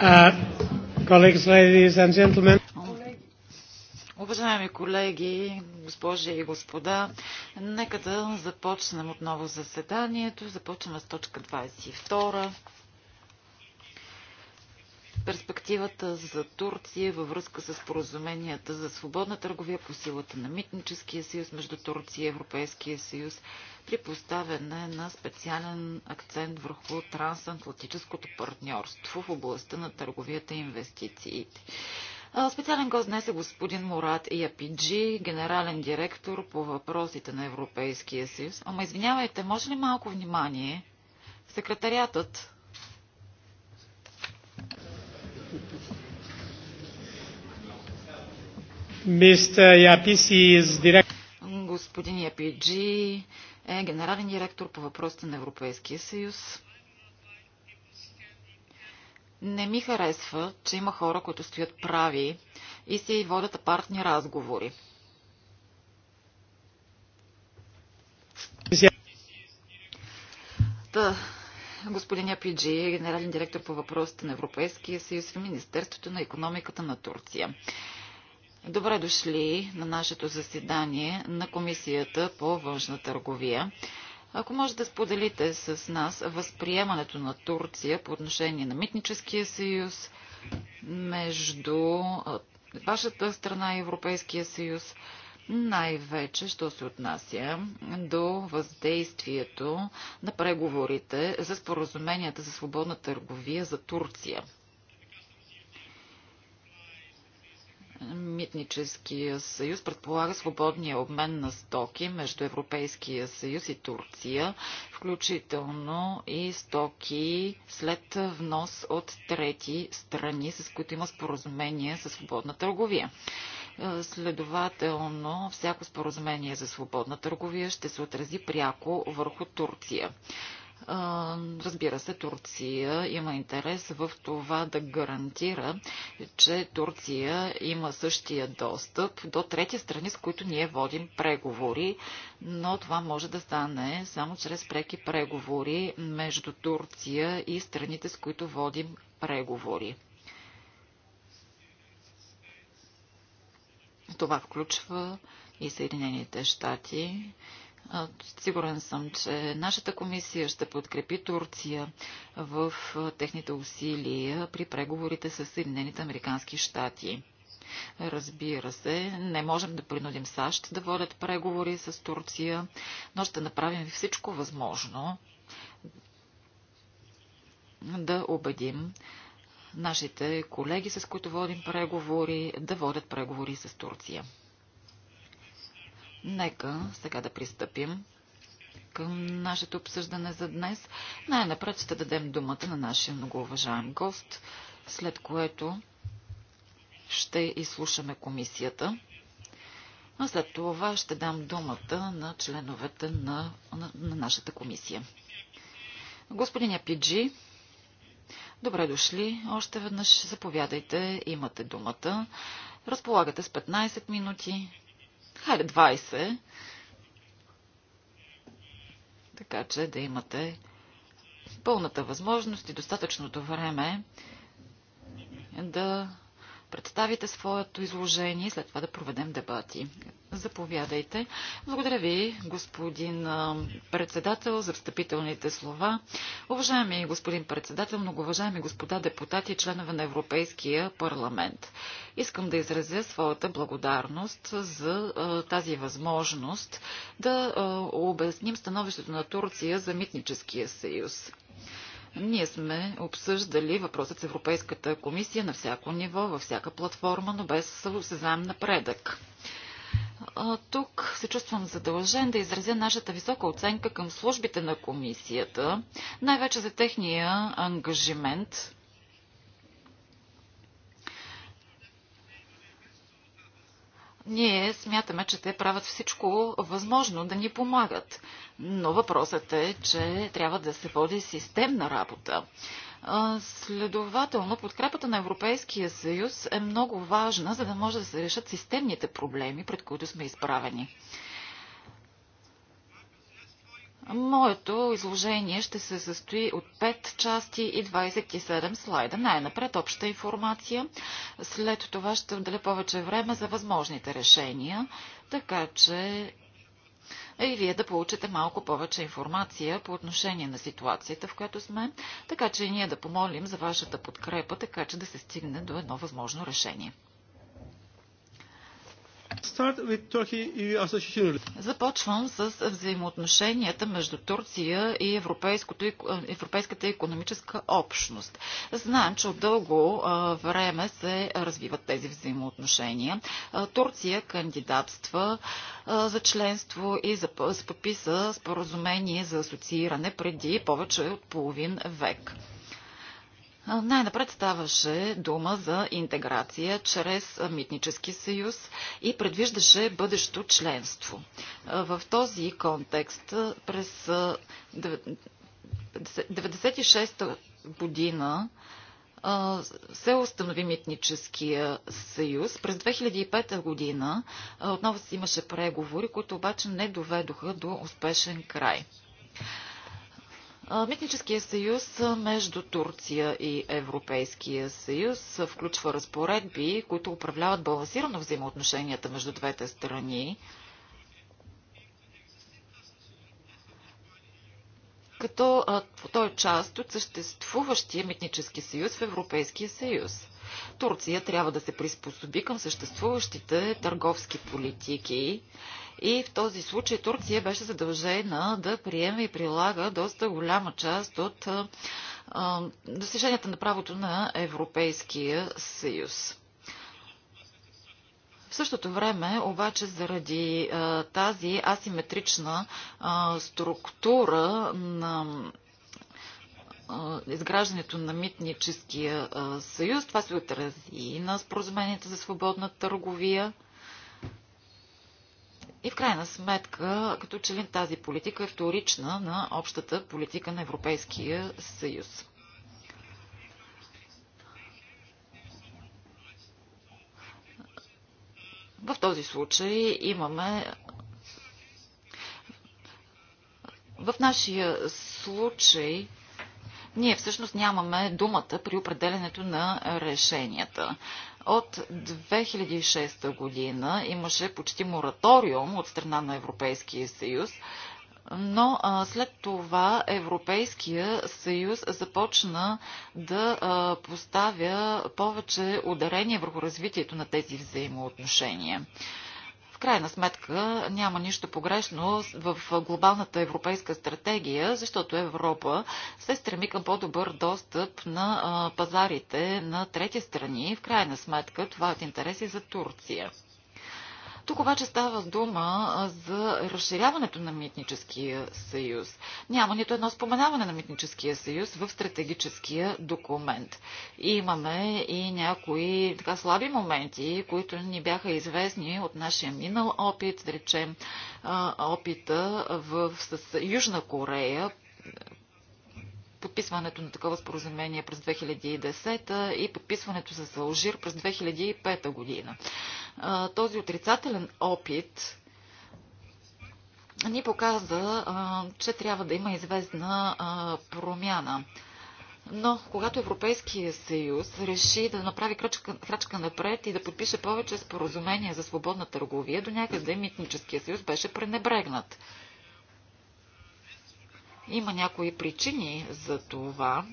Uh, Уважаеми колеги, госпожи и господа, нека да започнем отново заседанието. Започваме с точка 22 перспективата за Турция във връзка с поразуменията за свободна търговия по силата на Митническия съюз между Турция и Европейския съюз при поставяне на специален акцент върху трансатлантическото партньорство в областта на търговията и инвестициите. Специален гост днес е господин Мурат Япиджи, генерален директор по въпросите на Европейския съюз. Ама извинявайте, може ли малко внимание? Секретариатът Е господин Япиджи е генерален директор по въпросите на Европейския съюз. Не ми харесва, че има хора, които стоят прави и се водят апартни разговори. Та, господин Япиджи е генерален директор по въпросите на Европейския съюз в Министерството на економиката на Турция. Добре дошли на нашето заседание на Комисията по външна търговия. Ако може да споделите с нас възприемането на Турция по отношение на Митническия съюз между вашата страна и Европейския съюз, най-вече, що се отнася до въздействието на преговорите за споразуменията за свободна търговия за Турция. Митническия съюз предполага свободния обмен на стоки между Европейския съюз и Турция, включително и стоки след внос от трети страни, с които има споразумение за свободна търговия. Е, следователно, всяко споразумение за свободна търговия ще се отрази пряко върху Турция. Разбира се, Турция има интерес в това да гарантира, че Турция има същия достъп до трети страни, с които ние водим преговори, но това може да стане само чрез преки преговори между Турция и страните, с които водим преговори. Това включва и Съединените щати, Сигурен съм, че нашата комисия ще подкрепи Турция в техните усилия при преговорите с Съединените Американски щати. Разбира се, не можем да принудим САЩ да водят преговори с Турция, но ще направим всичко възможно да убедим нашите колеги, с които водим преговори, да водят преговори с Турция. Нека сега да пристъпим към нашето обсъждане за днес. Най-напред ще дадем думата на нашия многоуважаем гост, след което ще изслушаме комисията. А след това ще дам думата на членовете на, на, на нашата комисия. Господин Япиджи, добре дошли. Още веднъж заповядайте, имате думата. Разполагате с 15 минути хайде 20, така че да имате пълната възможност и достатъчното време да представите своето изложение и след това да проведем дебати. Заповядайте. Благодаря ви, господин председател, за встъпителните слова. Уважаеми господин председател, уважаеми господа депутати и членове на Европейския парламент. Искам да изразя своята благодарност за тази възможност да обясним становището на Турция за митническия съюз. Ние сме обсъждали въпросът с Европейската комисия на всяко ниво, във всяка платформа, но без съзнаем напредък. Тук се чувствам задължен да изразя нашата висока оценка към службите на комисията, най-вече за техния ангажимент Ние смятаме, че те правят всичко възможно да ни помагат. Но въпросът е, че трябва да се води системна работа. Следователно, подкрепата на Европейския съюз е много важна, за да може да се решат системните проблеми, пред които сме изправени. Моето изложение ще се състои от 5 части и 27 слайда. Най-напред обща информация. След това ще отделя повече време за възможните решения, така че и вие да получите малко повече информация по отношение на ситуацията, в която сме, така че и ние да помолим за вашата подкрепа, така че да се стигне до едно възможно решение. Започвам с взаимоотношенията между Турция и е, Европейската економическа общност. Знаем, че от дълго е, време се развиват тези взаимоотношения. Е, Турция кандидатства за членство и за подписа споразумение за асоцииране преди повече от половин век. Най-напред ставаше дума за интеграция чрез митнически съюз и предвиждаше бъдещо членство. В този контекст през 1996 година се установи митническия съюз. През 2005 година отново си имаше преговори, които обаче не доведоха до успешен край. Митническия съюз между Турция и Европейския съюз включва разпоредби, които управляват балансирано взаимоотношенията между двете страни. като той е част от съществуващия митнически съюз в Европейския съюз. Турция трябва да се приспособи към съществуващите търговски политики и в този случай Турция беше задължена да приеме и прилага доста голяма част от достиженията на правото на Европейския съюз. В същото време, обаче, заради а, тази асиметрична а, структура на а, изграждането на митническия съюз, това се отрази и на споразумението за свободна търговия. И в крайна сметка, като че ли тази политика е вторична на общата политика на Европейския съюз. В този случай имаме в нашия случай ние всъщност нямаме думата при определенето на решенията. От 2006 година имаше почти мораториум от страна на Европейския съюз, но а, след това Европейския съюз започна да а, поставя повече ударение върху развитието на тези взаимоотношения крайна сметка няма нищо погрешно в глобалната европейска стратегия, защото Европа се стреми към по-добър достъп на пазарите на трети страни. В крайна сметка това е от интереси за Турция. Тук обаче става дума за разширяването на митническия съюз. Няма нито едно споменаване на митническия съюз в стратегическия документ. Имаме и някои така слаби моменти, които ни бяха известни от нашия минал опит, да речем опита в, с Южна Корея подписването на такова споразумение през 2010 и подписването с Алжир през 2005 година. Този отрицателен опит ни показа, че трябва да има известна промяна. Но когато Европейския съюз реши да направи крачка, крачка напред и да подпише повече споразумения за свободна търговия, до някъде митническия съюз беше пренебрегнат. Има някои причини за това,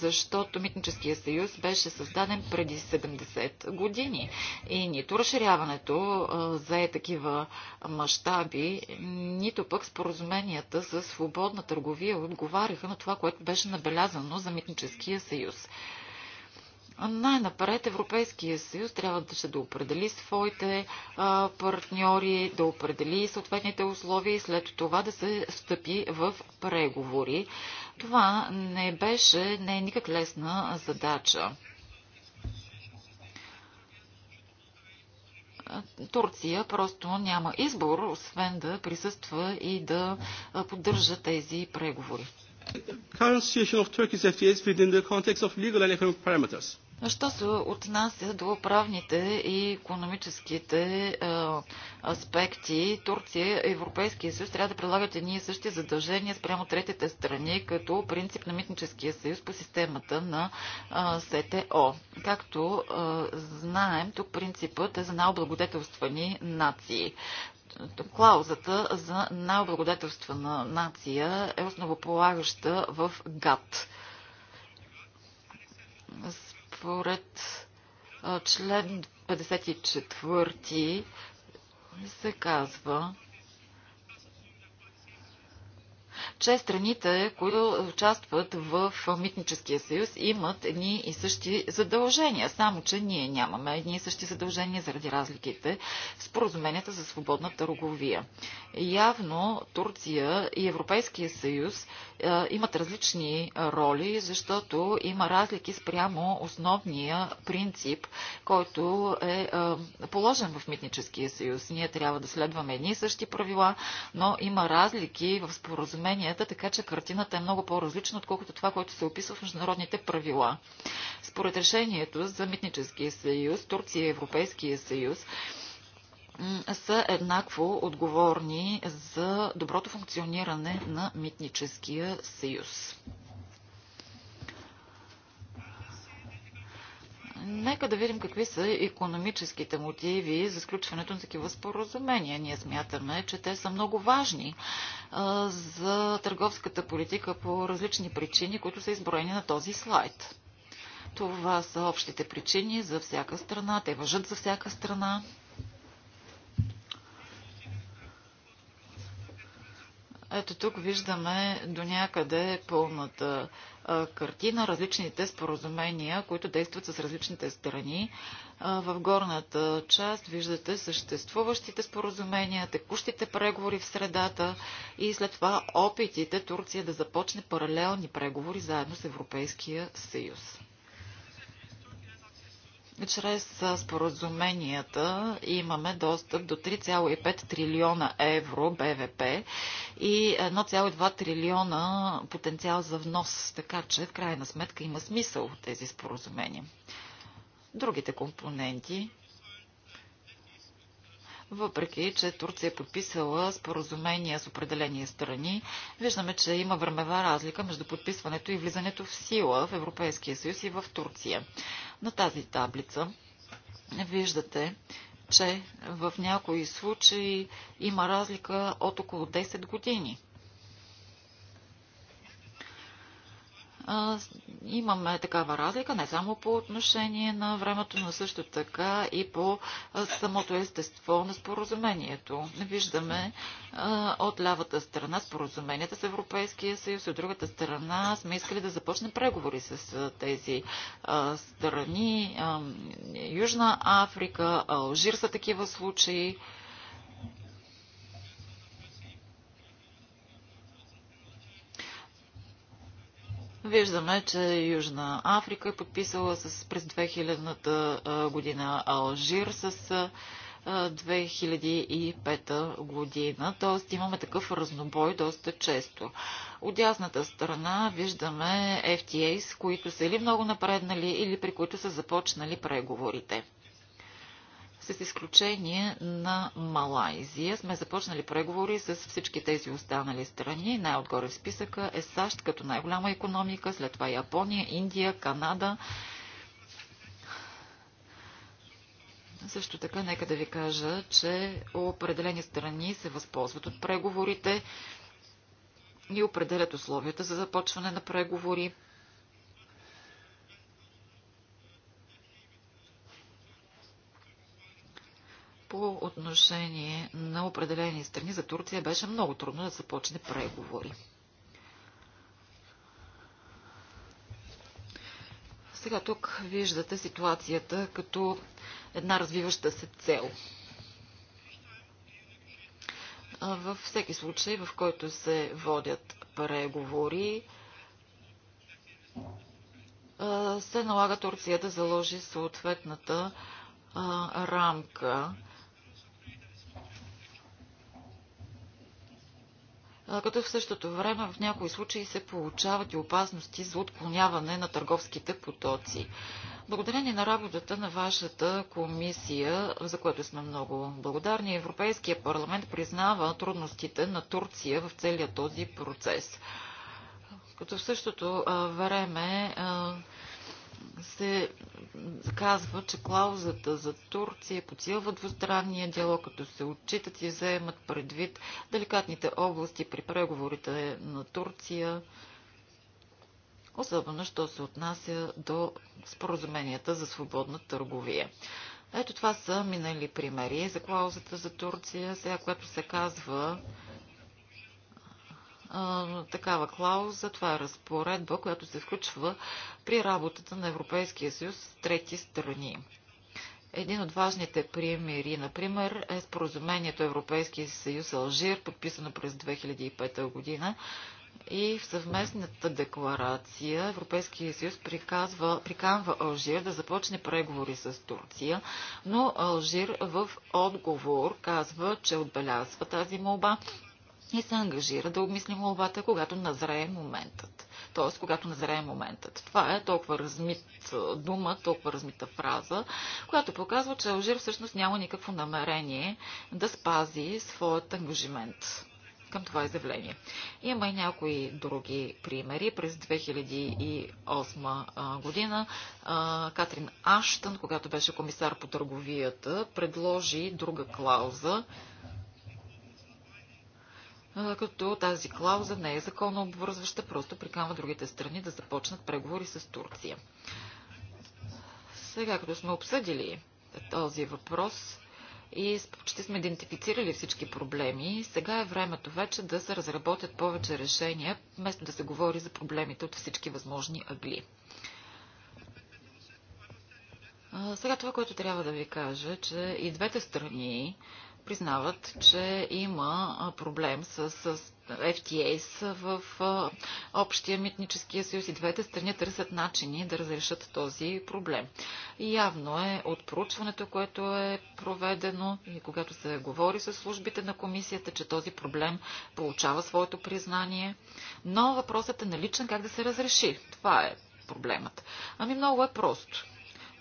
защото Митническия съюз беше създаден преди 70 години и нито разширяването зае такива мащаби, нито пък споразуменията за свободна търговия отговаряха на това, което беше набелязано за Митническия съюз. Най-напред Европейския съюз трябва да ще да определи своите а, партньори, да определи съответните условия и след това да се встъпи в преговори. Това не беше, не е никак лесна задача. Турция просто няма избор, освен да присъства и да поддържа тези преговори. Current situation of Turkey's FTAs within the context of legal and economic parameters. Що се отнася до правните и економическите аспекти, Турция и Европейския съюз трябва да прилагат едни и същи задължения спрямо третите страни, като принцип на митническия съюз по системата на СТО. Както знаем, тук принципът е за най-облагодетелствани нации клаузата за най-облагодетелствена нация е основополагаща в ГАТ. Според член 54 се казва, че страните, които участват в Митническия съюз, имат едни и същи задължения. Само, че ние нямаме едни и същи задължения заради разликите в споразуменията за свободна търговия. Явно Турция и Европейския съюз е, имат различни роли, защото има разлики спрямо основния принцип, който е, е положен в Митническия съюз. Ние трябва да следваме едни и същи правила, но има разлики в споразумението споразуменията, така че картината е много по-различна, отколкото това, което се описва в международните правила. Според решението за Митническия съюз, Турция и Европейския съюз, са еднакво отговорни за доброто функциониране на Митническия съюз. Нека да видим какви са економическите мотиви за сключването на такива споразумения. Ние смятаме, че те са много важни за търговската политика по различни причини, които са изброени на този слайд. Това са общите причини за всяка страна. Те въжат за всяка страна. Ето тук виждаме до някъде пълната картина различните споразумения, които действат с различните страни. В горната част виждате съществуващите споразумения, текущите преговори в средата и след това опитите Турция да започне паралелни преговори заедно с Европейския съюз чрез споразуменията имаме достъп до 3,5 трилиона евро БВП и 1,2 трилиона потенциал за внос. Така че, в крайна сметка, има смисъл тези споразумения. Другите компоненти въпреки, че Турция е подписала споразумения с определени страни, виждаме, че има времева разлика между подписването и влизането в сила в Европейския съюз и в Турция. На тази таблица виждате, че в някои случаи има разлика от около 10 години. имаме такава разлика не само по отношение на времето, но също така и по самото естество на споразумението. Виждаме от лявата страна споразуменията с Европейския съюз, от другата страна сме искали да започнем преговори с тези страни. Южна Африка, Алжир са такива случаи. Виждаме, че Южна Африка е подписала с, през 2000-та година Алжир с 2005 година. Тоест имаме такъв разнобой доста често. От дясната страна виждаме FTAs, които са или много напреднали, или при които са започнали преговорите с изключение на Малайзия. Сме започнали преговори с всички тези останали страни. Най-отгоре в списъка е САЩ като най-голяма економика, след това Япония, Индия, Канада. Също така, нека да ви кажа, че определени страни се възползват от преговорите и определят условията за започване на преговори. по отношение на определени страни за Турция беше много трудно да започне преговори. Сега тук виждате ситуацията като една развиваща се цел. Във всеки случай, в който се водят преговори, се налага Турция да заложи съответната рамка като в същото време в някои случаи се получават и опасности за отклоняване на търговските потоци. Благодарение на работата на вашата комисия, за което сме много благодарни, Европейския парламент признава трудностите на Турция в целия този процес. Като в същото време се казва, че клаузата за Турция подсилва двустранния диалог, като се отчитат и вземат предвид деликатните области при преговорите на Турция, особено, що се отнася до споразуменията за свободна търговия. Ето това са минали примери за клаузата за Турция, сега, която се казва такава клауза. Това е разпоредба, която се включва при работата на Европейския съюз с трети страни. Един от важните примери, например, е споразумението Европейския съюз Алжир, подписано през 2005 година. И в съвместната декларация Европейския съюз приказва, приканва Алжир да започне преговори с Турция, но Алжир в отговор казва, че отбелязва тази молба и се ангажира да обмислим молбата, когато назрее моментът. Тоест, когато назрее моментът. Това е толкова размит дума, толкова размита фраза, която показва, че Алжир всъщност няма никакво намерение да спази своят ангажимент към това изявление. Има и някои други примери. През 2008 година Катрин Аштън, когато беше комисар по търговията, предложи друга клауза, като тази клауза не е законно обвързваща, просто приканва другите страни да започнат преговори с Турция. Сега, като сме обсъдили този въпрос и почти сме идентифицирали всички проблеми, сега е времето вече да се разработят повече решения, вместо да се говори за проблемите от всички възможни агли. Сега това, което трябва да ви кажа, че и двете страни признават, че има проблем с, с FTAs в общия митническия съюз и двете страни търсят начини да разрешат този проблем. И явно е от проучването, което е проведено и когато се говори с службите на комисията, че този проблем получава своето признание. Но въпросът е наличен как да се разреши. Това е проблемът. Ами много е просто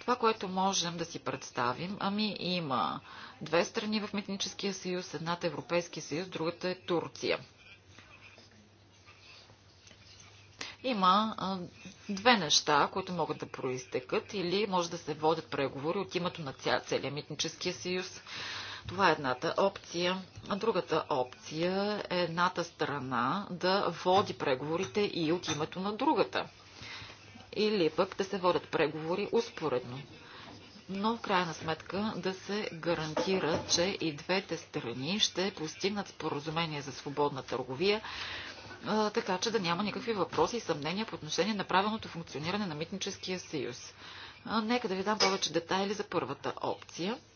това, което можем да си представим, ами има две страни в Митническия съюз, едната е Европейски съюз, другата е Турция. Има а, две неща, които могат да проистекат или може да се водят преговори от името на ця, целия Митническия съюз. Това е едната опция. А другата опция е едната страна да води преговорите и от името на другата или пък да се водят преговори успоредно. Но в крайна сметка да се гарантира, че и двете страни ще постигнат споразумение за свободна търговия, така че да няма никакви въпроси и съмнения по отношение на правилното функциониране на Митническия съюз. Нека да ви дам повече детайли за първата опция –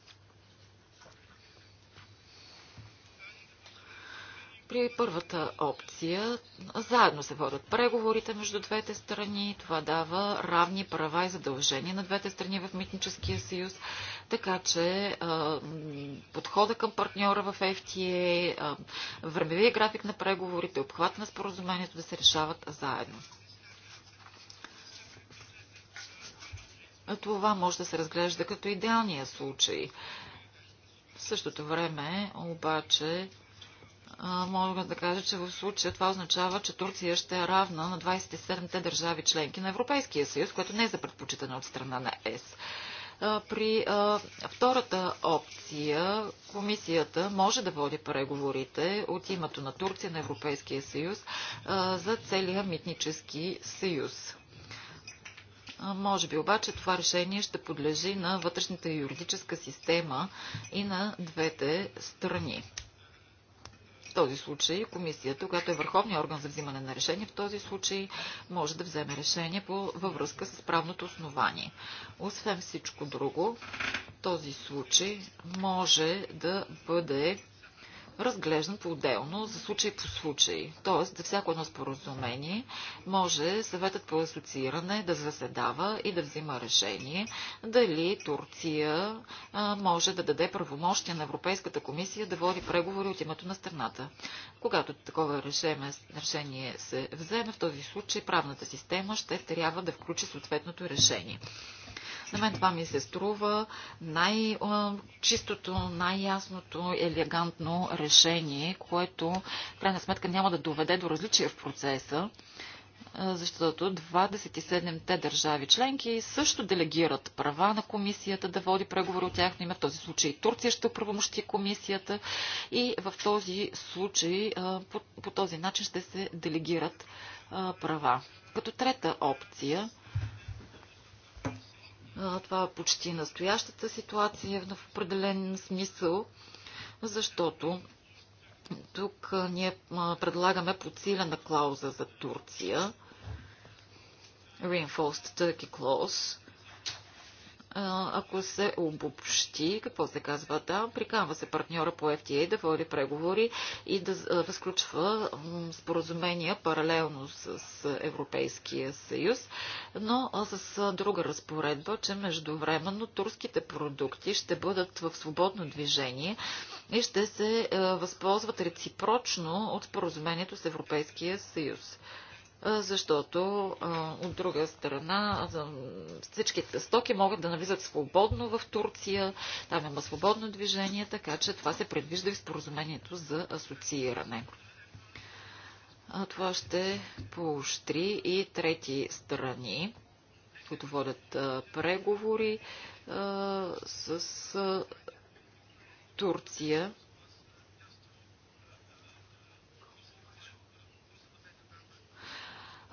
При първата опция заедно се водят преговорите между двете страни. Това дава равни права и задължения на двете страни в Митническия съюз. Така че подхода към партньора в FTA, времевия график на преговорите, обхват на споразумението да се решават заедно. Това може да се разглежда като идеалния случай. В същото време, обаче, мога да кажа, че в случая това означава, че Турция ще е равна на 27-те държави членки на Европейския съюз, което не е за предпочитане от страна на ЕС. При втората опция комисията може да води преговорите от името на Турция на Европейския съюз за целия митнически съюз. Може би обаче това решение ще подлежи на вътрешната юридическа система и на двете страни този случай комисията, която е върховният орган за взимане на решение, в този случай може да вземе решение по, във връзка с правното основание. Освен всичко друго, този случай може да бъде разглеждан по-отделно, за случай по случай. Тоест, за всяко едно споразумение може съветът по асоцииране да заседава и да взима решение дали Турция а, може да даде правомощия на Европейската комисия да води преговори от името на страната. Когато такова решение, решение се вземе, в този случай правната система ще трябва да включи съответното решение. На мен това ми се струва най-чистото, най-ясното, елегантно решение, което в крайна сметка няма да доведе до различия в процеса, защото 27-те държави членки също делегират права на комисията да води преговори от тяхно име. В този случай Турция ще правомощи комисията и в този случай по, по този начин ще се делегират права. Като трета опция това е почти настоящата ситуация в определен смисъл, защото тук ние предлагаме подсилена клауза за Турция, Reinforced Turkey Clause, ако се обобщи, какво се казва да, приканва се партньора по FTA да води преговори и да възключва споразумения паралелно с Европейския съюз, но с друга разпоредба, че междувременно турските продукти ще бъдат в свободно движение и ще се възползват реципрочно от споразумението с Европейския съюз защото от друга страна всичките стоки могат да навлизат свободно в Турция, там има свободно движение, така че това се предвижда и в споразумението за асоцииране. Това ще поощри и трети страни, които водят преговори с Турция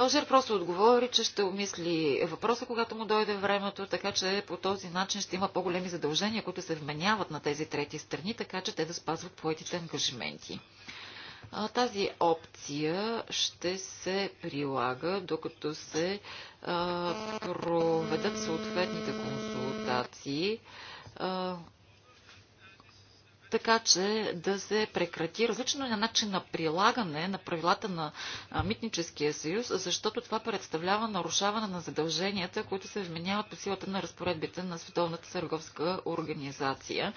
Алжир просто отговори, че ще умисли въпроса, когато му дойде времето, така че по този начин ще има по-големи задължения, които се вменяват на тези трети страни, така че те да спазват поетите ангажименти. Тази опция ще се прилага, докато се проведат съответните консултации така че да се прекрати различно на начин на прилагане на правилата на Митническия съюз, защото това представлява нарушаване на задълженията, които се вменяват по силата на разпоредбите на Световната търговска организация.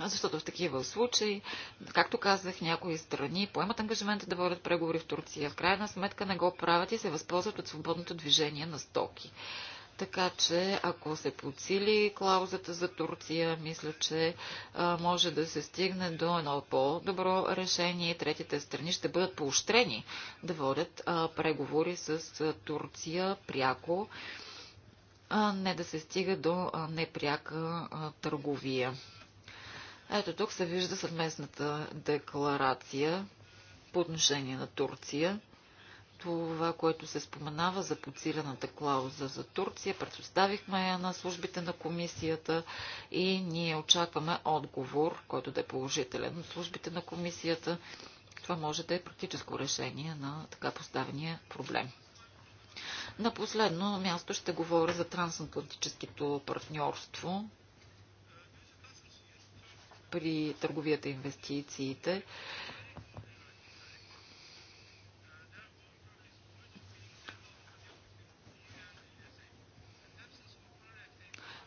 Защото в такива случаи, както казах, някои страни поемат ангажимента да водят преговори в Турция. В крайна сметка не го правят и се възползват от свободното движение на стоки. Така че, ако се подсили клаузата за Турция, мисля, че а, може да се стигне до едно по-добро решение. Третите страни ще бъдат поощрени да водят а, преговори с а, Турция пряко, а не да се стига до а, непряка а, търговия. Ето тук се вижда съвместната декларация по отношение на Турция това, което се споменава за подсилената клауза за Турция. Предоставихме я на службите на комисията и ние очакваме отговор, който да е положителен от службите на комисията. Това може да е практическо решение на така поставения проблем. На последно място ще говоря за трансатлантическото партньорство при търговията и инвестициите.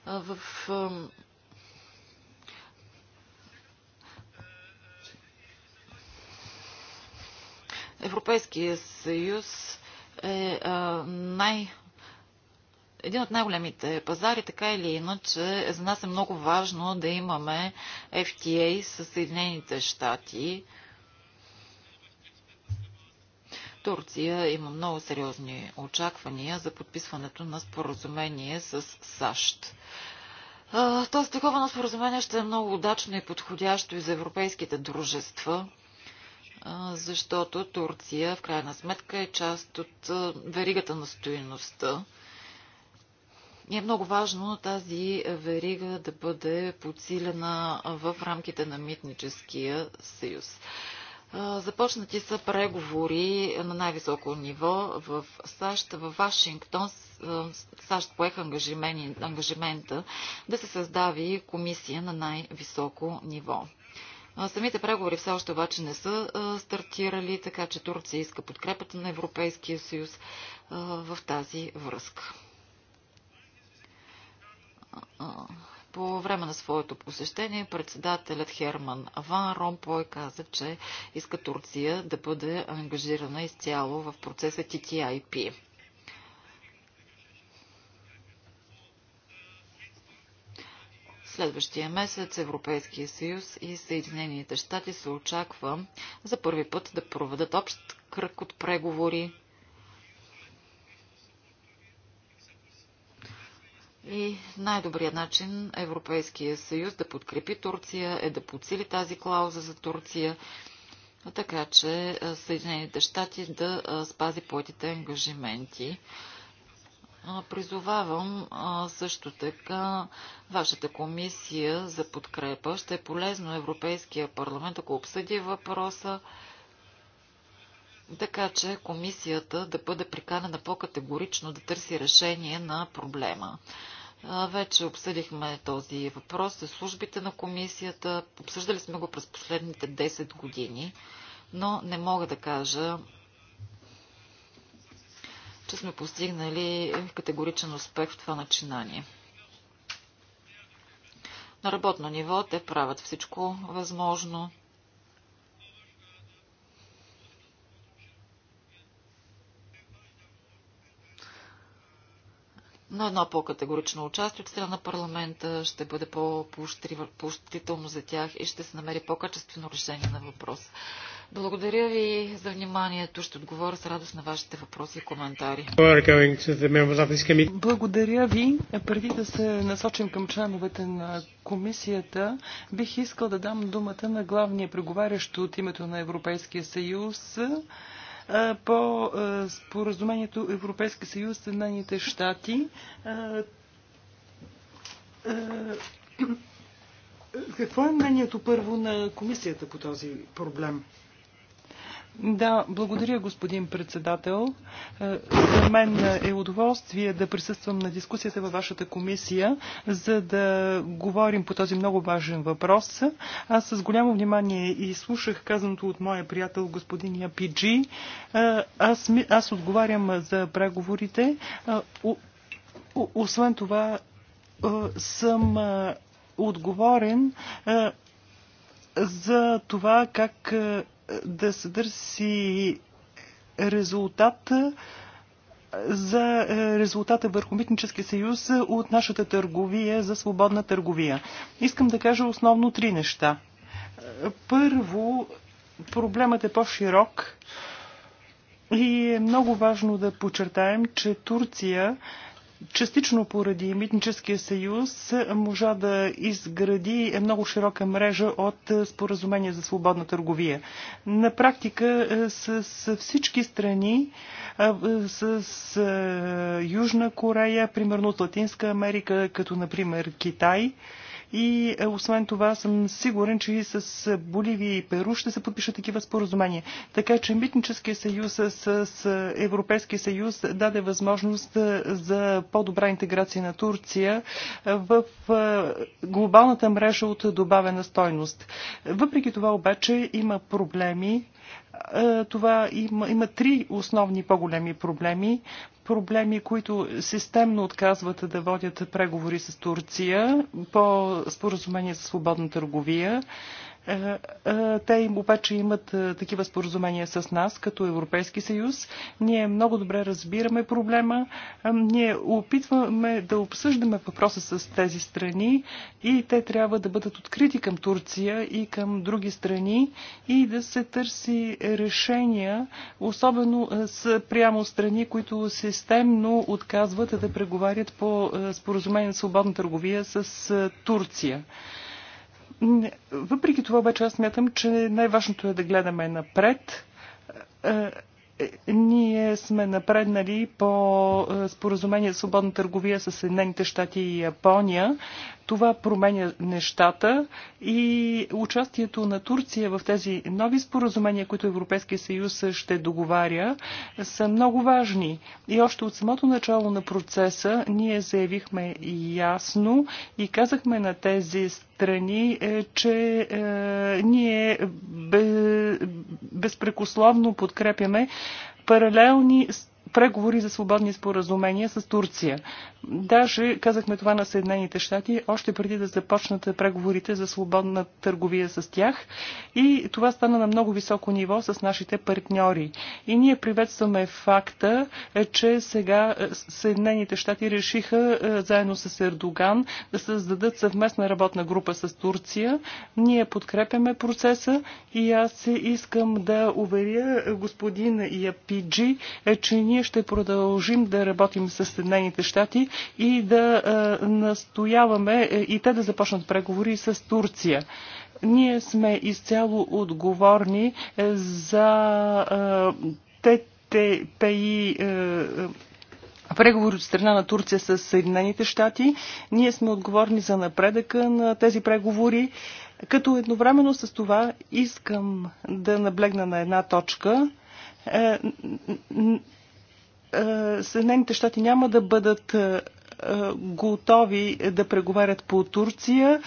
в Европейския съюз е най- един от най-големите пазари, така или иначе, за нас е много важно да имаме FTA с Съединените щати, Турция има много сериозни очаквания за подписването на споразумение с САЩ. Тоест, такова на споразумение ще е много удачно и подходящо и за европейските дружества, защото Турция в крайна сметка е част от веригата на стоиността. И е много важно тази верига да бъде подсилена в рамките на митническия съюз. Започнати са преговори на най-високо ниво в САЩ, в Вашингтон. САЩ поех ангажимента да се създави комисия на най-високо ниво. Самите преговори все още обаче не са стартирали, така че Турция иска подкрепата на Европейския съюз в тази връзка по време на своето посещение председателят Херман Ван Ромпой каза, че иска Турция да бъде ангажирана изцяло в процеса TTIP. Следващия месец Европейския съюз и Съединените щати се очаква за първи път да проведат общ кръг от преговори И най-добрият начин Европейския съюз да подкрепи Турция е да подсили тази клауза за Турция, така че Съединените щати да спази поетите ангажименти. Призовавам също така вашата комисия за подкрепа. Ще е полезно Европейския парламент, ако обсъди въпроса, така че комисията да бъде приканена по-категорично да търси решение на проблема. Вече обсъдихме този въпрос с службите на комисията. Обсъждали сме го през последните 10 години, но не мога да кажа, че сме постигнали категоричен успех в това начинание. На работно ниво те правят всичко възможно но едно по-категорично участие от страна на парламента ще бъде по-поощрително за тях и ще се намери по-качествено решение на въпроса. Благодаря ви за вниманието. Ще отговоря с радост на вашите въпроси и коментари. Благодаря ви. Преди да се насочим към членовете на комисията, бих искал да дам думата на главния преговарящ от името на Европейския съюз, по споразумението Европейски съюз Съединените щати. Какво е мнението първо на комисията по този проблем? Да, благодаря, господин председател. Е, за мен е удоволствие да присъствам на дискусията във вашата комисия, за да говорим по този много важен въпрос. Аз с голямо внимание и слушах казаното от моя приятел господин Япиджи. Е, аз, аз отговарям за преговорите. Е, освен това, съм отговорен за това как да се търси резултат за е, резултата върху Митнически съюз от нашата търговия за свободна търговия. Искам да кажа основно три неща. Е, първо, проблемът е по-широк и е много важно да подчертаем, че Турция е частично поради Митническия съюз можа да изгради много широка мрежа от е, споразумения за свободна търговия. На практика е, с всички страни, е, с Южна Корея, примерно от Латинска Америка, като например Китай, и е, освен това съм сигурен, че и с е, Боливия и Перу ще се подпишат такива споразумения. Така че Митническия съюз с, с Европейския съюз даде възможност е, за по-добра интеграция на Турция в глобалната мрежа от добавена стойност. Въпреки това обаче има проблеми. Това има, има три основни по-големи проблеми проблеми, които системно отказват да водят преговори с Турция по споразумение за свободна търговия. Е, е, те им обаче имат е, такива споразумения с нас, като Европейски съюз. Ние много добре разбираме проблема. Ние опитваме да обсъждаме въпроса с тези страни и те трябва да бъдат открити към Турция и към други страни и да се търси решения, особено с прямо страни, които системно отказват да преговарят по споразумение на свободна търговия с Турция. Въпреки това обаче аз смятам, че най-важното е да гледаме напред. Е, е, ние сме напреднали по е, споразумение за свободна търговия с Съединените щати и Япония. Това променя нещата и участието на Турция в тези нови споразумения, които Европейския съюз ще договаря, са много важни. И още от самото начало на процеса ние заявихме ясно и казахме на тези страни, е, че е, ние безпрекословно подкрепяме паралелни преговори за свободни споразумения с Турция. Даже казахме това на Съединените щати още преди да започнат преговорите за свободна търговия с тях. И това стана на много високо ниво с нашите партньори. И ние приветстваме факта, е, че сега е, Съединените щати решиха е, заедно с Ердоган да създадат съвместна работна група с Турция. Ние подкрепяме процеса и аз искам да уверя господин Япиджи, че ние ние ще продължим да работим с Съединените щати и да е, настояваме е, и те да започнат преговори с Турция. Ние сме изцяло отговорни е, за ТТПИ преговори от страна на Турция с Съединените щати. Ние сме отговорни за напредъка на тези преговори. Като едновременно с това искам да наблегна на една точка. Е, Съединените щати няма да бъдат е, е, готови да преговарят по Турция,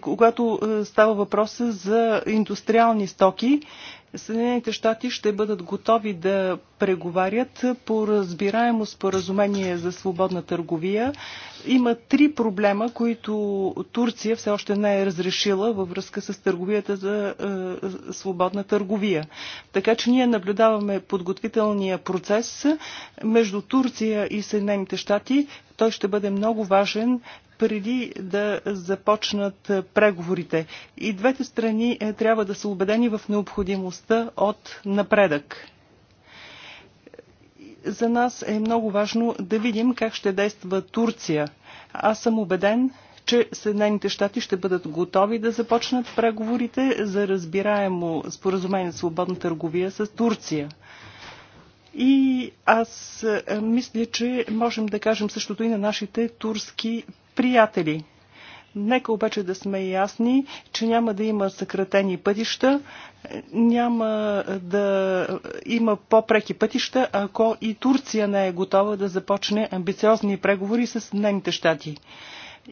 когато става въпроса за индустриални стоки. Съединените щати ще бъдат готови да преговарят по разбираемо споразумение за свободна търговия. Има три проблема, които Турция все още не е разрешила във връзка с търговията за е, свободна търговия. Така че ние наблюдаваме подготвителния процес между Турция и Съединените щати. Той ще бъде много важен преди да започнат е, преговорите. И двете страни е, трябва да са убедени в необходимостта от напредък. За нас е много важно да видим как ще действа Турция. Аз съм убеден, че Съединените щати ще бъдат готови да започнат преговорите за разбираемо споразумение за свободна търговия с Турция. И аз е, мисля, че можем да кажем същото и на нашите турски приятели. Нека обаче да сме ясни, че няма да има съкратени пътища, няма да има по-преки пътища, ако и Турция не е готова да започне амбициозни преговори с нейните щати.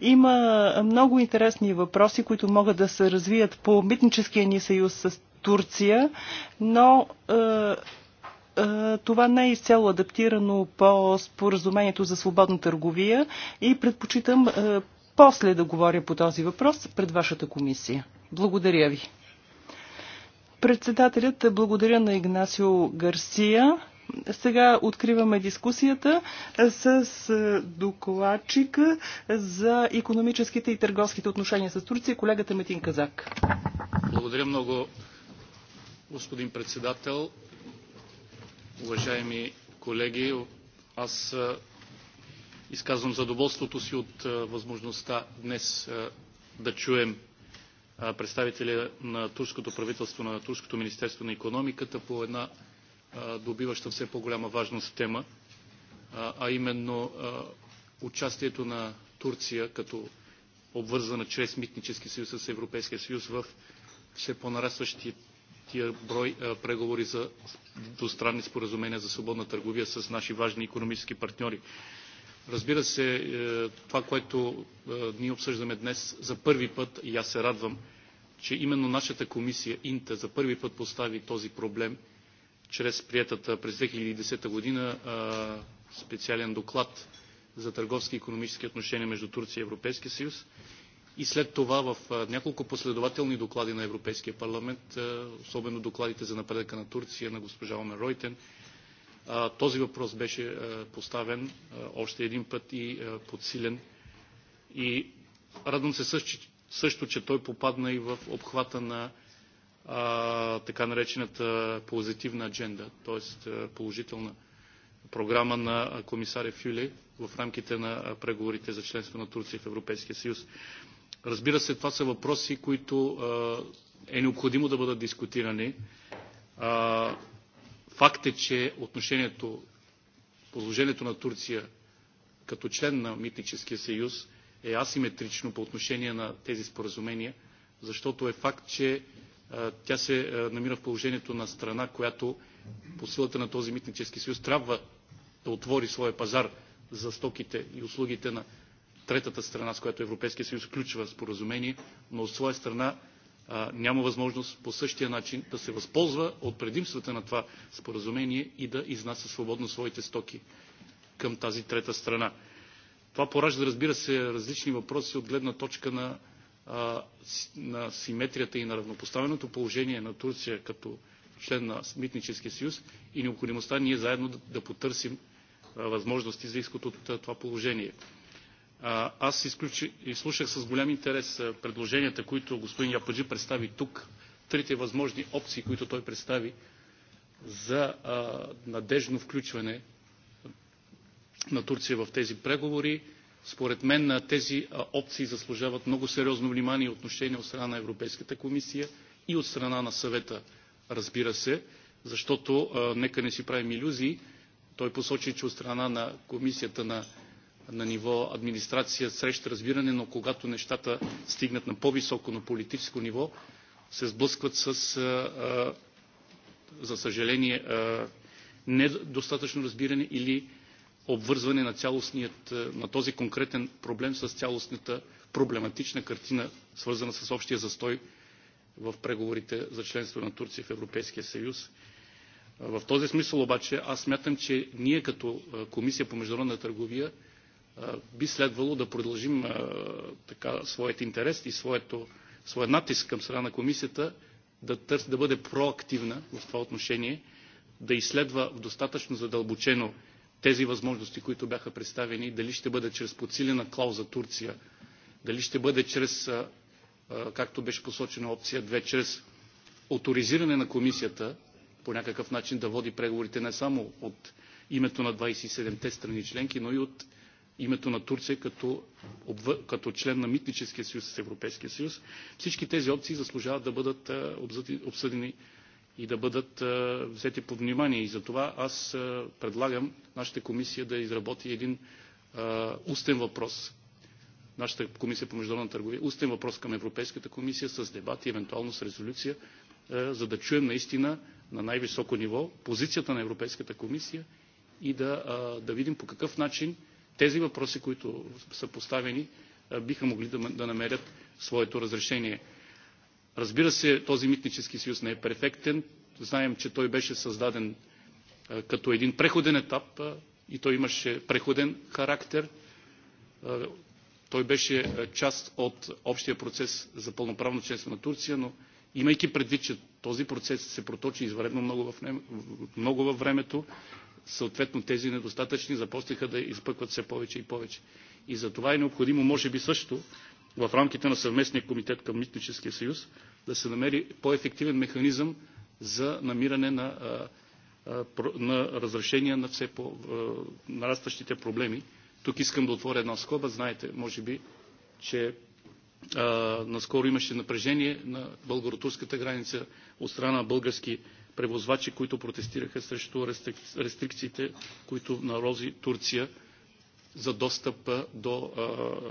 Има много интересни въпроси, които могат да се развият по митническия ни съюз с Турция, но е, е, това не е изцяло адаптирано по споразумението за свободна търговия и предпочитам е, после да говоря по този въпрос пред вашата комисия. Благодаря ви. Председателят благодаря на Игнасио Гарсия. Сега откриваме дискусията с е, докладчика за економическите и търговските отношения с Турция, колегата Метин Казак. Благодаря много, господин председател уважаеми колеги! Аз изказвам задоволството си от възможността днес да чуем представителя на турското правителство, на турското министерство на економиката по една добиваща все по-голяма важност тема, а именно участието на Турция като обвързана чрез митнически съюз с Европейския съюз в все по-нарастващи тия брой преговори за двустранни споразумения за свободна търговия с наши важни економически партньори. Разбира се, е, това, което е, ние обсъждаме днес за първи път, и аз се радвам, че именно нашата комисия Инта за първи път постави този проблем чрез приятата през 2010 година специален доклад за търговски и економически отношения между Турция и Европейския съюз. И след това в няколко последователни доклади на Европейския парламент, особено докладите за напредъка на Турция на госпожа Омер Ройтен, този въпрос беше поставен още един път и подсилен. И радвам се също, също че той попадна и в обхвата на а, така наречената позитивна адженда, т.е. положителна програма на комисаря Фюле в рамките на преговорите за членство на Турция в Европейския съюз. Разбира се, това са въпроси, които е необходимо да бъдат дискутирани. Факт е, че отношението, положението на Турция като член на Митническия съюз е асиметрично по отношение на тези споразумения, защото е факт, че тя се намира в положението на страна, която по силата на този митнически съюз трябва да отвори своя пазар за стоките и услугите на третата страна, с която Европейския съюз включва споразумение, но от своя страна няма възможност по същия начин да се възползва от предимствата на това споразумение и да изнася свободно своите стоки към тази трета страна. Това поражда, разбира се, различни въпроси от гледна точка на, на симетрията и на равнопоставеното положение на Турция като член на Митническия съюз и необходимостта ние заедно да, да потърсим възможности за изход от това положение. Аз изключи, изслушах с голям интерес предложенията, които господин Япаджи представи тук, трите възможни опции, които той представи за а, надежно включване на Турция в тези преговори. Според мен тези опции заслужават много сериозно внимание и отношение от страна на Европейската комисия и от страна на съвета, разбира се, защото а, нека не си правим иллюзии. Той посочи, че от страна на комисията на на ниво администрация среща разбиране, но когато нещата стигнат на по-високо, на политическо ниво, се сблъскват с, за съжаление, недостатъчно разбиране или обвързване на, цялостният, на този конкретен проблем с цялостната проблематична картина, свързана с общия застой в преговорите за членство на Турция в Европейския съюз. В този смисъл обаче аз смятам, че ние като Комисия по международна търговия би следвало да продължим така, своят интерес и своето, своя натиск към страна на комисията да, търс, да бъде проактивна в това отношение, да изследва достатъчно задълбочено тези възможности, които бяха представени, дали ще бъде чрез подсилена клауза Турция, дали ще бъде чрез, както беше посочена опция 2, чрез авторизиране на комисията по някакъв начин да води преговорите не само от името на 27-те страни членки, но и от името на Турция като, като член на Митническия съюз с Европейския съюз. Всички тези опции заслужават да бъдат обсъдени и да бъдат взети под внимание. И затова аз предлагам нашата комисия да изработи един устен въпрос, нашата комисия по международна търговия, устен въпрос към Европейската комисия с дебат и евентуално с резолюция, за да чуем наистина на най-високо ниво позицията на Европейската комисия и да, да видим по какъв начин тези въпроси, които са поставени, биха могли да, да намерят своето разрешение. Разбира се, този митнически съюз не е перфектен. Знаем, че той беше създаден като един преходен етап и той имаше преходен характер. Той беше част от общия процес за пълноправно членство на Турция, но имайки предвид, че този процес се проточи извредно много, в, много във времето съответно тези недостатъчни започнаха да изпъкват все повече и повече. И за това е необходимо, може би също, в рамките на съвместния комитет към Митническия съюз, да се намери по-ефективен механизъм за намиране на, на разрешения на все по-нарастващите проблеми. Тук искам да отворя една скоба. Знаете, може би, че а, наскоро имаше напрежение на българо-турската граница от страна на български превозвачи, които протестираха срещу рестрикциите, които наложи Турция за достъп до,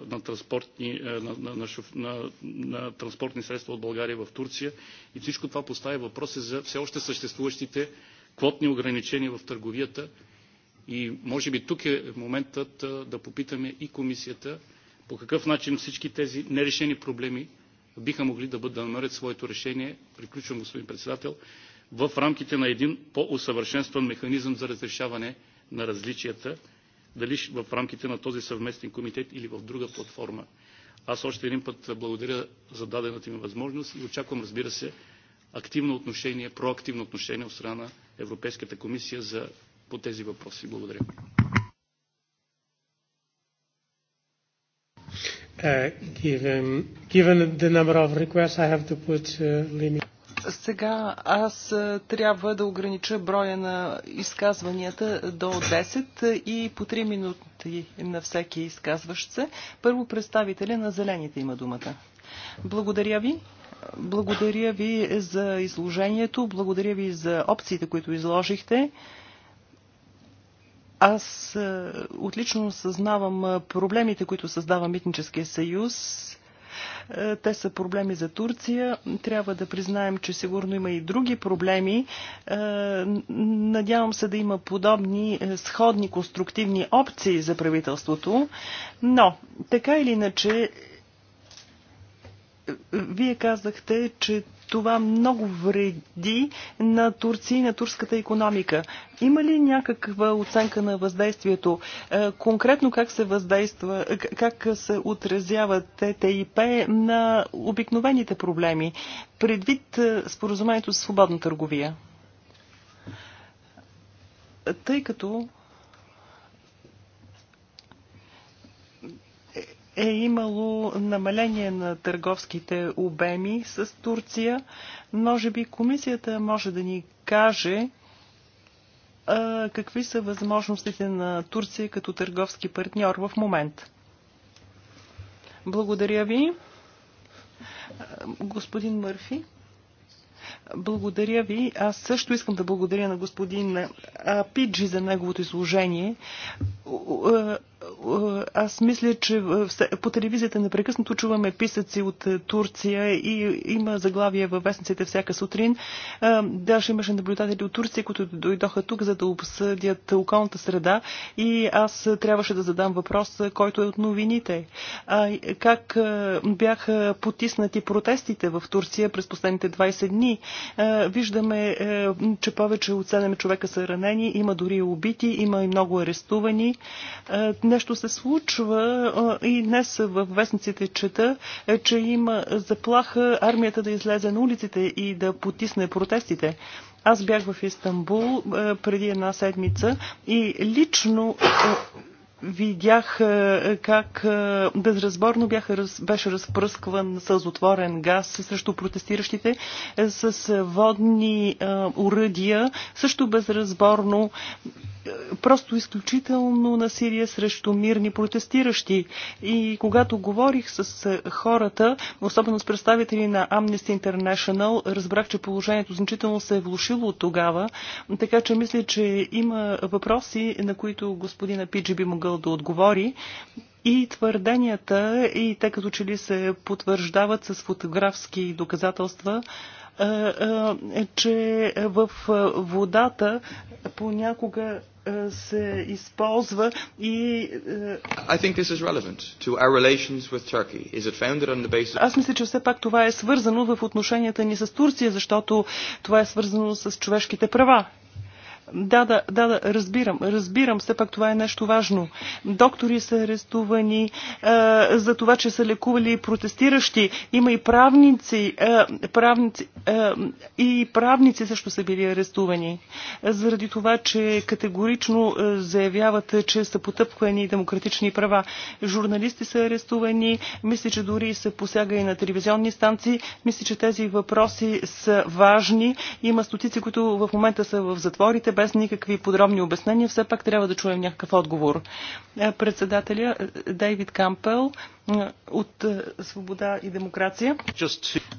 на, транспортни, на, на, на, на, на транспортни средства от България в Турция. И всичко това поставя въпроса за все още съществуващите квотни ограничения в търговията. И може би тук е моментът да попитаме и комисията по какъв начин всички тези нерешени проблеми биха могли да, бъдат, да намерят своето решение, приключвам господин председател, в рамките на един по-усъвършенстван механизъм за разрешаване на различията, дали в рамките на този съвместен комитет или в друга платформа. Аз още един път благодаря за дадената ми възможност и очаквам, разбира се, активно отношение, проактивно отношение от страна на Европейската комисия за, по тези въпроси. Благодаря. Uh, given, given the number of requests, I have to put uh, limit. Сега аз трябва да огранича броя на изказванията до 10 и по 3 минути на всеки изказващ се. Първо представителя на Зелените има думата. Благодаря ви. Благодаря ви за изложението. Благодаря ви за опциите, които изложихте. Аз отлично съзнавам проблемите, които създава Митническия съюз е, те са проблеми за Турция. Трябва да признаем, че сигурно има и други проблеми. Е, надявам се да има подобни е, сходни конструктивни опции за правителството. Но, така или иначе, вие казахте, че това много вреди на Турция и на турската економика. Има ли някаква оценка на въздействието? Е, конкретно как се въздейства, е, как се отразява ТТИП на обикновените проблеми, предвид е, споразумението за свободна търговия? Тъй като е имало намаление на търговските обеми с Турция. Може би комисията може да ни каже а, какви са възможностите на Турция като търговски партньор в момент. Благодаря ви. Господин Мърфи. Благодаря ви. Аз също искам да благодаря на господин Пиджи за неговото изложение е, аз мисля, че по телевизията непрекъснато чуваме писъци от е, Турция и има заглавия във вестниците всяка сутрин. Даже имаше наблюдатели от Турция, които дойдоха тук, за да обсъдят околната среда и аз трябваше да задам въпрос, е, който е от новините. как е, бяха потиснати протестите в Турция през последните 20 дни? Виждаме, че повече от 7 човека са ранени, има дори убити, има и много арестувани. Не нещо се случва и днес в вестниците чета, е, че има заплаха армията да излезе на улиците и да потисне протестите. Аз бях в Истанбул преди една седмица и лично видях е, е, как е, безразборно бяха, беше разпръскван сълзотворен газ срещу протестиращите с водни уръдия, също безразборно просто изключително насилие срещу мирни протестиращи. И когато говорих с хората, особено с представители на Amnesty International, разбрах, че положението значително се е влушило от тогава, така че мисля, че има въпроси, на които господина Пиджи би могъл могъл да отговори. И твърденията, и те като че ли се потвърждават с фотографски доказателства, че в водата понякога се използва и... I think this is relevant to our relations with Turkey. Is it founded on the basis... Аз мисля, че все пак това е свързано в отношенията ни с Турция, защото това е свързано с човешките права. Да, да, да, да, разбирам, разбирам, все пак това е нещо важно. Доктори са арестувани е, за това, че са лекували протестиращи. Има и правници, е, правници е, и правници също са били арестувани. Заради това, че категорично е, заявяват, че са потъпквани демократични права. Журналисти са арестувани, мисля, че дори се посяга и на телевизионни станции. Мисля, че тези въпроси са важни. Има стотици, които в момента са в затворите без никакви подробни обяснения, все пак трябва да чуем някакъв отговор. Е, председателя е, Дейвид Кампел от е, свобода и демокрация.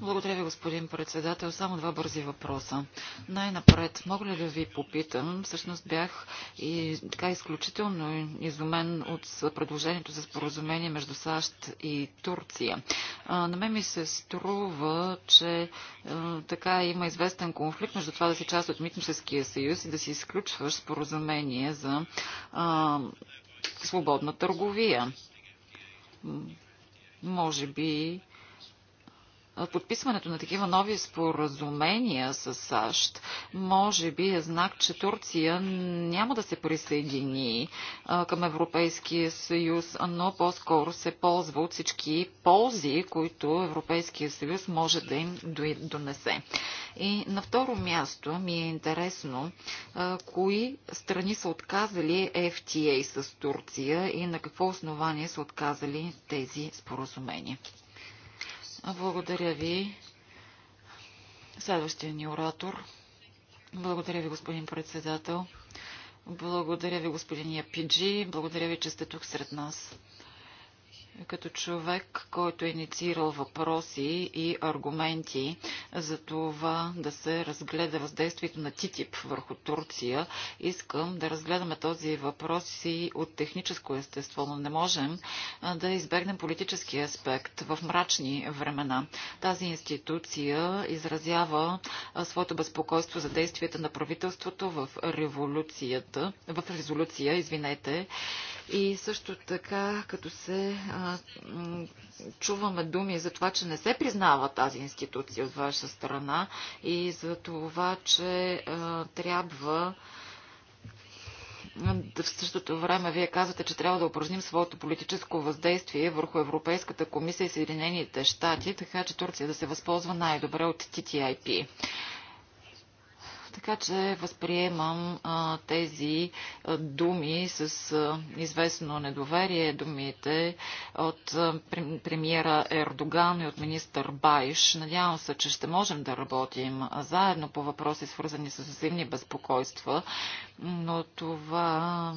Благодаря ви, господин председател. Само два бързи въпроса. Най-напред, мога ли да ви попитам, всъщност бях и така изключително изумен от предложението за споразумение между САЩ и Турция. На мен ми се струва, че е, така има известен конфликт между това да си част от Митническия съюз и да си изключваш споразумение за а, свободна търговия може би подписването на такива нови споразумения с САЩ може би е знак, че Турция няма да се присъедини към Европейския съюз, но по-скоро се ползва от всички ползи, които Европейския съюз може да им донесе. И на второ място ми е интересно кои страни са отказали FTA с Турция и на какво основание са отказали тези споразумения. Благодаря ви. Следващия ни оратор. Благодаря ви, господин председател. Благодаря ви, господин Япиджи. Благодаря ви, че сте тук сред нас като човек, който е инициирал въпроси и аргументи за това да се разгледа въздействието на ТИТИП върху Турция, искам да разгледаме този въпрос и от техническо естество, но не можем да избегнем политически аспект в мрачни времена. Тази институция изразява своето безпокойство за действията на правителството в революцията, в резолюция, извинете, и също така, като се а, чуваме думи за това, че не се признава тази институция от ваша страна и за това, че трябва в същото време вие казвате, че трябва да упражним своето политическо въздействие върху Европейската комисия и Съединените щати, така че Турция да се възползва най-добре от TTIP. Така че възприемам а, тези а, думи с а, известно недоверие, думите от а, премиера Ердоган и от министър Байш. Надявам се, че ще можем да работим заедно по въпроси, свързани с взаимни безпокойства, но това. А,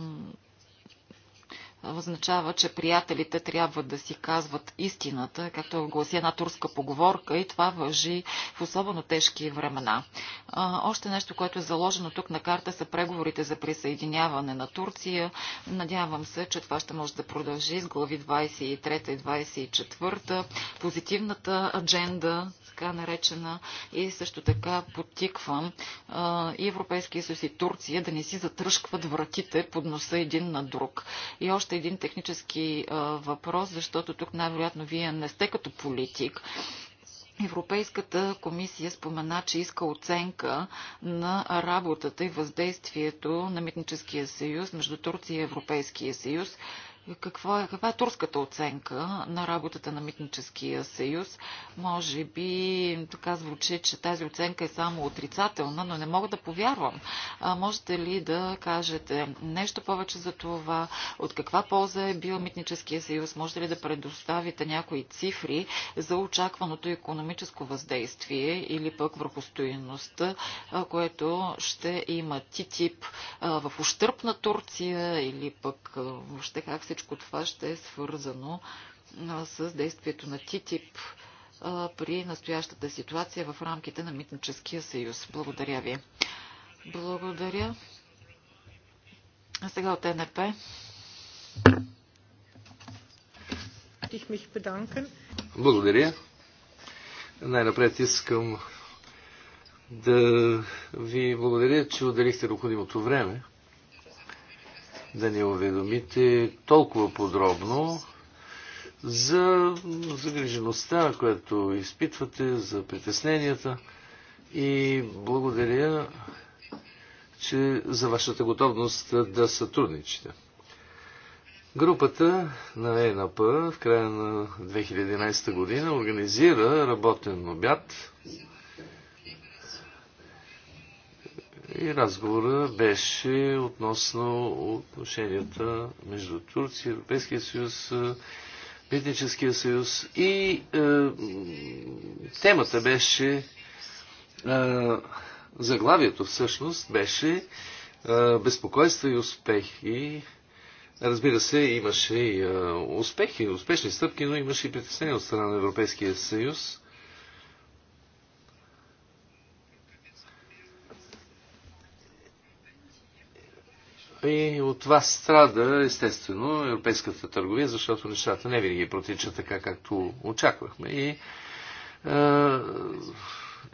означава, че приятелите трябва да си казват истината, както гласи една турска поговорка и това въжи в особено тежки времена. А, още нещо, което е заложено тук на карта са преговорите за присъединяване на Турция. Надявам се, че това ще може да продължи с глави 23 и 24. Позитивната адженда така наречена и също така потиквам и Европейския съюз и Турция да не си затръшкват вратите под носа един на друг. И още един технически въпрос, защото тук най-вероятно вие не сте като политик. Европейската комисия спомена, че иска оценка на работата и въздействието на Митническия съюз между Турция и Европейския съюз. Каква е, каква е турската оценка на работата на Митническия съюз? Може би така звучи, че тази оценка е само отрицателна, но не мога да повярвам. А, можете ли да кажете нещо повече за това? От каква полза е бил Митническия съюз? Можете ли да предоставите някои цифри за очакваното економическо въздействие или пък върху стоеността, което ще има ТИТИП в ущърп на Турция или пък въобще как се всичко това ще е свързано с действието на ТИТИП при настоящата ситуация в рамките на Митническия съюз. Благодаря ви. Благодаря. А сега от НП. Благодаря. Най-напред искам да ви благодаря, че отделихте необходимото време да ни уведомите толкова подробно за загрижеността, която изпитвате, за притесненията и благодаря че за вашата готовност да сътрудничите. Групата на ЕНАП в края на 2011 година организира работен обяд И разговора беше относно отношенията между Турция, Европейския съюз, е, Митническия съюз и е, темата беше е, заглавието всъщност беше е, безпокойства и успехи. Разбира се, имаше и е, успехи, успешни стъпки, но имаше и притеснения от страна на Европейския съюз И от това страда, естествено, европейската търговия, защото нещата не винаги протичат така, както очаквахме. И,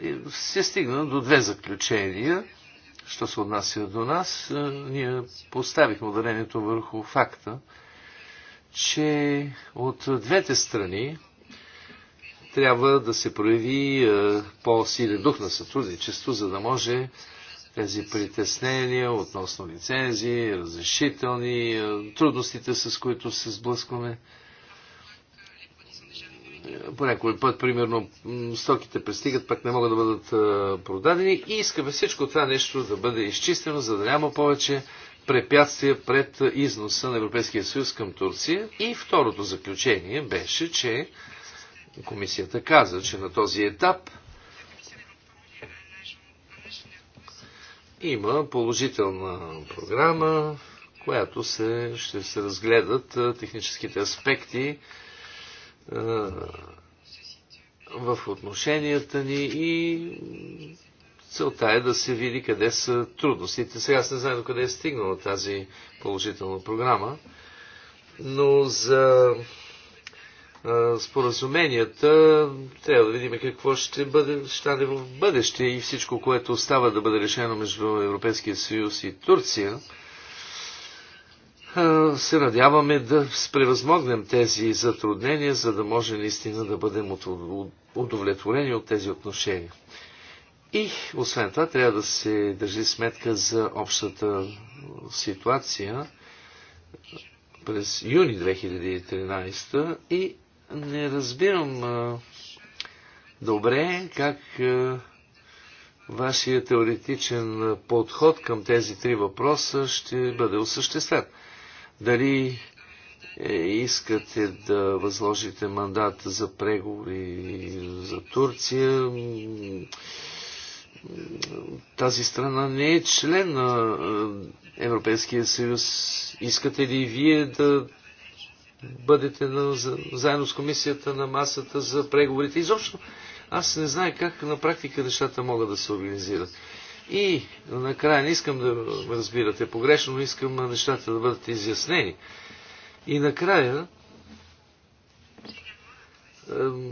и се стигна до две заключения, що се отнася до нас. ние поставихме ударението върху факта, че от двете страни трябва да се прояви по-силен дух на сътрудничество, за да може тези притеснения относно лицензии, разрешителни, е, трудностите, с които се сблъскваме. По някой път, примерно, стоките пристигат, пък не могат да бъдат е, продадени и искаме всичко това нещо да бъде изчистено, за да няма повече препятствия пред износа на Европейския съюз към Турция. И второто заключение беше, че комисията каза, че на този етап Има положителна програма, в която се, ще се разгледат техническите аспекти в отношенията ни и целта е да се види къде са трудностите. Сега аз не знам до къде е стигнала тази положителна програма, но за споразуменията, трябва да видим какво ще, бъде, ще стане в бъдеще и всичко, което остава да бъде решено между Европейския съюз и Турция. Се надяваме да превъзмогнем тези затруднения, за да може наистина да бъдем удовлетворени от тези отношения. И, освен това, трябва да се държи сметка за общата ситуация през юни 2013 и не разбирам а, добре как а, вашия теоретичен подход към тези три въпроса ще бъде осъществен. Дали е, искате да възложите мандат за преговори за Турция? Тази страна не е член на Европейския съюз. Искате ли вие да бъдете на, за, заедно с комисията на масата за преговорите. Изобщо аз не знае как на практика нещата могат да се организират. И накрая не искам да разбирате погрешно, но искам нещата да бъдат изяснени. И накрая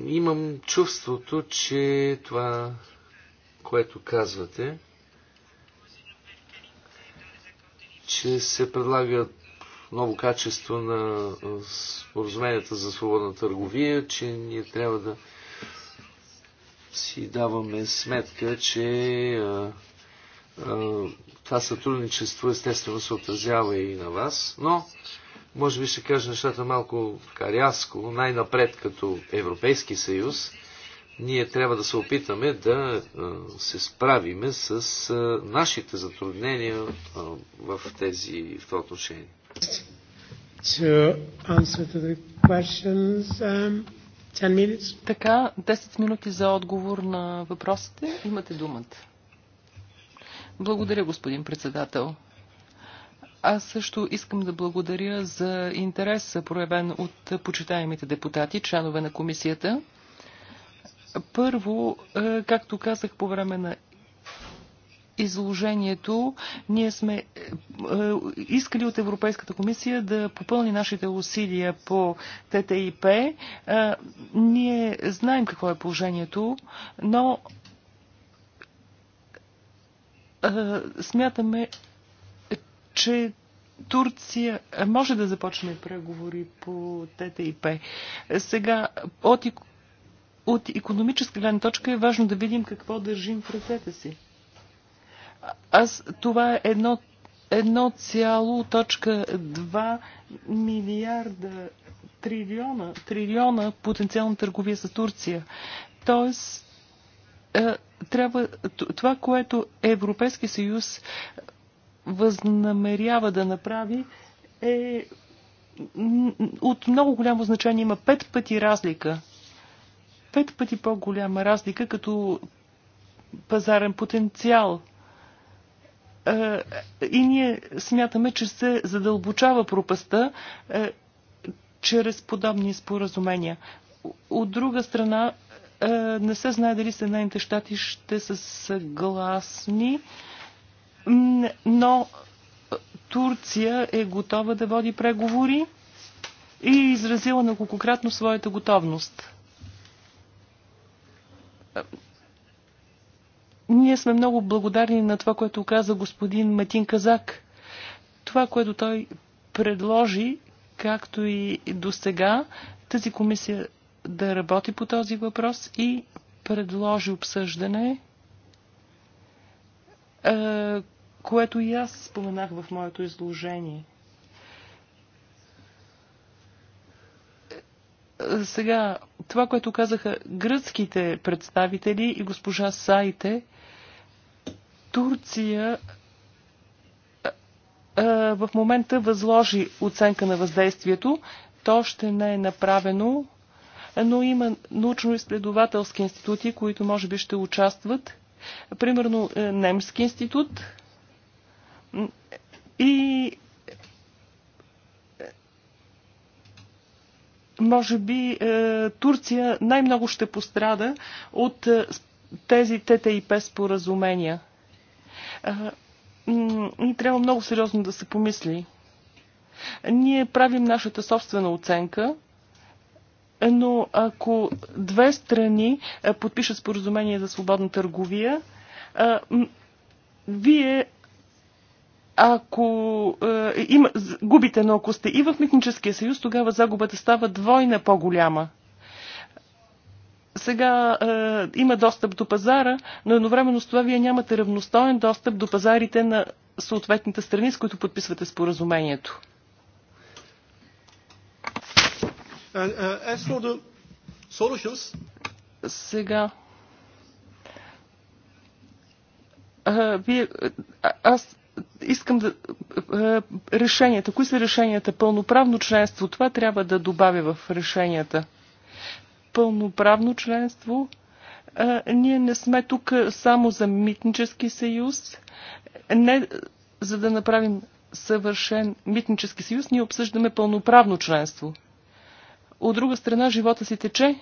имам чувството, че това, което казвате, че се предлагат ново качество на споразуменията за свободна търговия, че ние трябва да си даваме сметка, че а, а, това сътрудничество естествено се отразява и на вас, но може би ще кажа нещата малко така рязко, най-напред като Европейски съюз, ние трябва да се опитаме да се справиме с нашите затруднения в тези в това отношение. To answer to the questions, um, 10 minutes. Така, 10 минути за отговор на въпросите. Имате думата. Благодаря, господин председател. Аз също искам да благодаря за интерес, проявен от почитаемите депутати, членове на комисията. Първо, е, както казах по време на изложението ние сме е, е, искали от Европейската комисия да попълни нашите усилия по ТТИП. Е, ние знаем какво е положението, но смятаме, че Турция може да започне преговори по ТТИП. Сега от, от економическа гледна точка е важно да видим какво държим в ръцете си. Аз, това е едно точка 2 милиарда трилиона, трилиона потенциална търговия с Турция. Тоест, е, трябва, това, което Европейски съюз възнамерява да направи, е от много голямо значение. Има пет пъти разлика. Пет пъти по-голяма разлика като пазарен потенциал – и ние смятаме, че се задълбочава пропаста е, чрез подобни споразумения. От друга страна, е, не се знае дали Съединените щати ще са съгласни, но Турция е готова да води преговори и е изразила неколкократно своята готовност. Ние сме много благодарни на това, което каза господин Матин Казак. Това, което той предложи, както и до сега, тази комисия да работи по този въпрос и предложи обсъждане, е, което и аз споменах в моето изложение. Е, сега, това, което казаха гръцките представители и госпожа Сайте, Турция в момента възложи оценка на въздействието. То ще не е направено, но има научно-изследователски институти, които може би ще участват. Примерно е, Немски институт и е, може би е, Турция най-много ще пострада от тези ТТИП споразумения – ни трябва много сериозно да се помисли. Ние правим нашата собствена оценка, но ако две страни подпишат споразумение за свободна търговия, вие ако е, има, губите, но ако сте и в Митническия съюз, тогава загубата става двойна по-голяма сега е, има достъп до пазара, но едновременно с това вие нямате равностоен достъп до пазарите на съответните страни, с които подписвате споразумението. Uh, сега. А, е, вие, а, аз искам да... Е, решенията. Кои са решенията? Пълноправно членство. Това трябва да добавя в решенията пълноправно членство. Ние не сме тук само за митнически съюз, не за да направим съвършен митнически съюз, ние обсъждаме пълноправно членство. От друга страна, живота си тече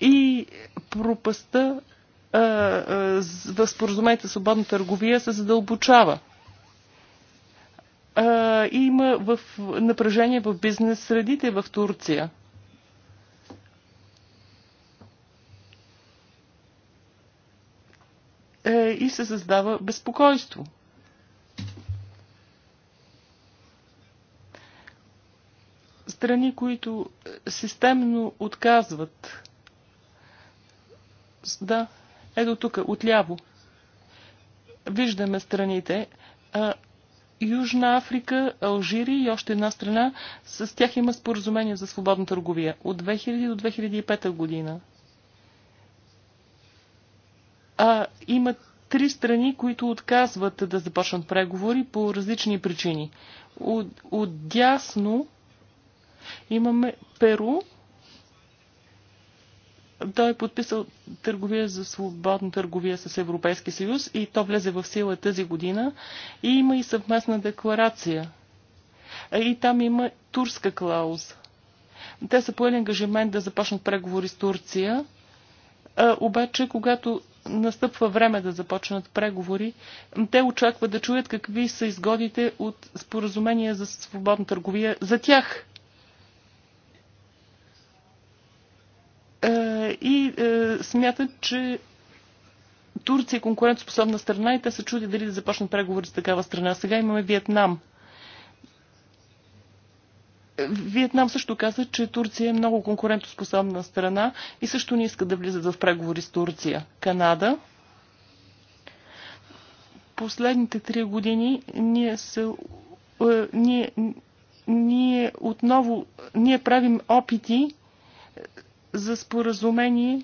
и пропаста в споразумението за свободна търговия се задълбочава. А, има в напрежение в бизнес средите в Турция – Е, и се създава безпокойство. Страни, които системно отказват. Да, ето тук, отляво. Виждаме страните. Южна Африка, Алжири и още една страна. С тях има споразумение за свободна търговия от 2000 до 2005 година а, има три страни, които отказват да започнат преговори по различни причини. От, дясно имаме Перу. Той е подписал търговия за свободна търговия с Европейския съюз и то влезе в сила тази година. И има и съвместна декларация. И там има турска клауза. Те са поели ангажимент да започнат преговори с Турция. А, обаче, когато настъпва време да започнат преговори. Те очакват да чуят какви са изгодите от споразумение за свободна търговия за тях. Е, и е, смятат, че Турция е конкурентоспособна страна и те се чуди дали да започнат преговори с такава страна. Сега имаме Виетнам – Виетнам също каза, че Турция е много конкурентоспособна страна и също не иска да влизат в преговори с Турция. Канада. Последните три години ние се. Е, ние, ние отново ние правим опити е, е, за споразумение,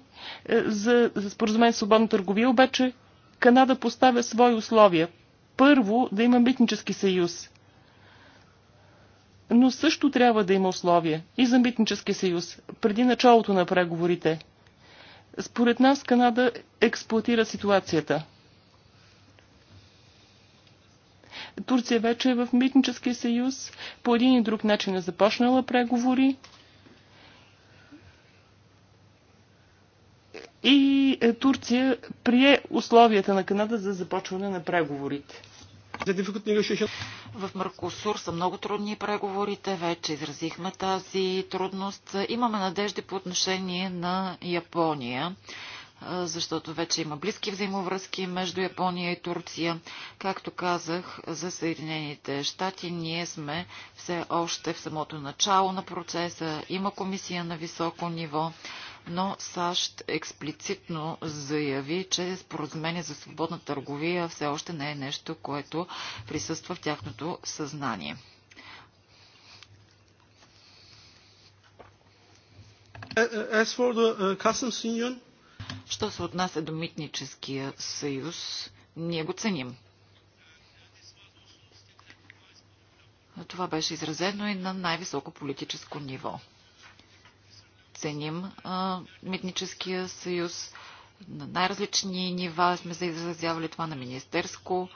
за, за споразумение с свободна търговия, обаче Канада поставя свои условия. Първо, да има митнически съюз но също трябва да има условия и за митнически съюз, преди началото на преговорите. Според нас Канада експлуатира ситуацията. Турция вече е в митнически съюз, по един и друг начин е започнала преговори. И е, Турция прие условията на Канада за започване на преговорите. В Маркосур са много трудни преговорите, вече изразихме тази трудност. Имаме надежди по отношение на Япония защото вече има близки взаимовръзки между Япония и Турция. Както казах, за Съединените щати ние сме все още в самото начало на процеса. Има комисия на високо ниво, но САЩ експлицитно заяви, че споразумение за свободна търговия все още не е нещо, което присъства в тяхното съзнание. Е, е, as for the е, customs union, Що се отнася до митническия съюз, ние го ценим. Това беше изразено и на най-високо политическо ниво ценим а, митническия съюз. На най-различни нива сме заизразявали това на министерско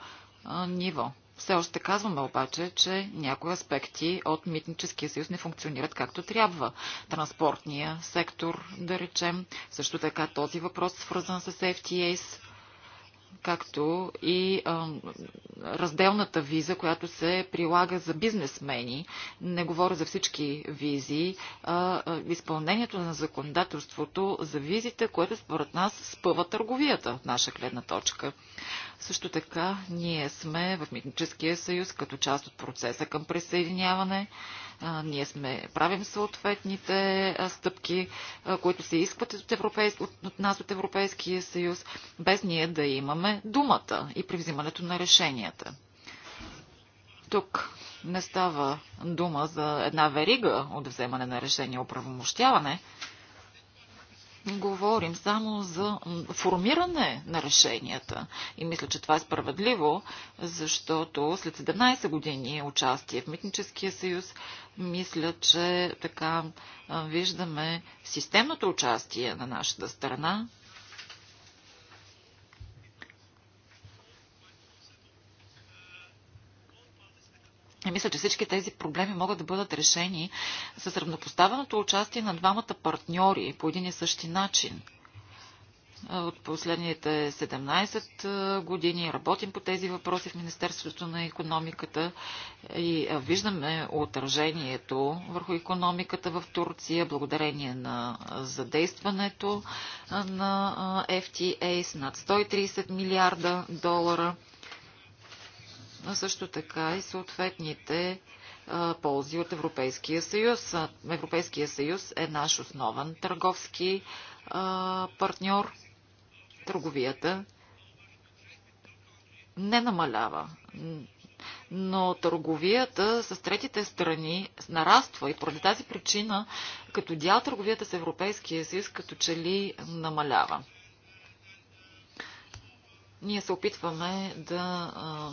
а, ниво. Все още казваме обаче, че някои аспекти от митническия съюз не функционират както трябва. Транспортния сектор, да речем, също така този въпрос, свързан с FTAs, както и разделната виза, която се прилага за бизнесмени. Не говоря за всички визи. А, а, изпълнението на законодателството за визите, което според нас спъва търговията от наша гледна точка. Също така ние сме в Митническия съюз като част от процеса към присъединяване. А, ние сме, правим съответните а, стъпки, а, които се искат от, от, от нас от Европейския съюз, без ние да имаме думата и при взимането на решения изискванията. Тук не става дума за една верига от вземане на решение оправомощяване. Говорим само за формиране на решенията. И мисля, че това е справедливо, защото след 17 години участие в Митническия съюз, мисля, че така виждаме системното участие на нашата страна И мисля, че всички тези проблеми могат да бъдат решени с равнопоставеното участие на двамата партньори по един и същи начин. От последните 17 години работим по тези въпроси в Министерството на економиката и виждаме отражението върху економиката в Турция, благодарение на задействането на FTA с над 130 милиарда долара а също така и съответните ползи от Европейския съюз. Европейския съюз е наш основен търговски партньор. Търговията не намалява, но търговията с третите страни нараства и поради тази причина като дял търговията с Европейския съюз като че ли намалява. Ние се опитваме да а,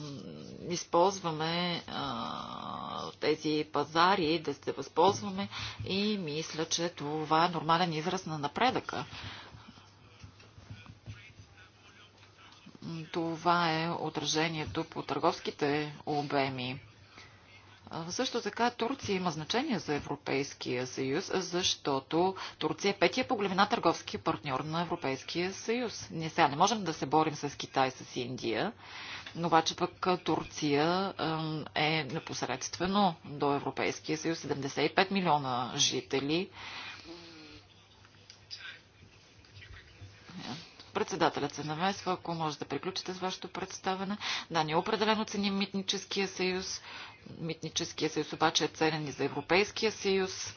използваме а, тези пазари, да се възползваме и мисля, че това е нормален израз на напредъка. Това е отражението по търговските обеми. Също така Турция има значение за Европейския съюз, защото Турция е петия по големина търговски партньор на Европейския съюз. Ние сега не можем да се борим с Китай, с Индия, но обаче пък Турция е непосредствено до Европейския съюз. 75 милиона жители. Председателят се намесва, ако може да приключите с вашето представене. Да, ние определено ценим Митническия съюз. Митническия съюз обаче е ценен и за Европейския съюз.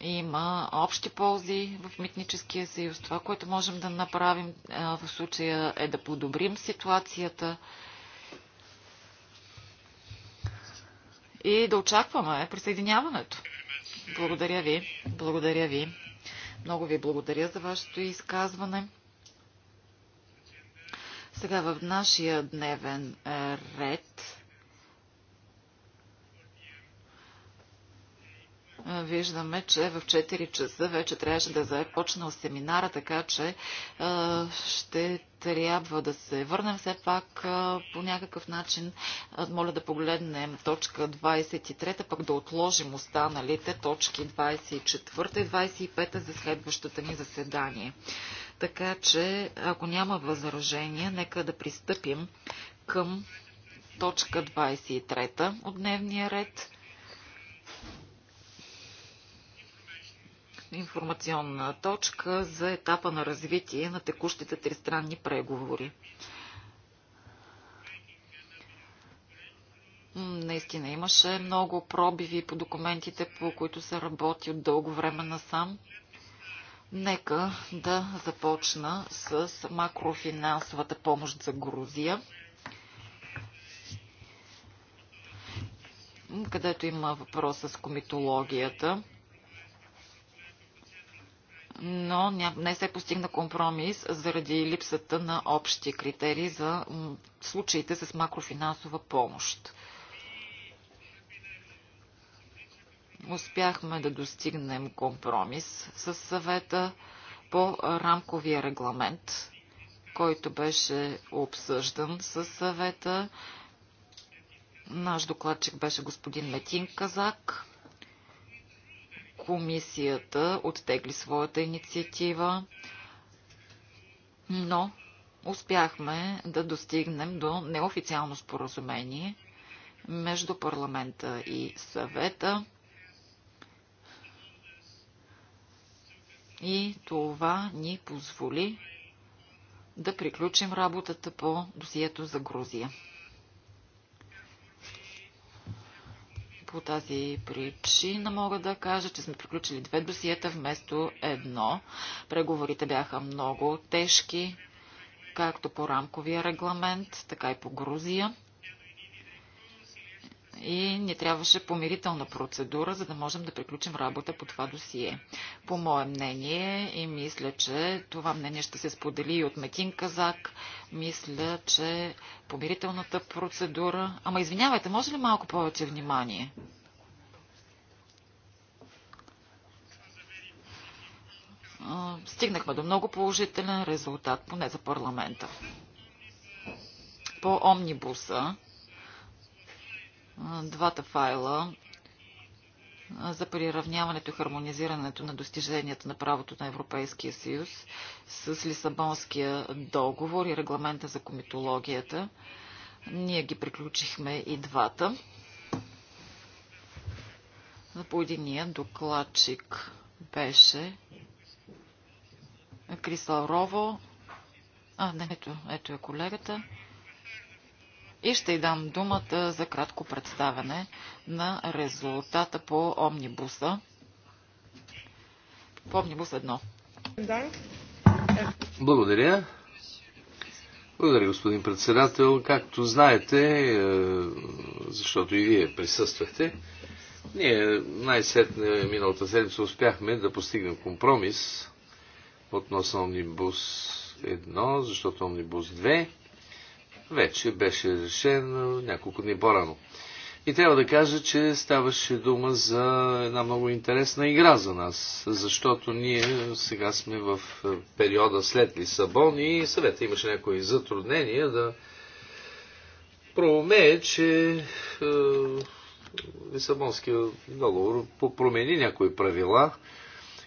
Има общи ползи в Митническия съюз. Това, което можем да направим в случая е да подобрим ситуацията. и да очакваме присъединяването. Благодаря ви. Благодаря ви. Много ви благодаря за вашето изказване. Сега в нашия дневен е, ред Виждаме, че в 4 часа вече трябваше да започна започнал семинара, така че ще трябва да се върнем все пак по някакъв начин. Моля да погледнем точка 23, пък да отложим останалите точки 24 и 25 за следващото ни заседание. Така че, ако няма възражение, нека да пристъпим към точка 23 от дневния ред – информационна точка за етапа на развитие на текущите тристранни преговори. Наистина имаше много пробиви по документите, по които се работи от дълго време насам. Нека да започна с макрофинансовата помощ за Грузия, където има въпрос с комитологията но не се постигна компромис заради липсата на общи критерии за случаите с макрофинансова помощ. Успяхме да достигнем компромис с съвета по рамковия регламент, който беше обсъждан с съвета. Наш докладчик беше господин Метин Казак комисията оттегли своята инициатива, но успяхме да достигнем до неофициално споразумение между парламента и съвета. И това ни позволи да приключим работата по досието за Грузия. По тази причина мога да кажа, че сме приключили две досиета вместо едно. Преговорите бяха много тежки, както по рамковия регламент, така и по Грузия и ни трябваше помирителна процедура, за да можем да приключим работа по това досие. По мое мнение и мисля, че това мнение ще се сподели и от Метин Казак, мисля, че помирителната процедура... Ама извинявайте, може ли малко повече внимание? Стигнахме до много положителен резултат, поне за парламента. По омнибуса, двата файла за приравняването и хармонизирането на достиженията на правото на Европейския съюз с Лисабонския договор и регламента за комитологията. Ние ги приключихме и двата. по единия докладчик беше Крисал Рово. А, не, ето, ето е колегата и ще й дам думата за кратко представяне на резултата по Омнибуса. По Омнибус 1. Благодаря. Благодаря, господин председател. Както знаете, е, защото и вие присъствахте, ние най-сетне миналата седмица успяхме да постигнем компромис относно Омнибус 1, защото Омнибус вече беше решен няколко дни по-рано. И трябва да кажа, че ставаше дума за една много интересна игра за нас, защото ние сега сме в периода след Лисабон и съвета имаше някои затруднения да проумее, че е, Лисабонския договор промени някои правила.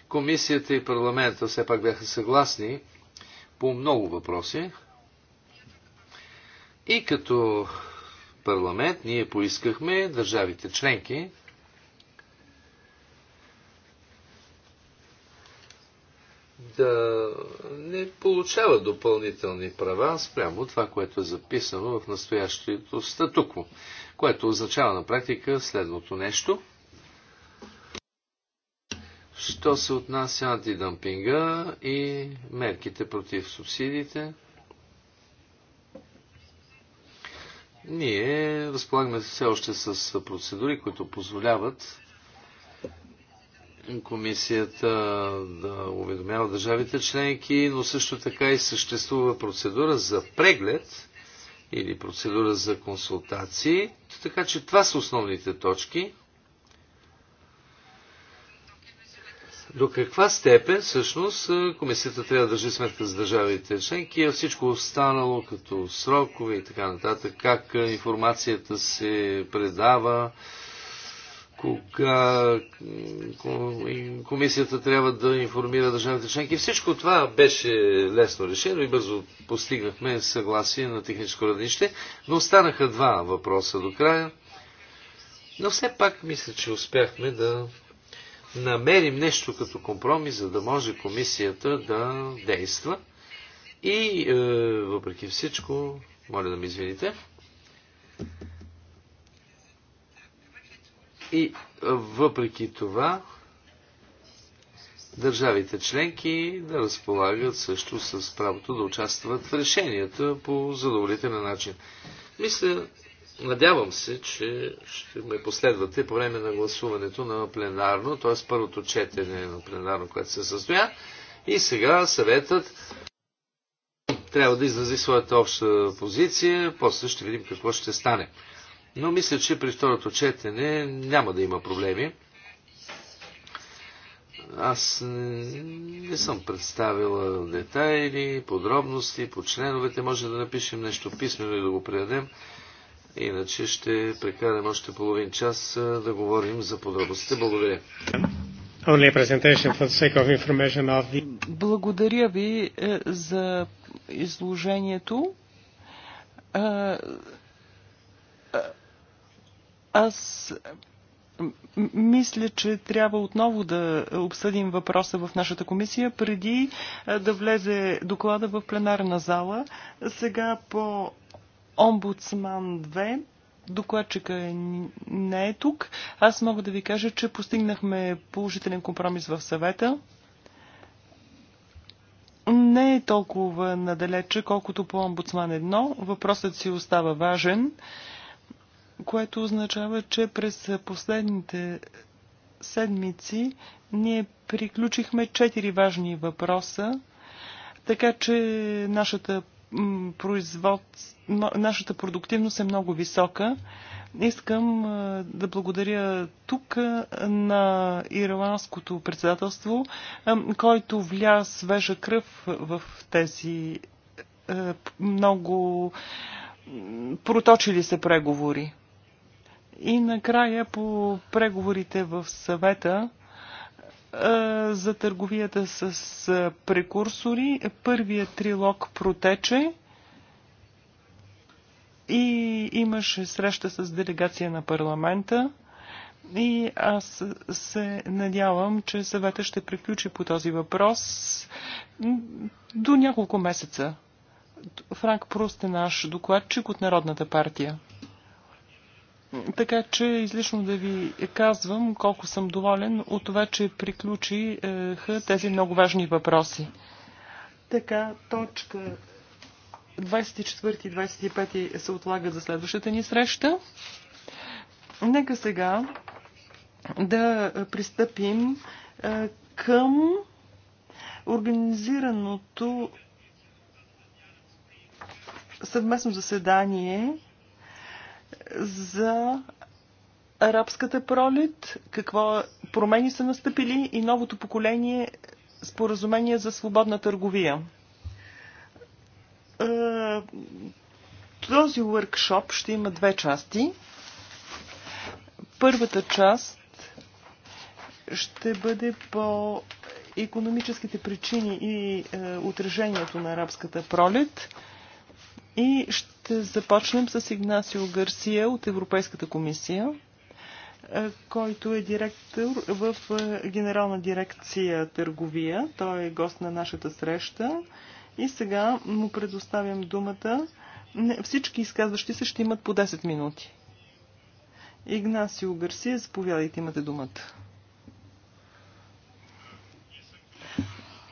Комисията и парламента все пак бяха съгласни по много въпроси, и като парламент ние поискахме държавите членки да не получават допълнителни права спрямо това, което е записано в настоящето статукво, което означава на практика следното нещо. Що се отнася антидъмпинга и мерките против субсидиите – Ние разполагаме все още с процедури, които позволяват комисията да уведомява държавите членки, но също така и съществува процедура за преглед или процедура за консултации. Така че това са основните точки. до каква степен всъщност комисията трябва да държи сметка за държавите членки, а всичко останало като срокове и така нататък, как информацията се предава, кога комисията трябва да информира държавите членки. Всичко това беше лесно решено и бързо постигнахме съгласие на техническо равнище, но останаха два въпроса до края. Но все пак мисля, че успяхме да намерим нещо като компромис, за да може комисията да действа. И е, въпреки всичко, моля да ми извините. И е, въпреки това, държавите членки да разполагат също с правото да участват в решенията по задоволителен начин. Мисля, Надявам се, че ще ме последвате по време на гласуването на пленарно, т.е. първото четене на пленарно, което се състоя. И сега съветът трябва да изрази своята обща позиция, после ще видим какво ще стане. Но мисля, че при второто четене няма да има проблеми. Аз не съм представила детайли, подробности по членовете. Може да напишем нещо писмено и да го предадем. Иначе ще прекарам още половин час да говорим за подробностите. Благодаря. Благодаря ви е, за изложението. Е, е, аз мисля, че трябва отново да обсъдим въпроса в нашата комисия, преди да влезе доклада в пленарна зала. Сега по Омбудсман 2. Докладчика е не е тук. Аз мога да ви кажа, че постигнахме положителен компромис в съвета. Не е толкова надалече, колкото по омбудсман 1. Въпросът си остава важен, което означава, че през последните седмици ние приключихме четири важни въпроса, така че нашата производ... нашата продуктивност е много висока. Искам да благодаря тук на ирландското председателство, който вля свежа кръв в тези много проточили се преговори. И накрая по преговорите в съвета за търговията с прекурсори. Първият трилог протече и имаше среща с делегация на парламента. И аз се надявам, че съвета ще приключи по този въпрос до няколко месеца. Франк Прост е наш докладчик от Народната партия. Така че излишно да ви казвам колко съм доволен от това, че приключиха тези много важни въпроси. Така, точка 24 и 25 се отлага за следващата ни среща. Нека сега да пристъпим е, към организираното съвместно заседание за арабската пролет, какво промени са настъпили и новото поколение споразумение за свободна търговия. Е, този въркшоп ще има две части. Първата част ще бъде по економическите причини и е, отражението на арабската пролет и ще ще започнем с Игнасио Гарсия от Европейската комисия, който е директор в Генерална дирекция търговия. Той е гост на нашата среща. И сега му предоставям думата. Не, всички изказващи се ще имат по 10 минути. Игнасио Гарсия, заповядайте, имате думата.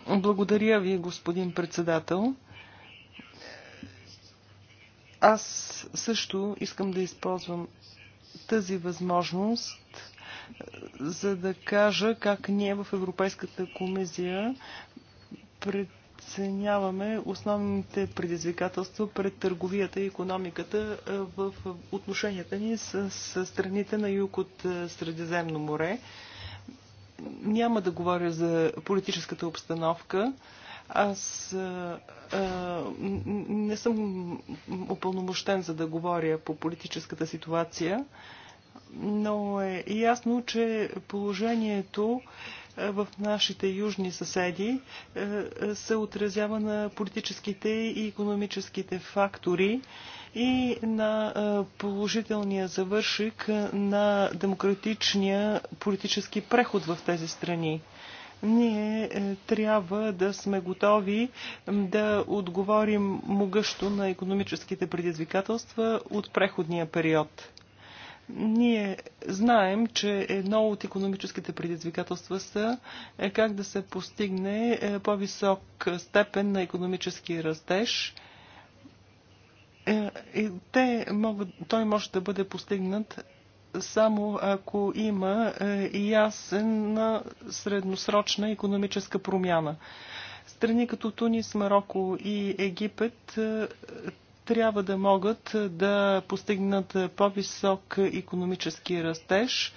Благодаря ви, господин председател. Аз също искам да използвам тази възможност, е, за да кажа как ние в Европейската комисия преценяваме основните предизвикателства пред търговията и економиката е, в отношенията ни с, с страните на юг от е, Средиземно море. Няма да говоря за политическата обстановка. Аз а, а, не съм упълномощен за да говоря по политическата ситуация, но е ясно, че положението в нашите южни съседи се отразява на политическите и економическите фактори и на положителния завършик на демократичния политически преход в тези страни ние е, трябва да сме готови да отговорим могъщо на економическите предизвикателства от преходния период. Ние знаем, че едно от економическите предизвикателства са е, как да се постигне е, по-висок степен на економически растеж. Те могат, той може да бъде постигнат само ако има е, ясна средносрочна економическа промяна. Страни като Тунис, Марокко и Египет е, трябва да могат е, да постигнат по-висок економически растеж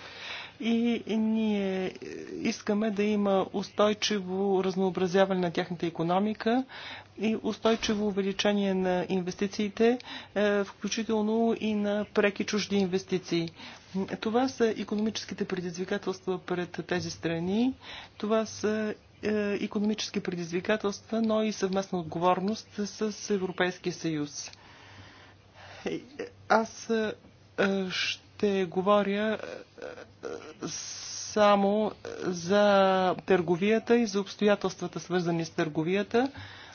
и ние искаме да има устойчиво разнообразяване на тяхната економика и устойчиво увеличение на инвестициите, е, включително и на преки чужди инвестиции. Това са економическите предизвикателства пред тези страни. Това са економически предизвикателства, но и съвместна отговорност с Европейския съюз. Е, аз е, ще ще говоря е, е, само за търговията и за обстоятелствата, свързани с търговията.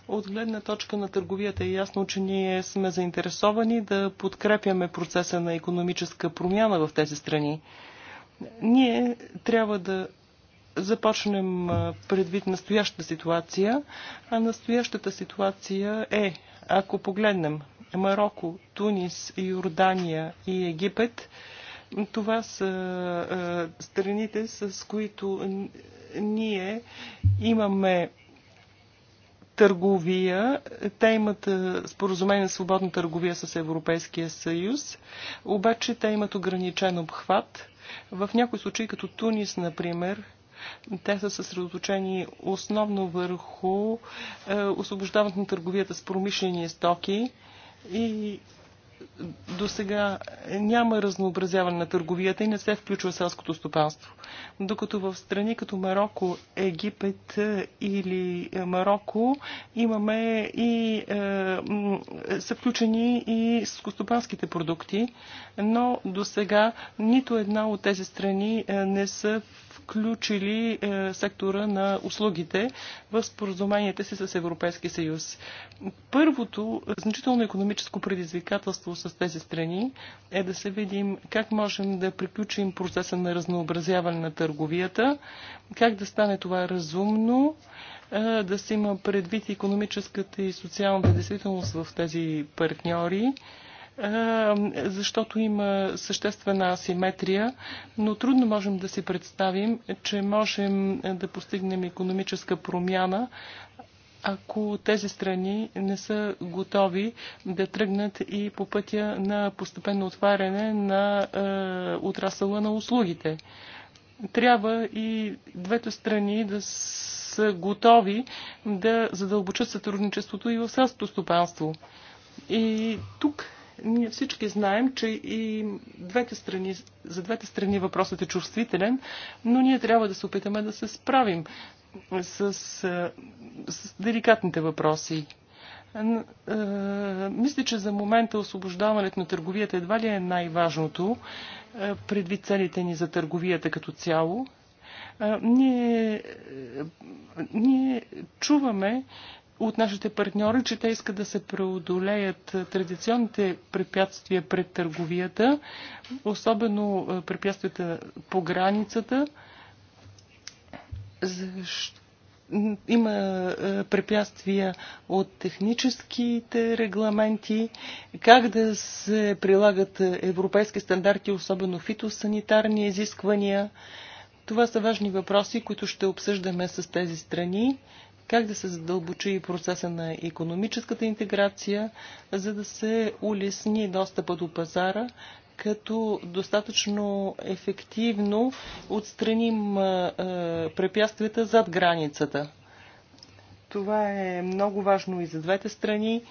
От гледна точка на търговията е ясно, че ние сме заинтересовани да подкрепяме процеса на економическа промяна в тези страни. Ние трябва да започнем е, предвид настоящата ситуация, а настоящата ситуация е, ако погледнем Марокко, Тунис, Йордания и Египет. Това са страните, с които ние имаме търговия. Те имат споразумение за свободна търговия с Европейския съюз, обаче те имат ограничен обхват. В някои случаи, като Тунис, например, те са съсредоточени основно върху освобождаването на търговията с промишлени стоки, и до сега няма разнообразяване на търговията и не се включва селското стопанство. Докато в страни като Марокко, Египет е, или е, Марокко имаме и е, са включени и скостопанските продукти, но до сега нито една от тези страни е, не са включили е, сектора на услугите в споразуменията си с Европейски съюз. Първото значително економическо предизвикателство с тези страни е да се видим как можем да приключим процеса на разнообразяване на търговията, как да стане това разумно, е, да се има предвид економическата и социалната действителност в тези партньори, защото има съществена асиметрия, но трудно можем да си представим, че можем да постигнем економическа промяна, ако тези страни не са готови да тръгнат и по пътя на постепенно отваряне на е, отрасъла на услугите. Трябва и двете страни да са готови да задълбочат сътрудничеството и в селското стопанство. И тук ние всички знаем, че и двете страни, за двете страни въпросът е чувствителен, но ние трябва да се опитаме да се справим с, с деликатните въпроси. Мисля, че за момента освобождаването на търговията едва ли е най-важното предвид целите ни за търговията като цяло. Ние, ние чуваме, от нашите партньори, че те искат да се преодолеят традиционните препятствия пред търговията, особено препятствията по границата. Защо? Има препятствия от техническите регламенти, как да се прилагат европейски стандарти, особено фитосанитарни изисквания. Това са важни въпроси, които ще обсъждаме с тези страни как да се задълбочи и процеса на економическата интеграция, за да се улесни достъпа до пазара, като достатъчно ефективно отстраним препятствията зад границата. Това е много важно и за двете страни.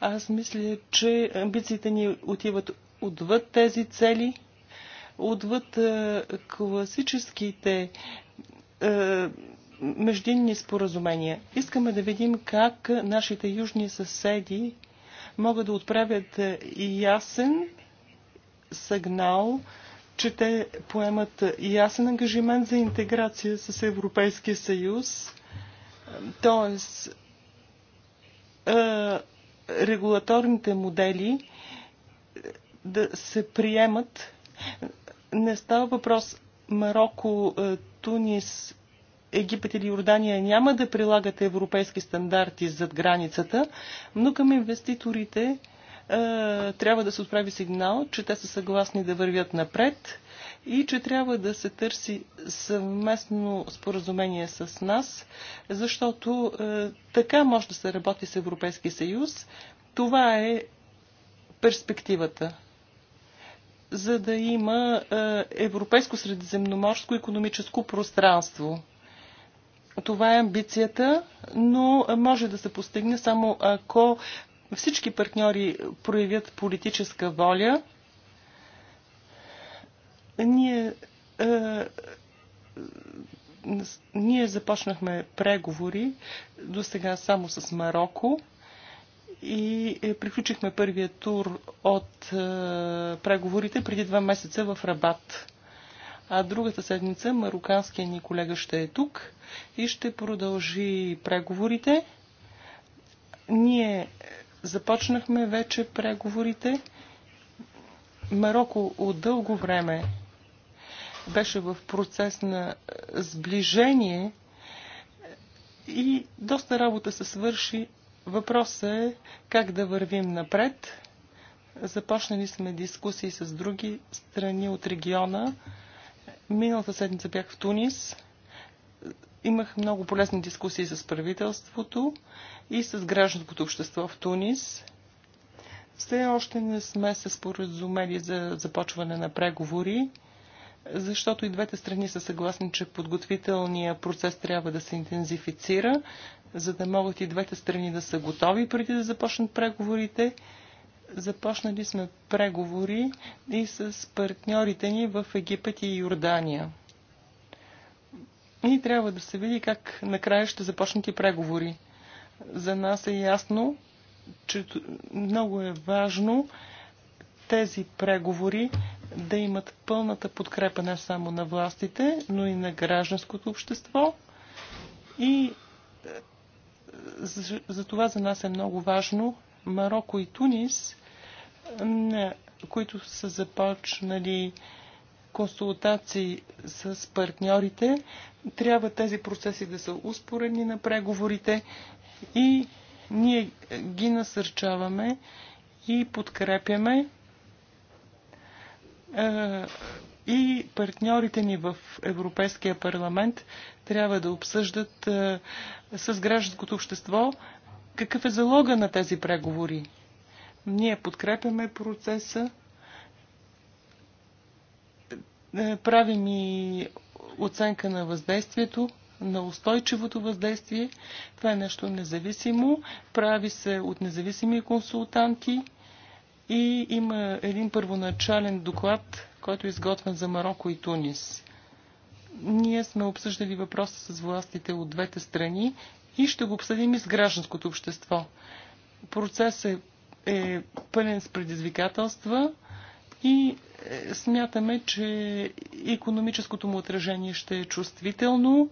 Аз мисля, че амбициите ни отиват отвъд тези цели – отвъд е, класическите е, междинни споразумения. Искаме да видим как нашите южни съседи могат да отправят е, ясен сигнал, че те поемат ясен ангажимент за интеграция с Европейския съюз, т.е. регулаторните модели да се приемат не става въпрос Марокко, е, Тунис, Египет или Йордания няма да прилагат европейски стандарти зад границата, но към инвеститорите е, трябва да се отправи сигнал, че те са съгласни да вървят напред и че трябва да се търси съвместно споразумение с нас, защото е, така може да се работи с Европейски съюз. Това е перспективата за да има е, европейско средиземноморско економическо пространство. Това е амбицията, но може да се постигне само ако всички партньори проявят политическа воля. Ние, е, ние започнахме преговори до сега само с Марокко и е, приключихме първия тур от е, преговорите преди два месеца в Рабат. А другата седмица мароканския ни колега ще е тук и ще продължи преговорите. Ние започнахме вече преговорите. Марокко от дълго време беше в процес на е, сближение и доста работа се свърши Въпросът е как да вървим напред. Започнали сме дискусии с други страни от региона. Миналата седмица бях в Тунис. Имах много полезни дискусии с правителството и с гражданското общество в Тунис. Все още не сме се споразумели за започване на преговори защото и двете страни са съгласни, че подготвителният процес трябва да се интензифицира, за да могат и двете страни да са готови преди да започнат преговорите. Започнали сме преговори и с партньорите ни в Египет и Йордания. И трябва да се види как накрая ще започнат и преговори. За нас е ясно, че много е важно тези преговори да имат пълната подкрепа не само на властите, но и на гражданското общество. И е, за, за това за нас е много важно Марокко и Тунис, които са започнали консултации с партньорите, трябва тези процеси да са успоредни на преговорите и ние ги насърчаваме и подкрепяме е, и партньорите ни в Европейския парламент трябва да обсъждат е, с гражданското общество какъв е залога на тези преговори. Ние подкрепяме процеса, е, правим и оценка на въздействието, на устойчивото въздействие. Това е нещо независимо, прави се от независими консултанти и има един първоначален доклад, който е изготвен за Марокко и Тунис. Ние сме обсъждали въпроса с властите от двете страни и ще го обсъдим и с гражданското общество. Процесът е, е пълен с предизвикателства и е, смятаме, че економическото му отражение ще е чувствително.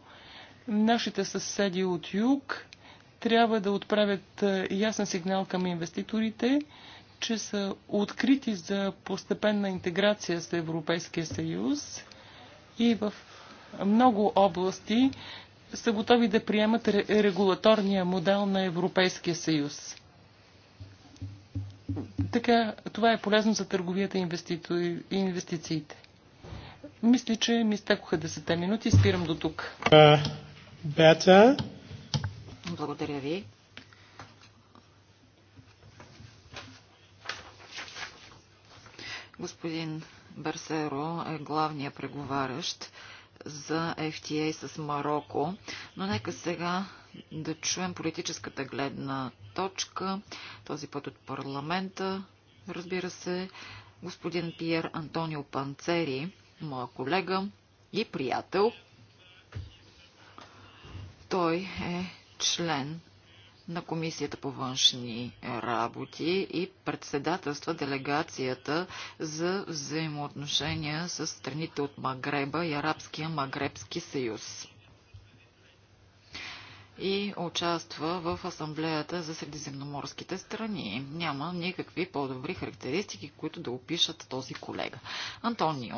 Нашите съседи от юг трябва да отправят е, ясен сигнал към инвеститорите, че са открити за постепенна интеграция с Европейския съюз и в много области са готови да приемат регулаторния модел на Европейския съюз. Така, това е полезно за търговията и инвести... инвестициите. Мисля, че ми стекоха 10 минути. Спирам до тук. Е, Бета. Благодаря ви. Господин Берсеро е главният преговарящ за FTA с Марокко, но нека сега да чуем политическата гледна точка, този път от парламента, разбира се, господин Пиер Антонио Панцери, моя колега и приятел. Той е член на Комисията по външни работи и председателства делегацията за взаимоотношения с страните от Магреба и Арабския Магребски съюз и участва в Асамблеята за средиземноморските страни. Няма никакви по-добри характеристики, които да опишат този колега. Антонио.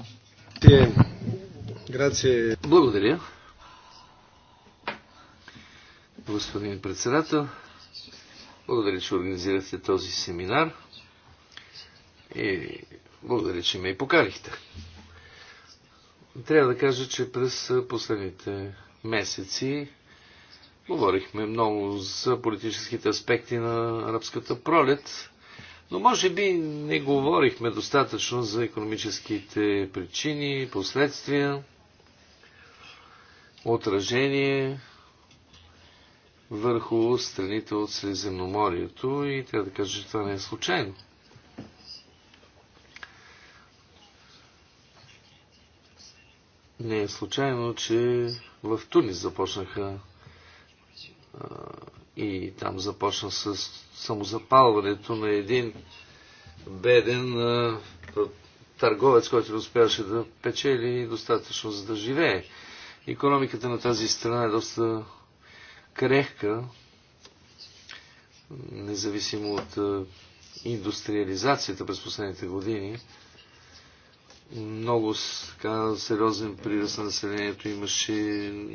Е. Е. Благодаря господин председател. Благодаря, че организирахте този семинар и благодаря, че ме и покарихте. Трябва да кажа, че през последните месеци говорихме много за политическите аспекти на арабската пролет, но може би не говорихме достатъчно за економическите причини, последствия, отражение върху страните от Средиземноморието и трябва да кажа, че това не е случайно. Не е случайно, че в Тунис започнаха и там започна с самозапалването на един беден търговец, който не успяваше да печели достатъчно за да живее. Економиката на тази страна е доста крехка, независимо от индустриализацията през последните години. Много така, сериозен прираст на населението имаше,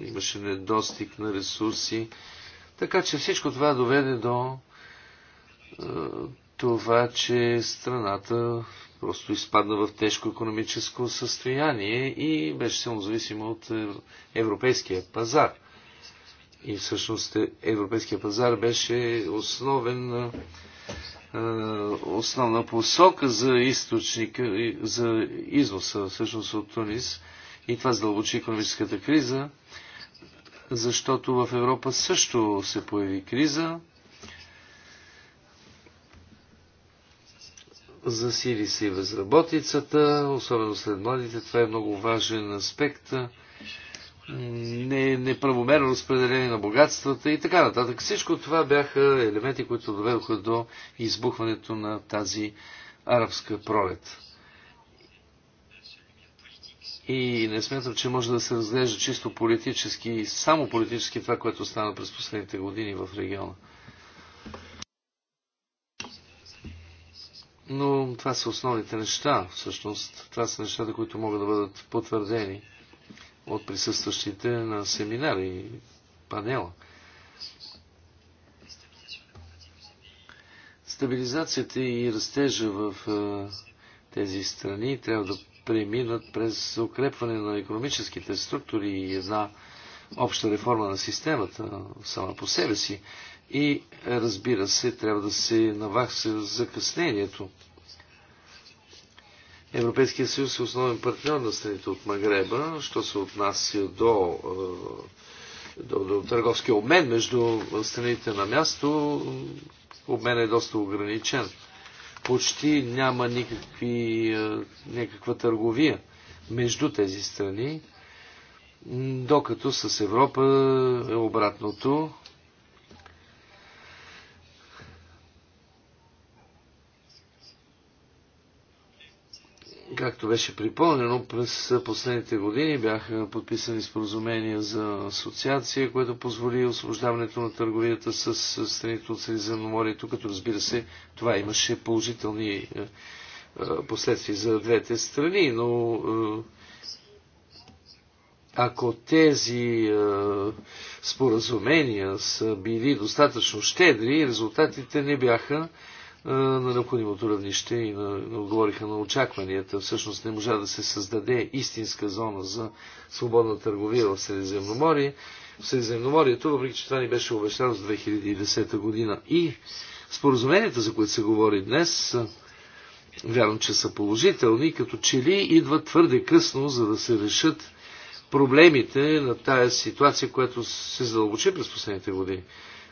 имаше недостиг на ресурси. Така че всичко това доведе до това, че страната просто изпадна в тежко економическо състояние и беше силно зависима от е, европейския пазар. И всъщност е, европейския пазар беше основен основна посока за източника, за износа всъщност от Тунис. И това задълбочи економическата криза, защото в Европа също се появи криза. Засили се и безработицата, особено след младите. Това е много важен аспект неправомерно разпределение на богатствата и така нататък. Всичко това бяха елементи, които доведоха до избухването на тази арабска пролет. И не смятам, че може да се разглежда чисто политически, само политически това, което стана през последните години в региона. Но това са основните неща, всъщност. Това са нещата, които могат да бъдат потвърдени от присъстващите на семинара и панела. Стабилизацията и растежа в тези страни трябва да преминат през укрепване на економическите структури и една обща реформа на системата сама по себе си. И разбира се, трябва да се навакса закъснението Европейския съюз е основен партньор на страните от Магреба, що се отнася до, е, до, до търговския обмен между страните на място. Обмен е доста ограничен. Почти няма никакви, е, някаква търговия между тези страни, докато с Европа е обратното Както беше припълнено, през последните години бяха подписани споразумения за асоциация, което позволи освобождаването на търговията с страните от Средиземноморието, като разбира се, това имаше положителни е, е, последствия за двете страни, но е, ако тези споразумения са били достатъчно щедри, резултатите не бяха на необходимото равнище и на, на отговориха на очакванията. Всъщност не можа да се създаде истинска зона за свободна търговия в Средиземноморие. В Средиземноморието, въпреки че това ни беше обещано с 2010 година. И споразуменията, за които се говори днес, вярвам, че са положителни, като че ли идват твърде късно, за да се решат проблемите на тая ситуация, която се задълбочи през последните години.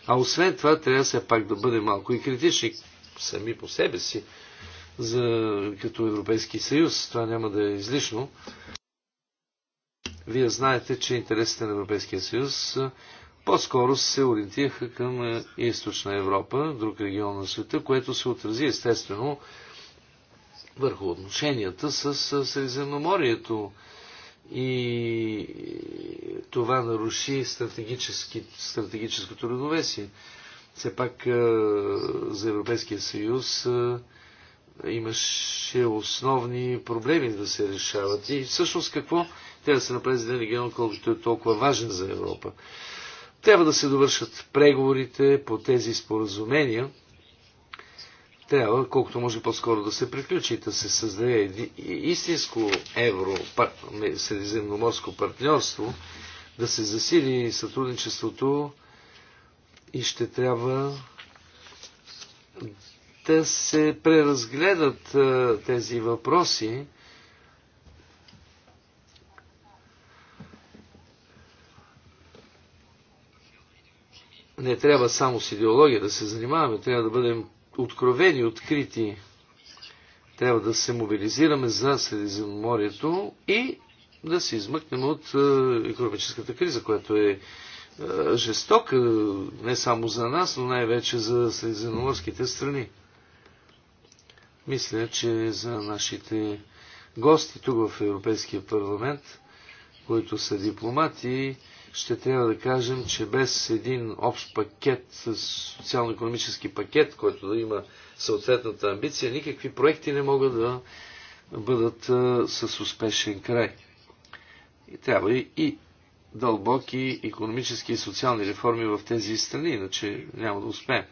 А освен това, трябва все пак да бъдем малко и критични сами по себе си за, като Европейски съюз. Това няма да е излишно. Вие знаете, че интересите на Европейския съюз по-скоро се ориентираха към източна Европа, друг регион на света, което се отрази естествено върху отношенията с Средиземноморието. И това наруши стратегически, стратегическото равновесие. Все пак за Европейския съюз имаше основни проблеми да се решават. И всъщност какво трябва да се направи за един регион, колкото е толкова важен за Европа? Трябва да се довършат преговорите по тези споразумения. Трябва, колкото може по-скоро да се приключи, да се създаде истинско евро, средиземноморско партньорство, да се засили сътрудничеството и ще трябва да се преразгледат е, тези въпроси. Не трябва само с идеология да се занимаваме, трябва да бъдем откровени, открити. Трябва да се мобилизираме за Средиземноморието и да се измъкнем от е, економическата криза, която е е, жесток, е, не само за нас, но най-вече за средиземноморските страни. Мисля, че за нашите гости тук в Европейския парламент, които са дипломати, ще трябва да кажем, че без един общ пакет, социално-економически пакет, който да има съответната амбиция, никакви проекти не могат да бъдат е, с успешен край. И трябва и дълбоки економически и социални реформи в тези страни, иначе няма да успеем.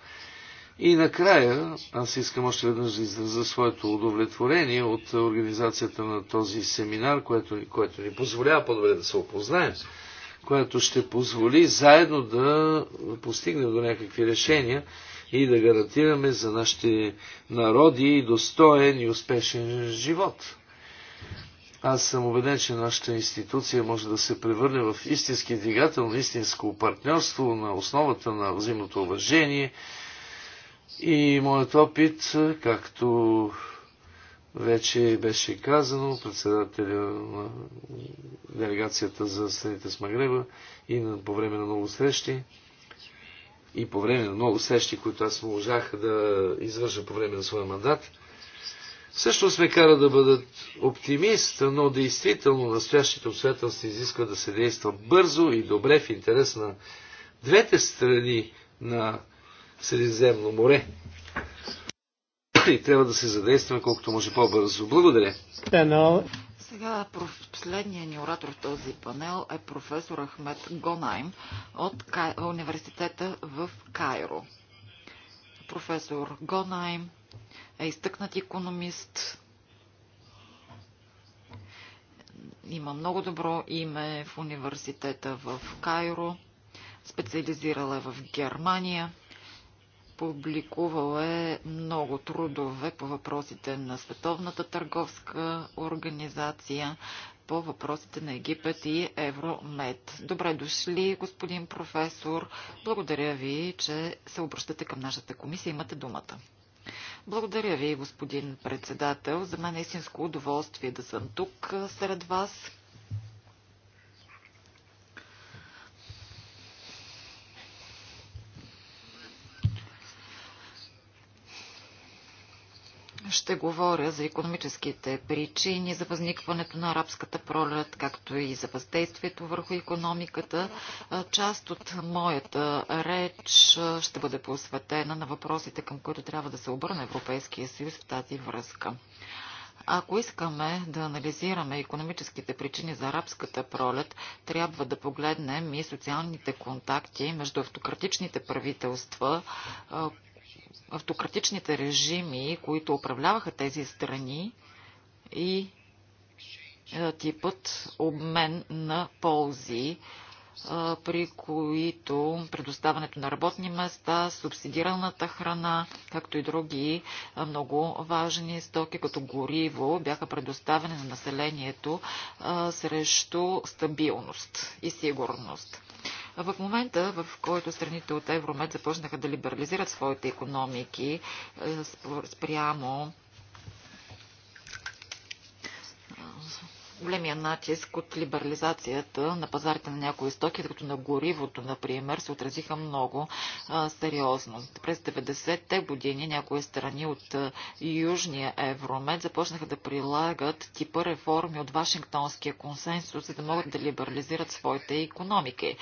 И накрая, аз искам още веднъж да изразя своето удовлетворение от организацията на този семинар, което, което ни позволява по-добре да се опознаем, което ще позволи заедно да постигнем до някакви решения и да гарантираме за нашите народи достоен и успешен живот. Аз съм убеден, че нашата институция може да се превърне в истински двигател на истинско партньорство на основата на взаимното уважение. И моят опит, както вече беше казано, председателя на делегацията за страните с Магреба и на, по време на много срещи, и по време на много срещи, които аз можах да извърша по време на своя мандат – Всъщност ме кара да бъдат оптимист, но действително настоящите обстоятелства изисква да се действа бързо и добре в интерес на двете страни на Средиземно море. И трябва да се задействаме колкото може по-бързо. Благодаря. Сега последният ни оратор в този панел е професор Ахмед Гонайм от университета в Кайро. Професор Гонайм е изтъкнат економист. Има много добро име в университета в Кайро. Специализирала е в Германия. Публикувала е много трудове по въпросите на Световната търговска организация, по въпросите на Египет и Евромед. Добре дошли, господин професор. Благодаря ви, че се обръщате към нашата комисия. Имате думата. Благодаря ви, господин председател. За мен е истинско удоволствие да съм тук сред вас ще говоря за економическите причини за възникването на арабската пролет, както и за въздействието върху економиката. Част от моята реч ще бъде посветена на въпросите, към които трябва да се обърне Европейския съюз в тази връзка. Ако искаме да анализираме економическите причини за арабската пролет, трябва да погледнем и социалните контакти между автократичните правителства, автократичните режими, които управляваха тези страни и е, типът обмен на ползи, е, при които предоставането на работни места, субсидираната храна, както и други е, много важни стоки, като гориво, бяха предоставени на населението срещу стабилност и сигурност. В момента, в който страните от Евромед започнаха да либерализират своите економики е, спрямо големия натиск от либерализацията на пазарите на някои стоки, като на горивото, например, се отразиха много а, сериозно. През 90-те години някои страни от а, Южния Евромед започнаха да прилагат типа реформи от Вашингтонския консенсус, за да могат да либерализират своите економики.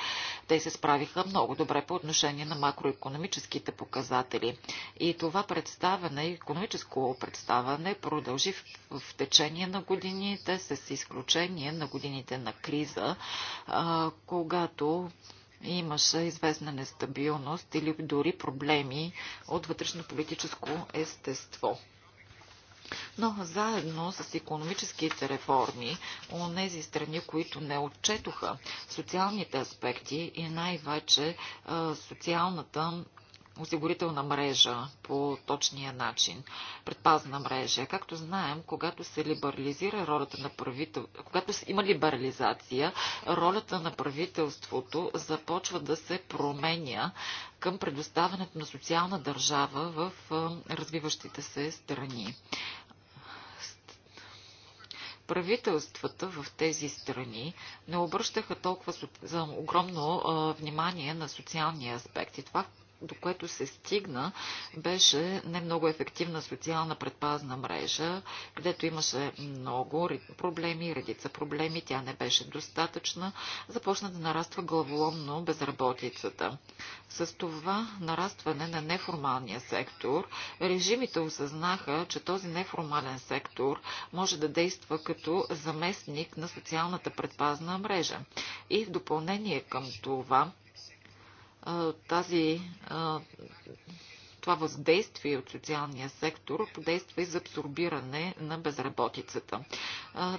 Те се справиха много добре по отношение на макроекономическите показатели. И това представяне, економическо представяне, продължи в, в течение на годините с изключение изключение на годините на криза, когато имаше известна нестабилност или дори проблеми от вътрешно-политическо естество. Но заедно с економическите реформи, у нези страни, които не отчетоха социалните аспекти и най-вече социалната осигурителна мрежа по точния начин, предпазна мрежа. Както знаем, когато се либерализира ролята на правителството, когато има либерализация, ролята на правителството започва да се променя към предоставянето на социална държава в развиващите се страни. Правителствата в тези страни не обръщаха толкова огромно внимание на социалния аспект. И това до което се стигна, беше не много ефективна социална предпазна мрежа, където имаше много проблеми, редица проблеми, тя не беше достатъчна, започна да нараства главоломно безработицата. С това нарастване на неформалния сектор, режимите осъзнаха, че този неформален сектор може да действа като заместник на социалната предпазна мрежа. И в допълнение към това, тази, това въздействие от социалния сектор подейства и за абсорбиране на безработицата.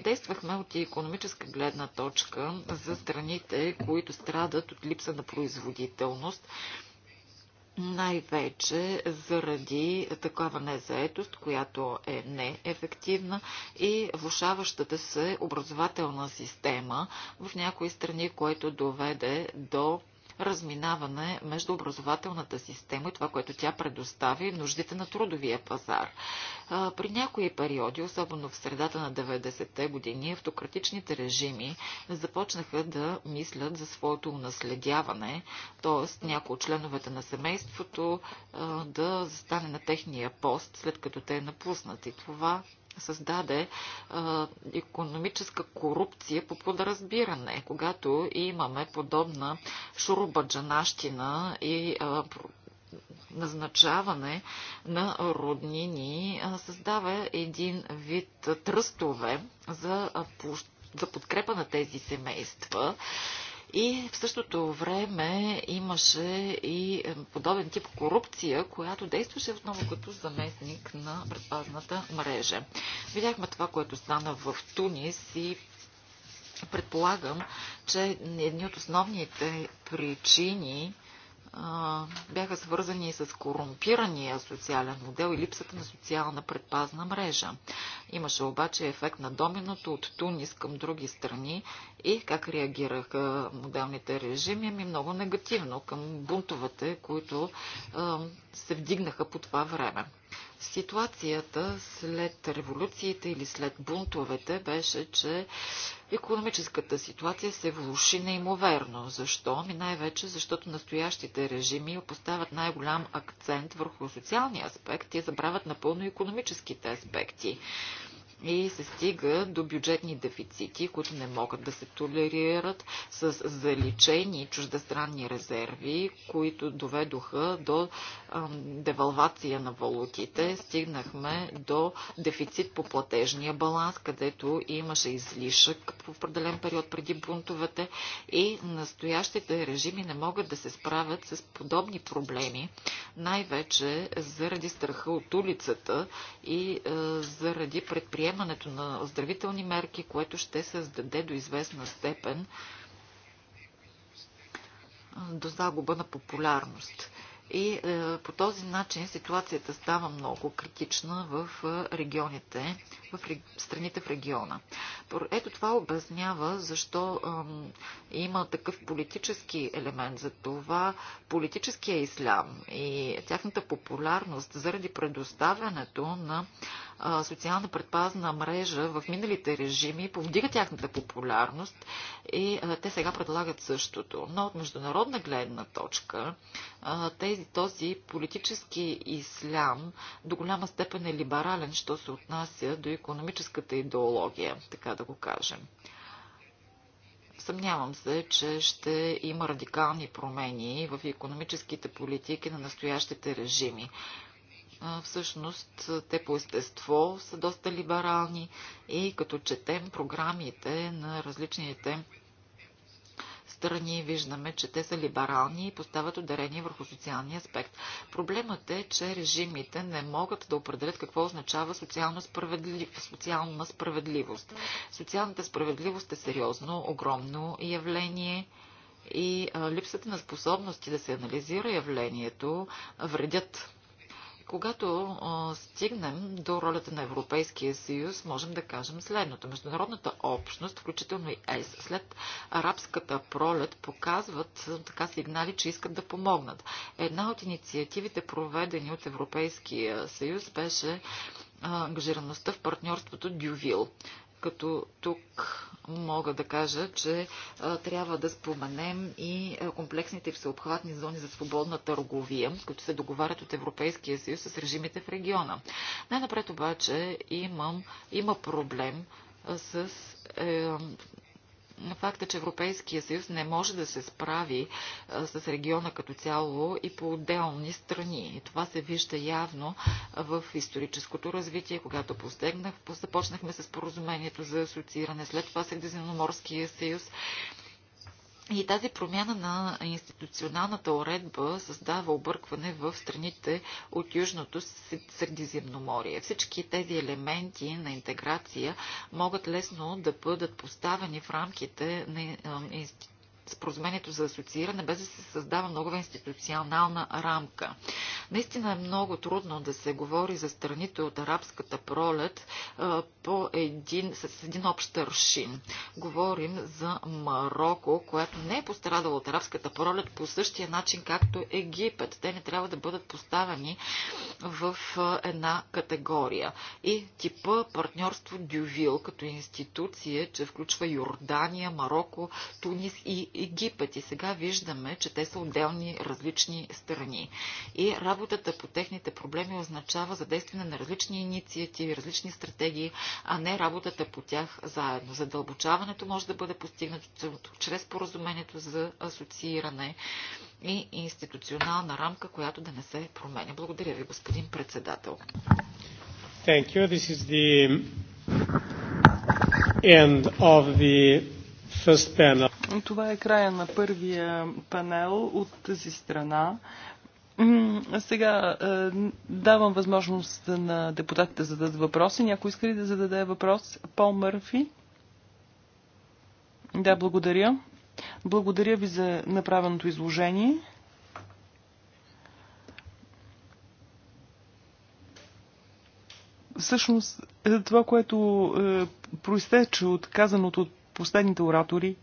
Действахме от и економическа гледна точка за страните, които страдат от липса на производителност най-вече заради такава незаетост, която е неефективна и влушаващата се образователна система в някои страни, което доведе до разминаване между образователната система и това, което тя предостави нуждите на трудовия пазар. При някои периоди, особено в средата на 90-те години, автократичните режими започнаха да мислят за своето унаследяване, т.е. някои от членовете на семейството да застане на техния пост, след като те е напуснат. И това създаде а, економическа корупция по подразбиране, когато имаме подобна шурубаджанащина и а, назначаване на роднини създава един вид тръстове за, за подкрепа на тези семейства и в същото време имаше и е, подобен тип корупция, която действаше отново като заместник на предпазната мрежа. Видяхме това, което стана в Тунис и предполагам, че едни от основните причини бяха свързани и с корумпирания социален модел и липсата на социална предпазна мрежа. Имаше обаче ефект на доминото от Тунис към други страни и как реагираха моделните режими, ми много негативно към бунтовете, които се вдигнаха по това време. Ситуацията след революциите или след бунтовете беше, че економическата ситуация се влуши неимоверно. Защо? Ми най-вече, защото настоящите режими поставят най-голям акцент върху социалния аспект и забравят напълно економическите аспекти и се стига до бюджетни дефицити, които не могат да се толерират с заличени чуждестранни резерви, които доведоха до девалвация на валутите. Стигнахме до дефицит по платежния баланс, където имаше излишък в определен период преди бунтовете и настоящите режими не могат да се справят с подобни проблеми, най-вече заради страха от улицата и заради предприятията приемането на оздравителни мерки, което ще създаде до известна степен до загуба на популярност. И е, по този начин ситуацията става много критична в е, регионите, в рег... страните в региона. Ето това обяснява защо е, има такъв политически елемент. За това политическия ислям и тяхната популярност заради предоставянето на социална предпазна мрежа в миналите режими повдига тяхната популярност и те сега предлагат същото. Но от международна гледна точка тези, този политически ислям до голяма степен е либерален, що се отнася до економическата идеология, така да го кажем. Съмнявам се, че ще има радикални промени в економическите политики на настоящите режими всъщност те по естество са доста либерални и като четем програмите на различните страни виждаме, че те са либерални и поставят ударение върху социалния аспект. Проблемът е, че режимите не могат да определят какво означава социална, справедлив... социална справедливост. Социалната справедливост е сериозно, огромно явление и липсата на способности да се анализира явлението вредят когато а, стигнем до ролята на Европейския съюз, можем да кажем следното. Международната общност, включително и ЕС, след арабската пролет показват така сигнали, че искат да помогнат. Една от инициативите, проведени от Европейския съюз, беше ангажираността в партньорството Дювил като тук мога да кажа, че а, трябва да споменем и комплексните и всеобхватни зони за свободна търговия, които се договарят от Европейския съюз с режимите в региона. Най-напред обаче имам, има проблем а, с е, факта, че Европейския съюз не може да се справи а, с региона като цяло и по отделни страни. И това се вижда явно в историческото развитие, когато постегнах, започнахме с поразумението за асоцииране, след това Средиземноморския съюз и тази промяна на институционалната уредба създава объркване в страните от Южното Средиземноморие. Всички тези елементи на интеграция могат лесно да бъдат поставени в рамките на институционалната споразумението за асоцииране, без да се създава много институционална рамка. Наистина е много трудно да се говори за страните от арабската пролет по един, с един общ аршин. Говорим за Марокко, което не е пострадало от арабската пролет по същия начин, както Египет. Те не трябва да бъдат поставени в една категория. И типа партньорство Дювил като институция, че включва Йордания, Марокко, Тунис и Египет. И сега виждаме, че те са отделни различни страни. И работата по техните проблеми означава задействане на различни инициативи, различни стратегии, а не работата по тях заедно. Задълбочаването може да бъде постигнато чрез поразумението за асоцииране и институционална рамка, която да не се променя. Благодаря ви, господин председател. Thank you. This is the end of the това е края на първия панел от тази страна. Сега е, давам възможност на депутатите да зададат въпроси. Някой иска ли да зададе въпрос? Пол Мърфи? Да, благодаря. Благодаря ви за направеното изложение. Всъщност, е, това, което е, проистече от казаното от последните оратори.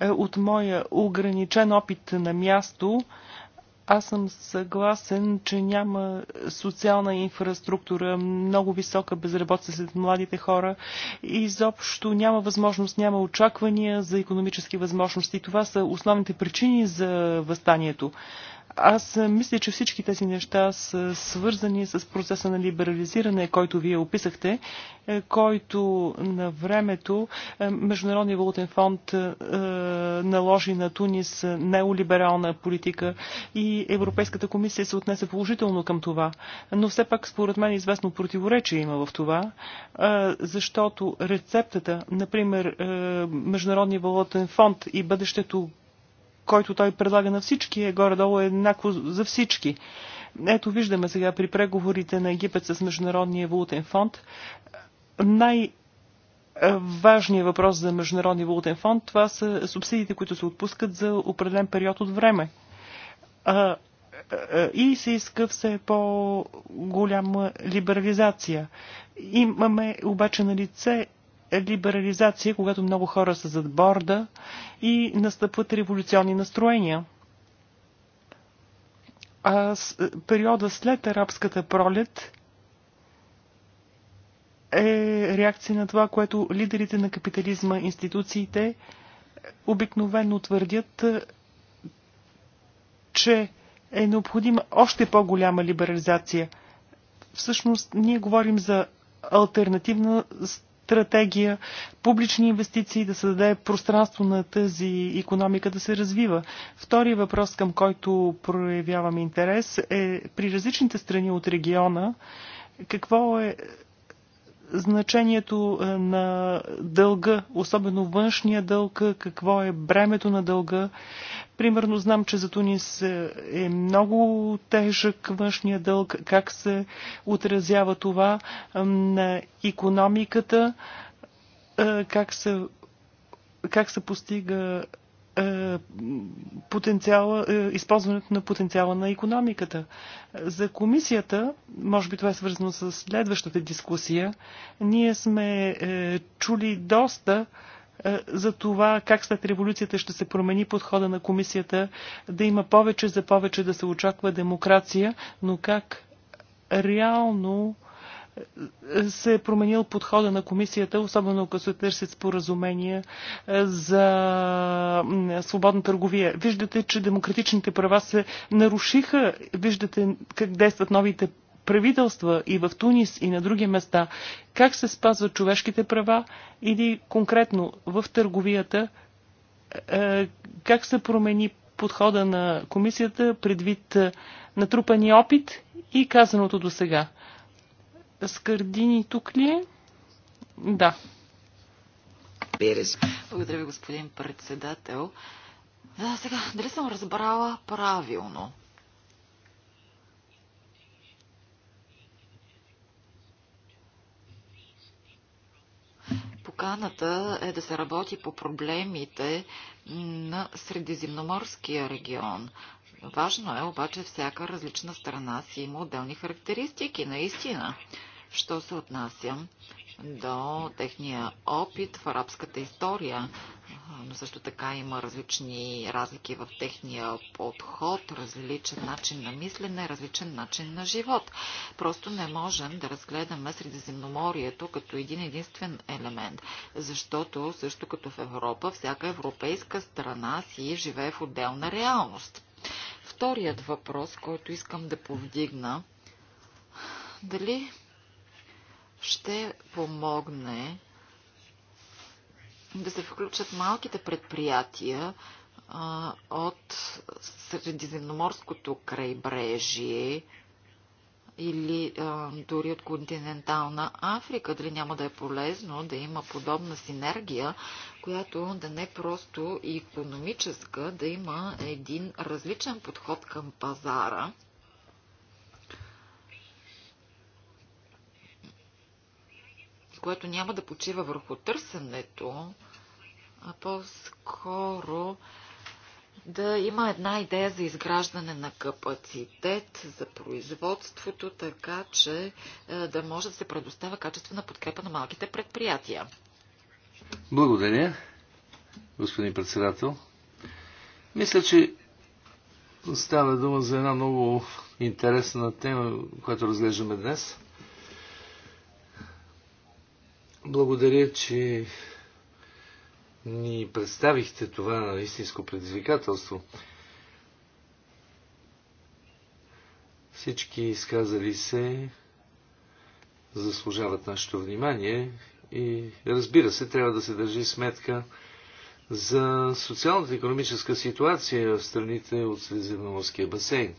Е, от моя ограничен опит на място, аз съм съгласен, че няма социална инфраструктура, много висока безработица сред младите хора. Изобщо няма възможност, няма очаквания за економически възможности. Това са основните причини за възстанието. Аз мисля, че всички тези неща са свързани с процеса на либерализиране, който вие описахте, е, който на времето е, Международния валутен фонд е, наложи на Тунис неолиберална политика и Европейската комисия се отнесе положително към това. Но все пак, според мен, известно противоречие има в това, защото рецептата, например, Международния валутен фонд и бъдещето който той предлага на всички, е горе-долу еднакво за всички. Ето виждаме сега при преговорите на Египет с Международния валутен фонд. Най- Важният въпрос за Международния валутен фонд това са субсидиите, които се отпускат за определен период от време. И се иска все по-голяма либерализация. Имаме обаче на лице либерализация, когато много хора са зад борда и настъпват революционни настроения. А с, е, периода след арабската пролет е реакция на това, което лидерите на капитализма, институциите е, обикновено твърдят, е, че е необходима още по-голяма либерализация. Всъщност, ние говорим за альтернативна стратегия, публични инвестиции, да се даде пространство на тази економика да се развива. Втори въпрос, към който проявявам интерес, е при различните страни от региона, какво е значението е, на дълга, особено външния дълг, какво е бремето на дълга, Примерно знам, че за Тунис е много тежък външния дълг. Как се отразява това на економиката? Как се, как се постига потенциала, използването на потенциала на економиката. За комисията, може би това е свързано с следващата дискусия, ние сме е, чули доста е, за това как след революцията ще се промени подхода на комисията, да има повече за повече да се очаква демокрация, но как реално е, се е променил подхода на комисията, особено като се търсят споразумения е, за свободна търговия. Виждате, че демократичните права се нарушиха, виждате как действат новите правителства и в Тунис и на други места, как се спазват човешките права или конкретно в търговията, е, е, как се промени подхода на комисията предвид е, натрупания опит и казаното до сега. Скардини тук ли е? Да. Перес. Благодаря ви, господин председател. сега, дали съм разбрала правилно? Поканата е да се работи по проблемите на Средиземноморския регион. Важно е обаче всяка различна страна си има отделни характеристики, наистина. Що се отнася до техния опит в арабската история. Но също така има различни разлики в техния подход, различен начин на мислене, различен начин на живот. Просто не можем да разгледаме Средиземноморието като един единствен елемент, защото също като в Европа, всяка европейска страна си живее в отделна реалност. Вторият въпрос, който искам да повдигна, дали ще помогне да се включат малките предприятия а, от Средиземноморското крайбрежие или а, дори от континентална Африка. Дали няма да е полезно да има подобна синергия, която да не е просто и економическа, да има един различен подход към пазара – което няма да почива върху търсенето, а по-скоро да има една идея за изграждане на капацитет за производството, така че е, да може да се предоставя качествена подкрепа на малките предприятия. Благодаря, господин председател. Мисля, че става дума за една много интересна тема, която разглеждаме днес. Благодаря, че ни представихте това истинско предизвикателство. Всички изказали се заслужават нашето внимание и разбира се, трябва да се държи сметка за социалната и економическа ситуация в страните от Средиземноморския басейн.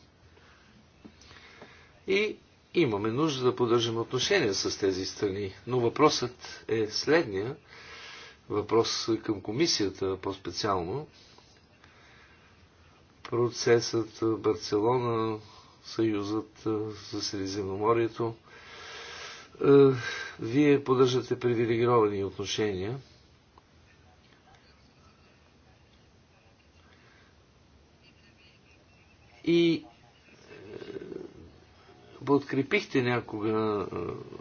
И имаме нужда да поддържаме отношения с тези страни. Но въпросът е следния. Въпрос към комисията по-специално. Процесът Барселона, Съюзът за Средиземноморието. Е, вие поддържате привилегировани отношения. И подкрепихте някога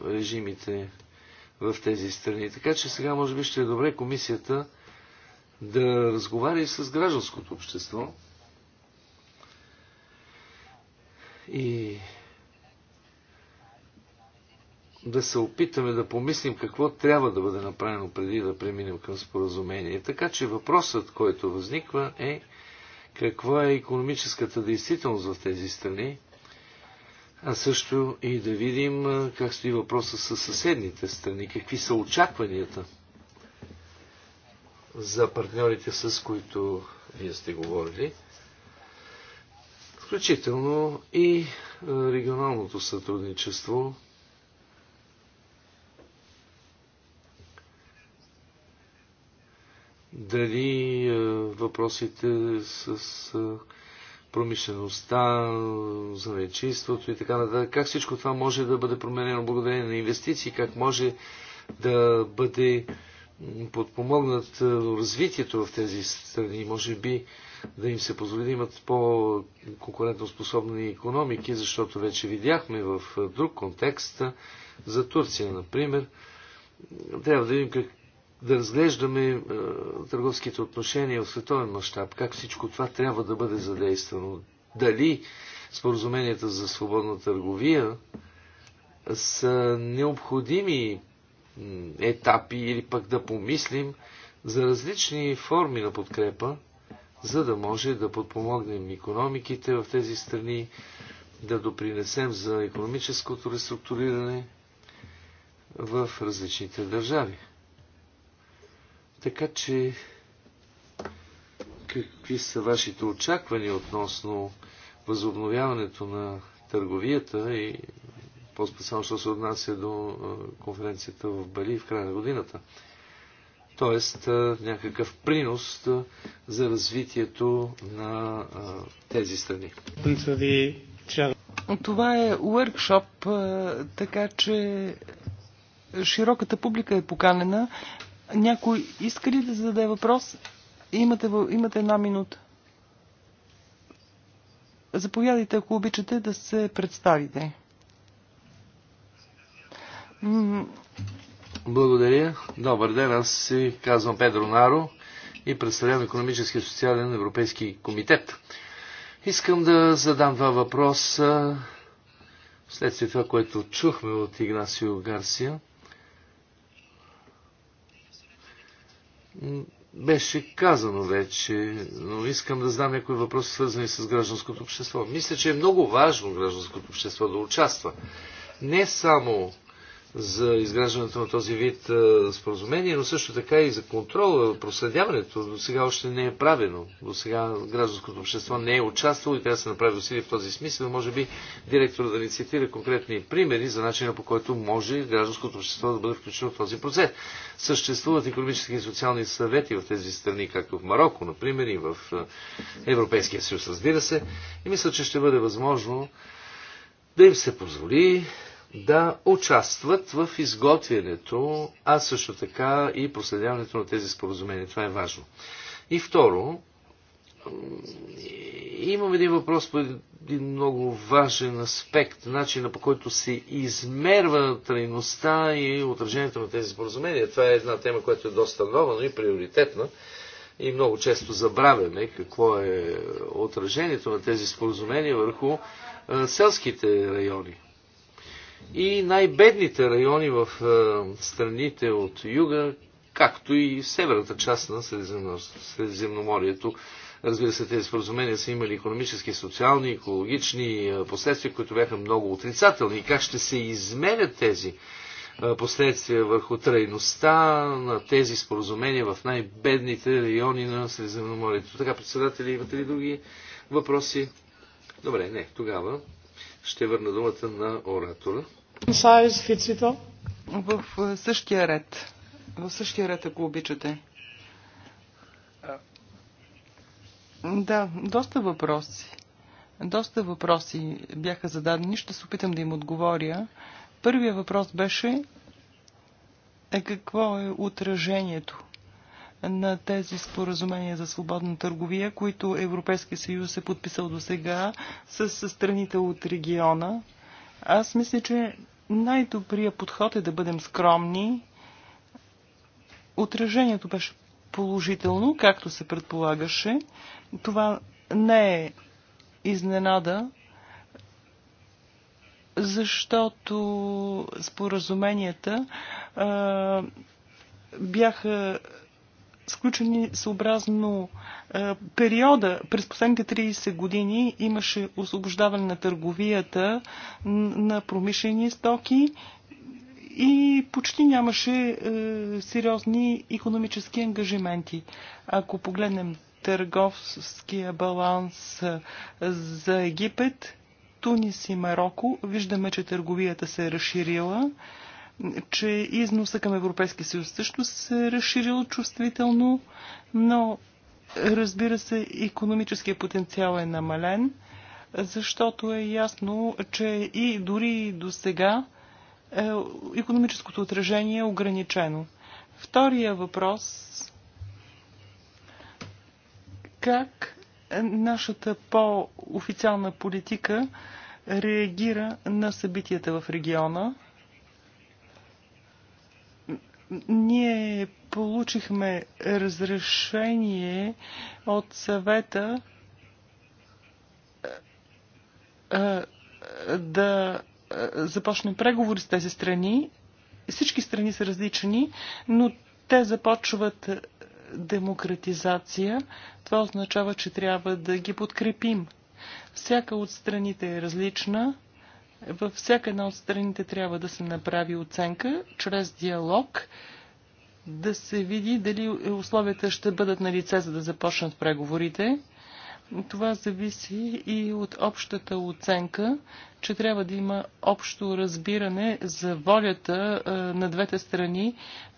режимите в тези страни. Така че сега може би ще е добре комисията да разговаря и с гражданското общество. И да се опитаме да помислим какво трябва да бъде направено преди да преминем към споразумение. Така че въпросът, който възниква е каква е економическата действителност в тези страни, а също и да видим как стои въпроса с съседните страни, какви са очакванията за партньорите, с които вие сте говорили, включително и регионалното сътрудничество. Дали въпросите с промишлеността, завечеството и така нататък. Как всичко това може да бъде променено благодарение на инвестиции, как може да бъде подпомогнат е, развитието в тези страни, може би да им се позволи да имат по-конкурентоспособни економики, защото вече видяхме в е, друг контекст е, за Турция, например. Трябва да видим как, да разглеждаме а, е, търговските отношения в световен мащаб, как всичко това трябва да бъде задействано. Дали споразуменията за свободна търговия са необходими етапи или пък да помислим за различни форми на подкрепа, за да може да подпомогнем економиките в тези страни, да допринесем за економическото реструктуриране в различните държави. Така че, какви са вашите очаквания относно възобновяването на търговията и по-специално, що се отнася до конференцията в Бали в края на годината? Тоест, някакъв принос за развитието на тези страни. Това е уъркшоп, така че широката публика е поканена. Някой иска ли да зададе въпрос? Имате, имате една минута. Заповядайте, ако обичате, да се представите. Благодаря. Добър ден. Аз се казвам Педро Наро и представлявам Економически и социален европейски комитет. Искам да задам два въпроса следствие това, което чухме от Игнасио Гарсия. Беше казано вече, но искам да знам някои въпроси, свързани с гражданското общество. Мисля, че е много важно гражданското общество да участва. Не само за изграждането на този вид споразумение, но също така и за контрола, проследяването. До сега още не е правено. До сега гражданското общество не е участвало и трябва да се направи усилие в този смисъл. Може би директор да ни цитира конкретни примери за начина по който може гражданското общество да бъде включено в този процес. Съществуват економически и социални съвети в тези страни, както в Марокко, например, и в Европейския съюз, разбира се. И мисля, че ще бъде възможно да им се позволи да участват в изготвянето, а също така и проследяването на тези споразумения. Това е важно. И второ, имам един въпрос по един много важен аспект, начина по който се измерва трайността и отражението на тези споразумения. Това е една тема, която е доста нова, но и приоритетна. И много често забравяме какво е отражението на тези споразумения върху селските райони и най-бедните райони в е, страните от юга, както и северната част на Средиземноморието. Разбира се, тези споразумения са имали економически, социални, екологични е, последствия, които бяха много отрицателни. И как ще се измерят тези е, последствия върху трайността на тези споразумения в най-бедните райони на Средиземноморието. Така, председатели, имате ли други въпроси? Добре, не, тогава ще върна думата на оратора. В е, същия ред. В същия ред, ако обичате. Да, доста въпроси. Доста въпроси бяха зададени. Ще се опитам да им отговоря. Първият въпрос беше е какво е отражението на тези споразумения за свободна търговия, които Европейския съюз е подписал до сега с страните от региона. Аз мисля, че най-добрият подход е да бъдем скромни. Отражението беше положително, както се предполагаше. Това не е изненада, защото споразуменията а, бяха сключени съобразно е, периода. През последните 30 години имаше освобождаване на търговията на промишлени стоки и почти нямаше е, сериозни економически ангажименти. Ако погледнем търговския баланс е, за Египет, Тунис и Марокко, виждаме, че търговията се е разширила че износа към Европейския съюз също се е разширил чувствително, но разбира се, економическия потенциал е намален, защото е ясно, че и дори до сега економическото отражение е ограничено. Втория въпрос как нашата по-официална политика реагира на събитията в региона – ние получихме разрешение от съвета да започнем преговори с тези страни. Всички страни са различни, но те започват демократизация. Това означава, че трябва да ги подкрепим. Всяка от страните е различна. Във всяка една от страните трябва да се направи оценка чрез диалог, да се види дали условията ще бъдат на лице, за да започнат преговорите. Това зависи и от общата оценка, че трябва да има общо разбиране за волята на двете страни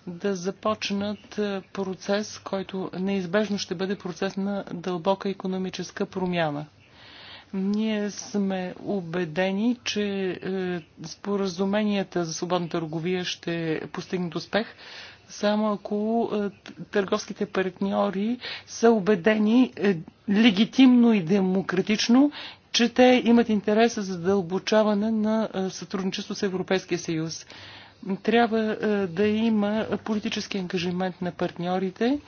да започнат процес, който неизбежно ще бъде процес на дълбока економическа промяна. Ние сме убедени, че е, споразуменията за свободна търговия ще постигнат успех, само ако е, търговските партньори са убедени е, легитимно и демократично, че те имат интереса за задълбочаване на сътрудничество с Европейския съюз. Трябва да има политически ангажимент на партньорите.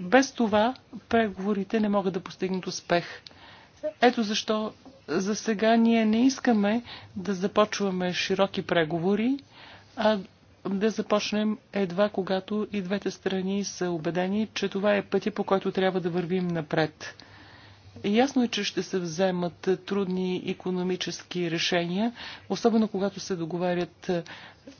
Без това преговорите не могат да постигнат успех. Ето защо за сега ние не искаме да започваме широки преговори, а да започнем едва когато и двете страни са убедени, че това е пътя, по който трябва да вървим напред. Ясно е, че ще се вземат трудни економически решения, особено когато се договарят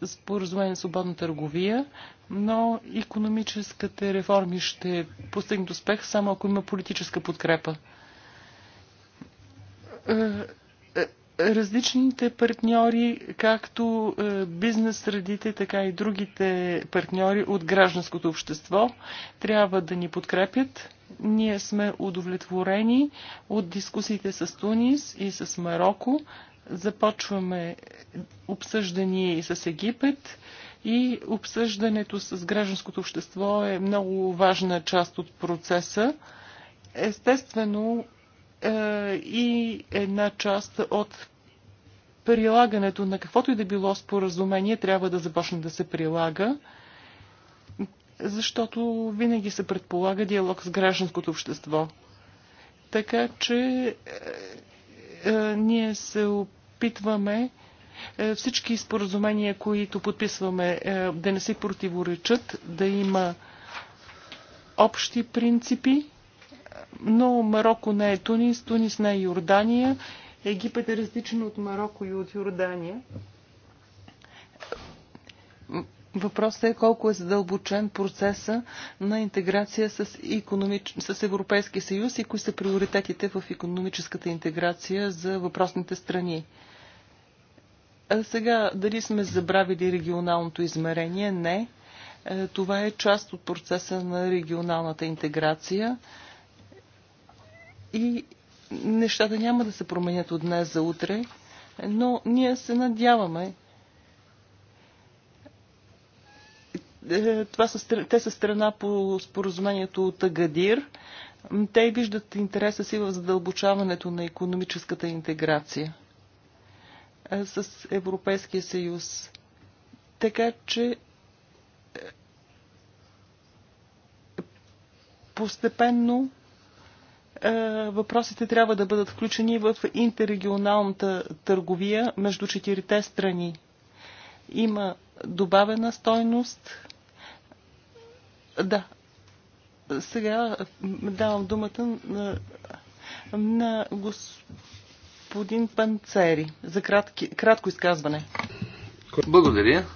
споразумение на свободна търговия, но економическите реформи ще постигнат успех само ако има политическа подкрепа. Е, е, различните партньори, както е, бизнес средите, така и другите партньори от гражданското общество, трябва да ни подкрепят. Ние сме удовлетворени от дискусиите с Тунис и с Марокко. Започваме обсъждание и с Египет и обсъждането с гражданското общество е много важна част от процеса. Естествено, е, и една част от прилагането на каквото и да било споразумение трябва да започне да се прилага, защото винаги се предполага диалог с гражданското общество. Така че е, е, ние се опитваме е, всички споразумения, които подписваме, е, да не се противоречат, да има общи принципи но Марокко не е Тунис, Тунис не е Йордания, Египет е различен от Марокко и от Йордания. Въпросът е колко е задълбочен процеса на интеграция с, економич... с Европейския съюз и кои са приоритетите в економическата интеграция за въпросните страни. А сега, дали сме забравили регионалното измерение? Не. Е, това е част от процеса на регионалната интеграция и нещата няма да се променят от днес за утре, но ние се надяваме. Е, това са, те са страна по споразумението от Агадир. Те виждат интереса си в задълбочаването на економическата интеграция е, с Европейския съюз. Така че е, постепенно е, въпросите трябва да бъдат включени в интеррегионалната търговия между четирите страни. Има добавена стойност. Да. Сега давам думата на, на господин Панцери за кратки, кратко изказване. Благодаря.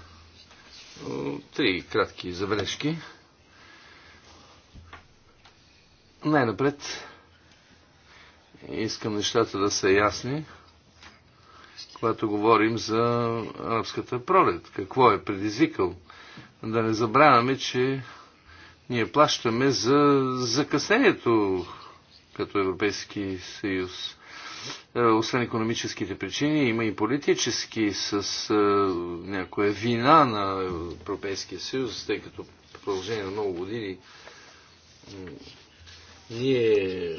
Три кратки забележки. Най-напред Искам нещата да са ясни, когато говорим за арабската пролет. Какво е предизвикал? Да не забравяме, че ние плащаме за закъснението като Европейски съюз. Е, освен економическите причини, има и политически с е, някоя вина на Европейския съюз, тъй като в продължение на много години ние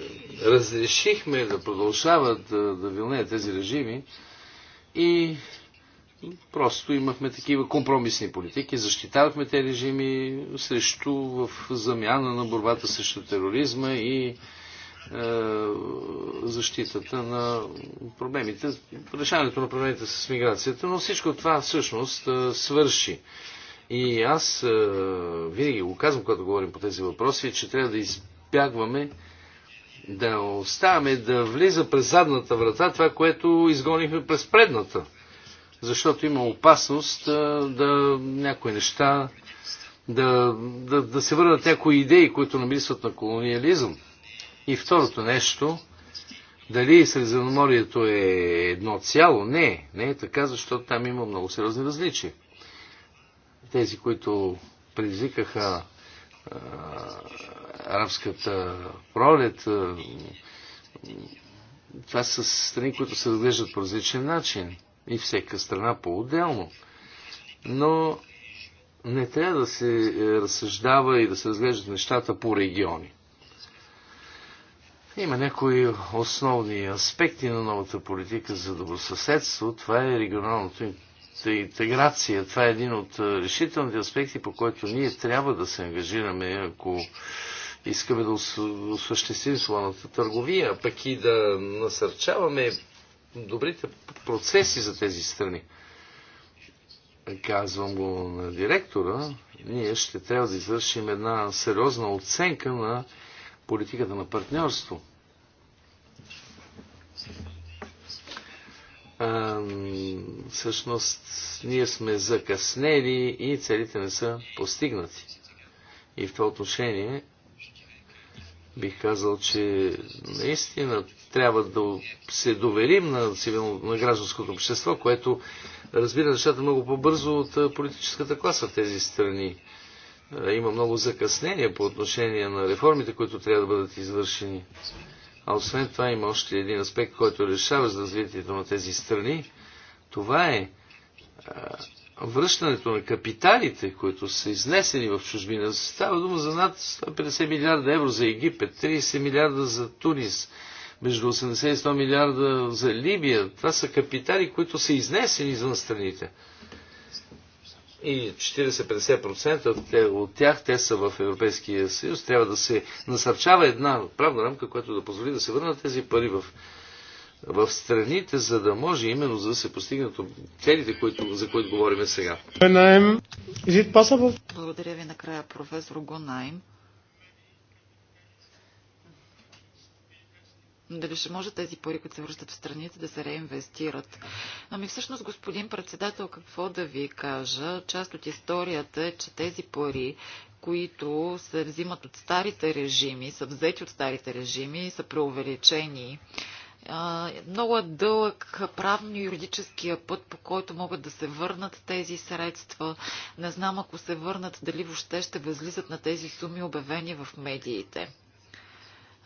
разрешихме да продължават да, да вилнеят тези режими и просто имахме такива компромисни политики, защитавахме тези режими срещу в замяна на борбата срещу тероризма и е, защитата на проблемите, решаването на проблемите с миграцията, но всичко това всъщност е, свърши. И аз е, винаги го казвам, когато говорим по тези въпроси, че трябва да изпълняваме избягваме да оставяме да влиза през задната врата това, което изгонихме през предната. Защото има опасност да някои неща, да, да, да се върнат някои идеи, които намисват на колониализъм. И второто нещо, дали Средиземноморието е едно цяло? Не, не е така, защото там има много сериозни различия. Тези, които предизвикаха арабската пролет. Това са страни, които се разглеждат по различен начин и всяка страна по-отделно. Но не трябва да се е, разсъждава и да се разглеждат нещата по региони. Има някои основни аспекти на новата политика за добросъседство. Това е регионалното интеграция. Това е един от решителните аспекти, по който ние трябва да се ангажираме, ако искаме да осъществим сланата търговия, пък и да насърчаваме добрите процеси за тези страни. Казвам го на директора, ние ще трябва да извършим една сериозна оценка на политиката на партньорство а, всъщност ние сме закъснели и целите не са постигнати. И в това отношение бих казал, че наистина трябва да се доверим на, цивилно, на гражданското общество, което разбира нещата много по-бързо от политическата класа в тези страни. Има много закъснения по отношение на реформите, които трябва да бъдат извършени. А освен това има още един аспект, който решава за развитието на тези страни. Това е връщането на капиталите, които са изнесени в чужбина. Става дума за над 150 милиарда евро за Египет, 30 милиарда за Тунис, между 80 и 100 милиарда за Либия. Това са капитали, които са изнесени извън страните и 40-50% от тях те са в Европейския съюз. Трябва да се насърчава една правна рамка, която да позволи да се върнат тези пари в, в страните, за да може именно за да се постигнат целите, които, за които говорим сега. Е, Благодаря ви накрая, професор Гонайм. дали ще може тези пари, които се връщат в страните, да се реинвестират. Ами всъщност, господин председател, какво да ви кажа? Част от историята е, че тези пари, които се взимат от старите режими, са взети от старите режими и са преувеличени. Много е дълъг правно-юридическия път, по който могат да се върнат тези средства. Не знам ако се върнат, дали въобще ще възлизат на тези суми, обявени в медиите.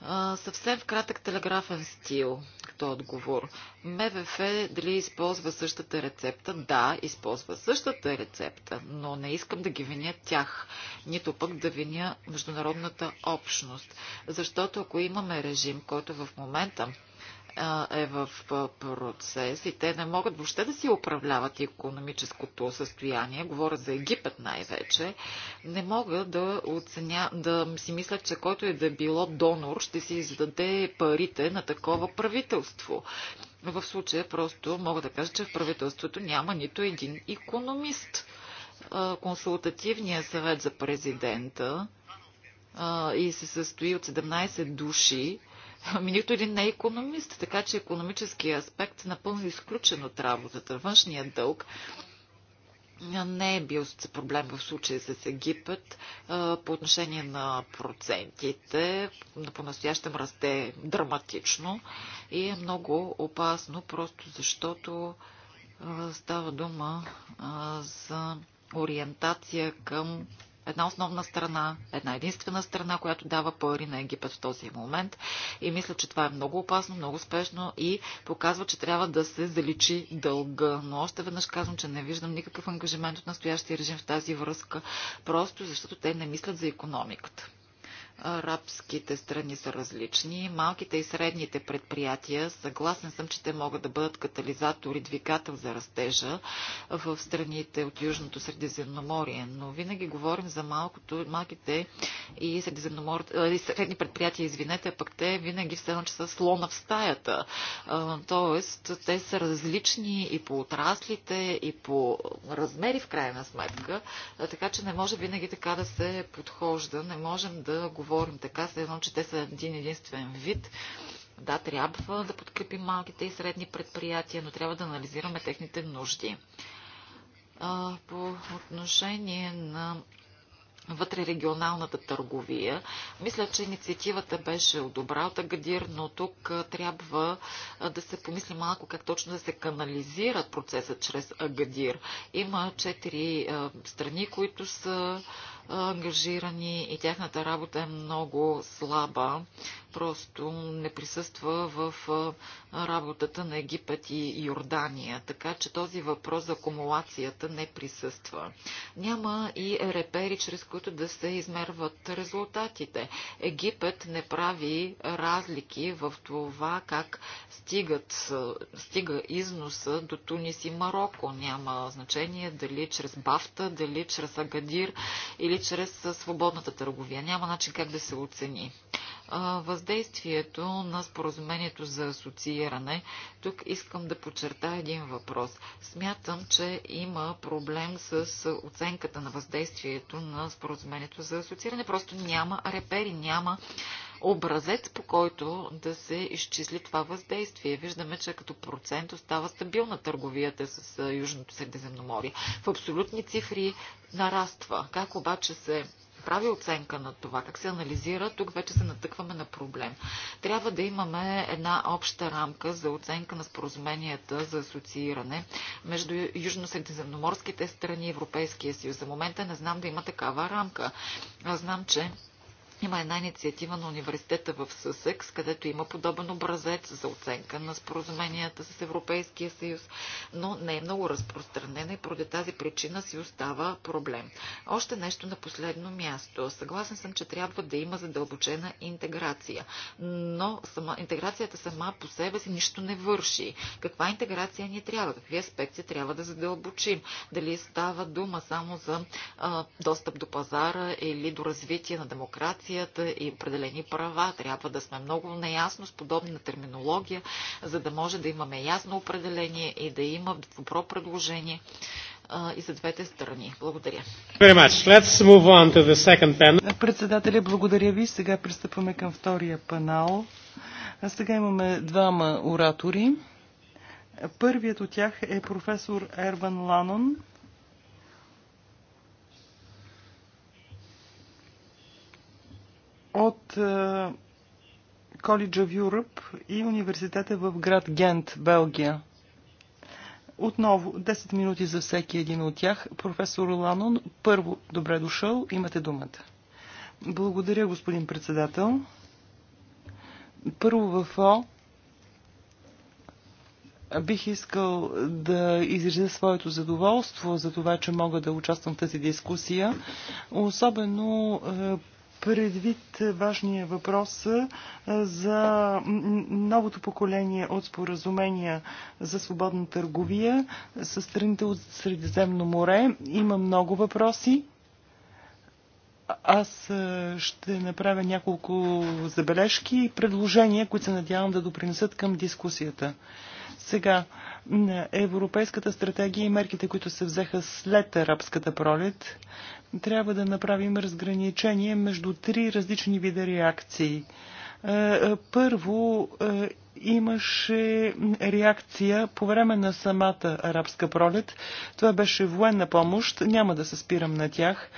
А, съвсем в кратък телеграфен стил като отговор. МВФ дали използва същата рецепта? Да, използва същата рецепта, но не искам да ги виня тях, нито пък да виня международната общност. Защото ако имаме режим, който в момента е в процес и те не могат въобще да си управляват економическото състояние, говоря за Египет най-вече, не мога да, оценя, да си мисля, че който е да било донор ще си издаде парите на такова правителство. В случая просто мога да кажа, че в правителството няма нито един економист. Консултативният съвет за президента и се състои от 17 души, Ами нито един не е економист, така че економическия аспект е напълно изключен от работата. Външният дълг не е бил проблем в случая с Египет по отношение на процентите. По-настоящем расте драматично и е много опасно, просто защото става дума за ориентация към една основна страна, една единствена страна, която дава пари на Египет в този момент. И мисля, че това е много опасно, много спешно и показва, че трябва да се заличи дълга. Но още веднъж казвам, че не виждам никакъв ангажимент от настоящия режим в тази връзка, просто защото те не мислят за економиката арабските страни са различни. Малките и средните предприятия, съгласен съм, че те могат да бъдат катализатор и двигател за растежа в страните от Южното Средиземноморие, но винаги говорим за малкото, малките и, средиземномор... и средни предприятия, извинете, пък те винаги все едно, че са слона в стаята. Тоест, те са различни и по отраслите, и по размери в крайна сметка, така че не може винаги така да се подхожда, не можем да говорим говорим така, се едно, че те са един единствен вид. Да, трябва да подкрепим малките и средни предприятия, но трябва да анализираме техните нужди. По отношение на вътререгионалната търговия. Мисля, че инициативата беше добра от Агадир, но тук трябва да се помисли малко как точно да се канализира процесът чрез Агадир. Има четири страни, които са ангажирани и тяхната работа е много слаба. Просто не присъства в работата на Египет и Йордания. Така че този въпрос за акумулацията не присъства. Няма и репери, чрез които да се измерват резултатите. Египет не прави разлики в това как стигат, стига износа до Тунис и Марокко. Няма значение дали чрез Бафта, дали чрез Агадир или чрез свободната търговия. Няма начин как да се оцени въздействието на споразумението за асоцииране. Тук искам да подчертая един въпрос. Смятам, че има проблем с оценката на въздействието на споразумението за асоцииране. Просто няма репери, няма образец, по който да се изчисли това въздействие. Виждаме, че като процент остава стабилна търговията с Южното Средиземноморие. В абсолютни цифри нараства. Как обаче се прави оценка на това, как се анализира, тук вече се натъкваме на проблем. Трябва да имаме една обща рамка за оценка на споразуменията за асоцииране между южно-средиземноморските страни и Европейския съюз. За момента не знам да има такава рамка. Аз знам, че има една инициатива на университета в Съсекс, където има подобен образец за оценка на споразуменията с Европейския съюз, но не е много разпространена и поради тази причина си остава проблем. Още нещо на последно място. Съгласен съм, че трябва да има задълбочена интеграция, но сама, интеграцията сама по себе си нищо не върши. Каква интеграция ни трябва? Какви аспекти трябва да задълбочим? Дали става дума само за а, достъп до пазара или до развитие на демокрация? комисията и определени права. Трябва да сме много наясно с подобна терминология, за да може да имаме ясно определение и да има добро предложение и за двете страни. Благодаря. Председателя, благодаря ви. Сега пристъпваме към втория панал. А сега имаме двама оратори. Първият от тях е професор Ерван Ланон. от е, College of Europe и университета в град Гент, Белгия. Отново 10 минути за всеки един от тях. Професор Ланон, първо, добре дошъл, имате думата. Благодаря, господин председател. Първо в О бих искал да изразя своето задоволство за това, че мога да участвам в тази дискусия, особено е, предвид важния въпрос за новото поколение от споразумения за свободна търговия с страните от Средиземно море. Има много въпроси. Аз ще направя няколко забележки и предложения, които се надявам да допринесат към дискусията. Сега, Европейската стратегия и мерките, които се взеха след арабската пролет, трябва да направим разграничение между три различни вида реакции. Е, е, първо, е, имаше реакция по време на самата арабска пролет. Това беше военна помощ, няма да се спирам на тях.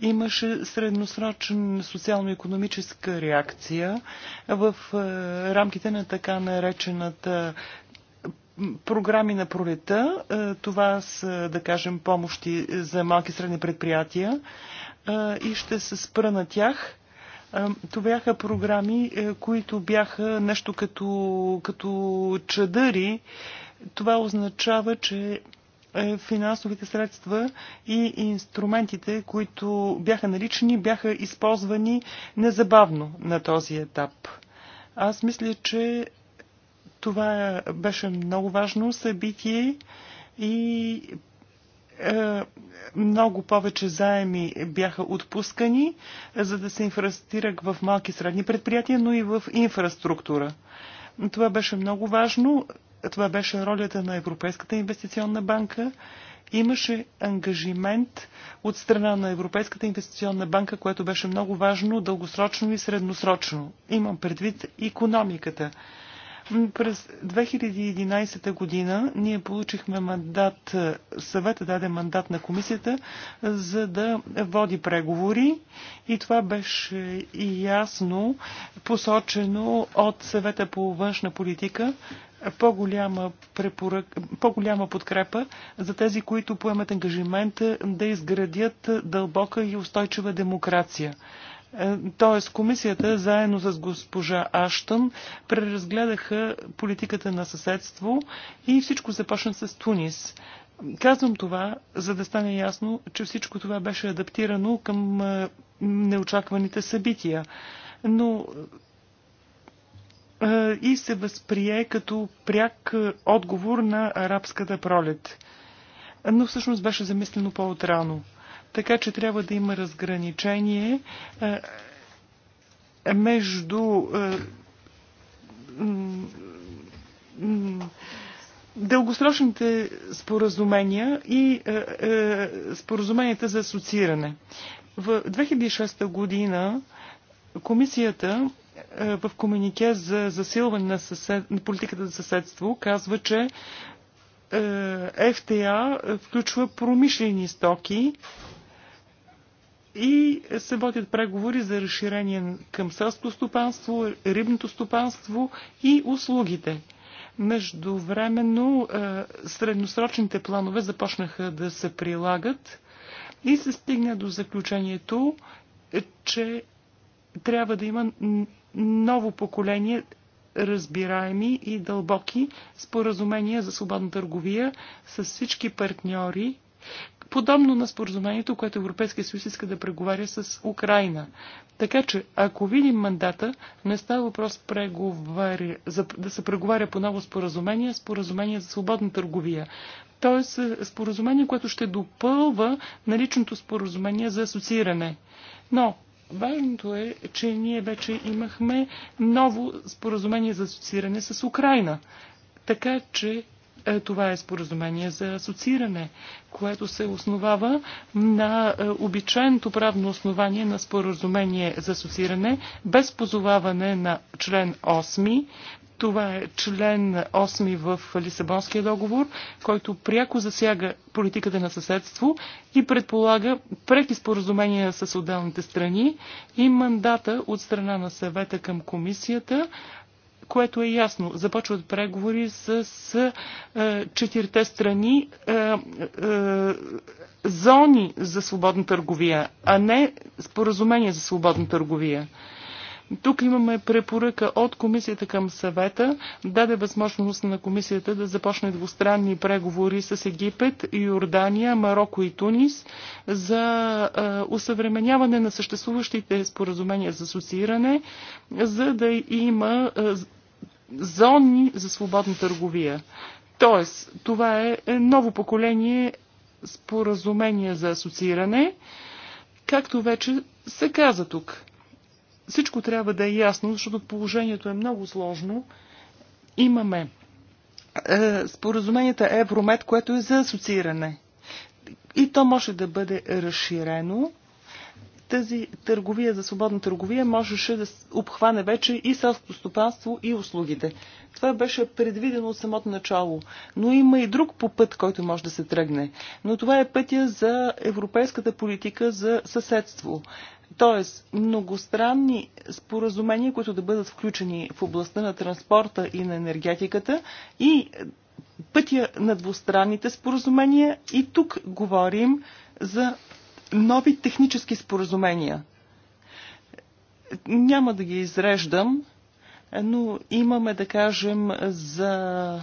Имаше средносрочен социално-економическа реакция в рамките на така наречената програми на пролета. Е, това са, да кажем, помощи за малки и средни предприятия е, и ще се спра на тях. Е, това бяха програми, които бяха нещо като, като чадъри. Това означава, че финансовите средства и инструментите, които бяха налични, бяха използвани незабавно на този етап. Аз мисля, че това беше много важно събитие и е, много повече заеми бяха отпускани, за да се инфрастира в малки и средни предприятия, но и в инфраструктура. Това беше много важно. Това беше ролята на Европейската инвестиционна банка. Имаше ангажимент от страна на Европейската инвестиционна банка, което беше много важно дългосрочно и средносрочно. Имам предвид економиката. През 2011 година ние получихме мандат, съвета даде мандат на комисията, за да води преговори и това беше и ясно посочено от съвета по външна политика, по-голяма, по-голяма подкрепа за тези, които поемат ангажимент да изградят дълбока и устойчива демокрация. Е, тоест, комисията заедно с госпожа Аштън преразгледаха политиката на съседство и всичко започна с Тунис. Казвам това, за да стане ясно, че всичко това беше адаптирано към е, неочакваните събития. Но е, и се възприе като пряк отговор на арабската пролет. Но всъщност беше замислено по-отрано. Така че трябва да има разграничение между дългосрочните споразумения и споразуменията за асоцииране. В 2006 година комисията в комунике за засилване на, съсед... на политиката за съседство казва, че ФТА FTA включва промишлени стоки, и се водят преговори за разширение към селско стопанство, рибното стопанство и услугите. Междувременно е, средносрочните планове започнаха да се прилагат и се стигна до заключението, че трябва да има ново поколение разбираеми и дълбоки споразумения за свободна търговия с всички партньори подобно на споразумението, което Европейския съюз иска да преговаря с Украина. Така че, ако видим мандата, не става въпрос преговаря, за, да се преговаря по ново споразумение, споразумение за свободна търговия. Тоест, е, споразумение, което ще допълва наличното споразумение за асоцииране. Но Важното е, че ние вече имахме ново споразумение за асоцииране с Украина. Така че е, това е споразумение за асоцииране, което се основава на е, обичайното правно основание на споразумение за асоцииране без позоваване на член 8. Това е член 8 в Лисабонския договор, който пряко засяга политиката на съседство и предполага преки споразумения с отделните страни и мандата от страна на съвета към комисията което е ясно. Започват преговори с е, четирите страни е, е, зони за свободна търговия, а не споразумение за свободна търговия. Тук имаме препоръка от комисията към съвета, даде възможност на комисията да започне двустранни преговори с Египет, Йордания, Марокко и Тунис за усъвременяване на съществуващите споразумения за асоцииране, за да има зони за свободна търговия. Тоест, това е, е ново поколение споразумения за асоцииране, както вече се каза тук. Всичко трябва да е ясно, защото положението е много сложно. Имаме е, споразуменията Евромет, което е за асоцииране. И то може да бъде разширено тази търговия за свободна търговия можеше да обхване вече и селското стопанство и услугите. Това беше предвидено от самото начало. Но има и друг попът, който може да се тръгне. Но това е пътя за европейската политика за съседство. Тоест, многостранни споразумения, които да бъдат включени в областта на транспорта и на енергетиката и пътя на двустранните споразумения. И тук говорим за нови технически споразумения. Няма да ги изреждам, но имаме да кажем за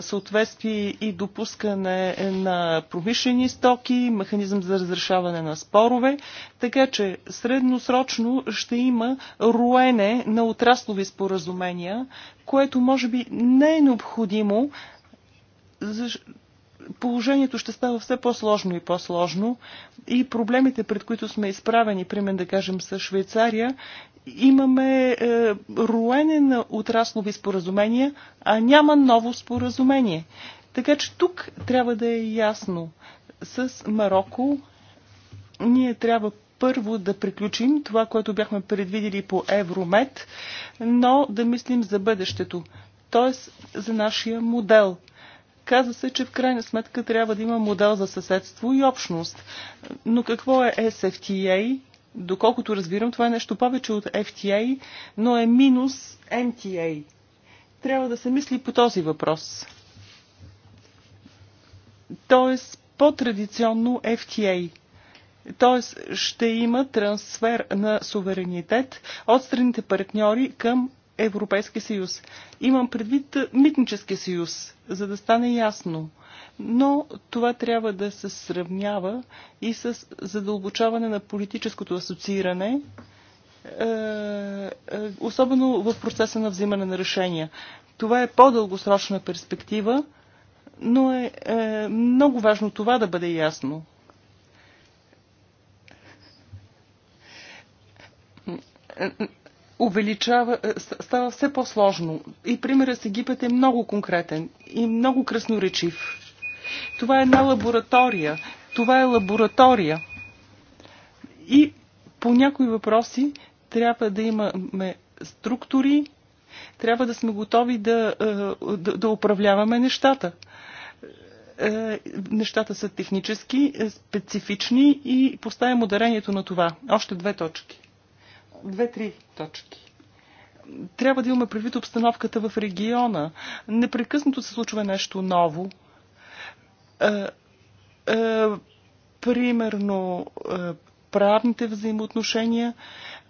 съответствие и допускане на промишлени стоки, механизъм за разрешаване на спорове, така че средносрочно ще има роене на отраслови споразумения, което може би не е необходимо, положението ще става все по-сложно и по-сложно и проблемите, пред които сме изправени, примерно да кажем с Швейцария, имаме е, руене на отраслови споразумения, а няма ново споразумение. Така че тук трябва да е ясно. С Марокко ние трябва първо да приключим това, което бяхме предвидели по Евромет, но да мислим за бъдещето, т.е. за нашия модел – Казва се, че в крайна сметка трябва да има модел за съседство и общност. Но какво е SFTA? Доколкото разбирам, това е нещо повече от FTA, но е минус MTA. Трябва да се мисли по този въпрос. Тоест, по-традиционно FTA. Тоест, ще има трансфер на суверенитет от страните партньори към Европейския съюз. Имам предвид митническия съюз, за да стане ясно. Но това трябва да се сравнява и с задълбочаване на политическото асоцииране, е, е, особено в процеса на взимане на решения. Това е по-дългосрочна перспектива, но е, е много важно това да бъде ясно увеличава, е, става все по-сложно. И примерът с Египет е много конкретен и много красноречив. Това е една лаборатория. Това е лаборатория. И по някои въпроси трябва да имаме структури, трябва да сме готови да, е, да, да управляваме нещата. Е, нещата са технически, специфични и поставям ударението на това. Още две точки. Две-три точки трябва да имаме предвид обстановката в региона. Непрекъснато се случва нещо ново. Е, е, примерно, е, правните взаимоотношения,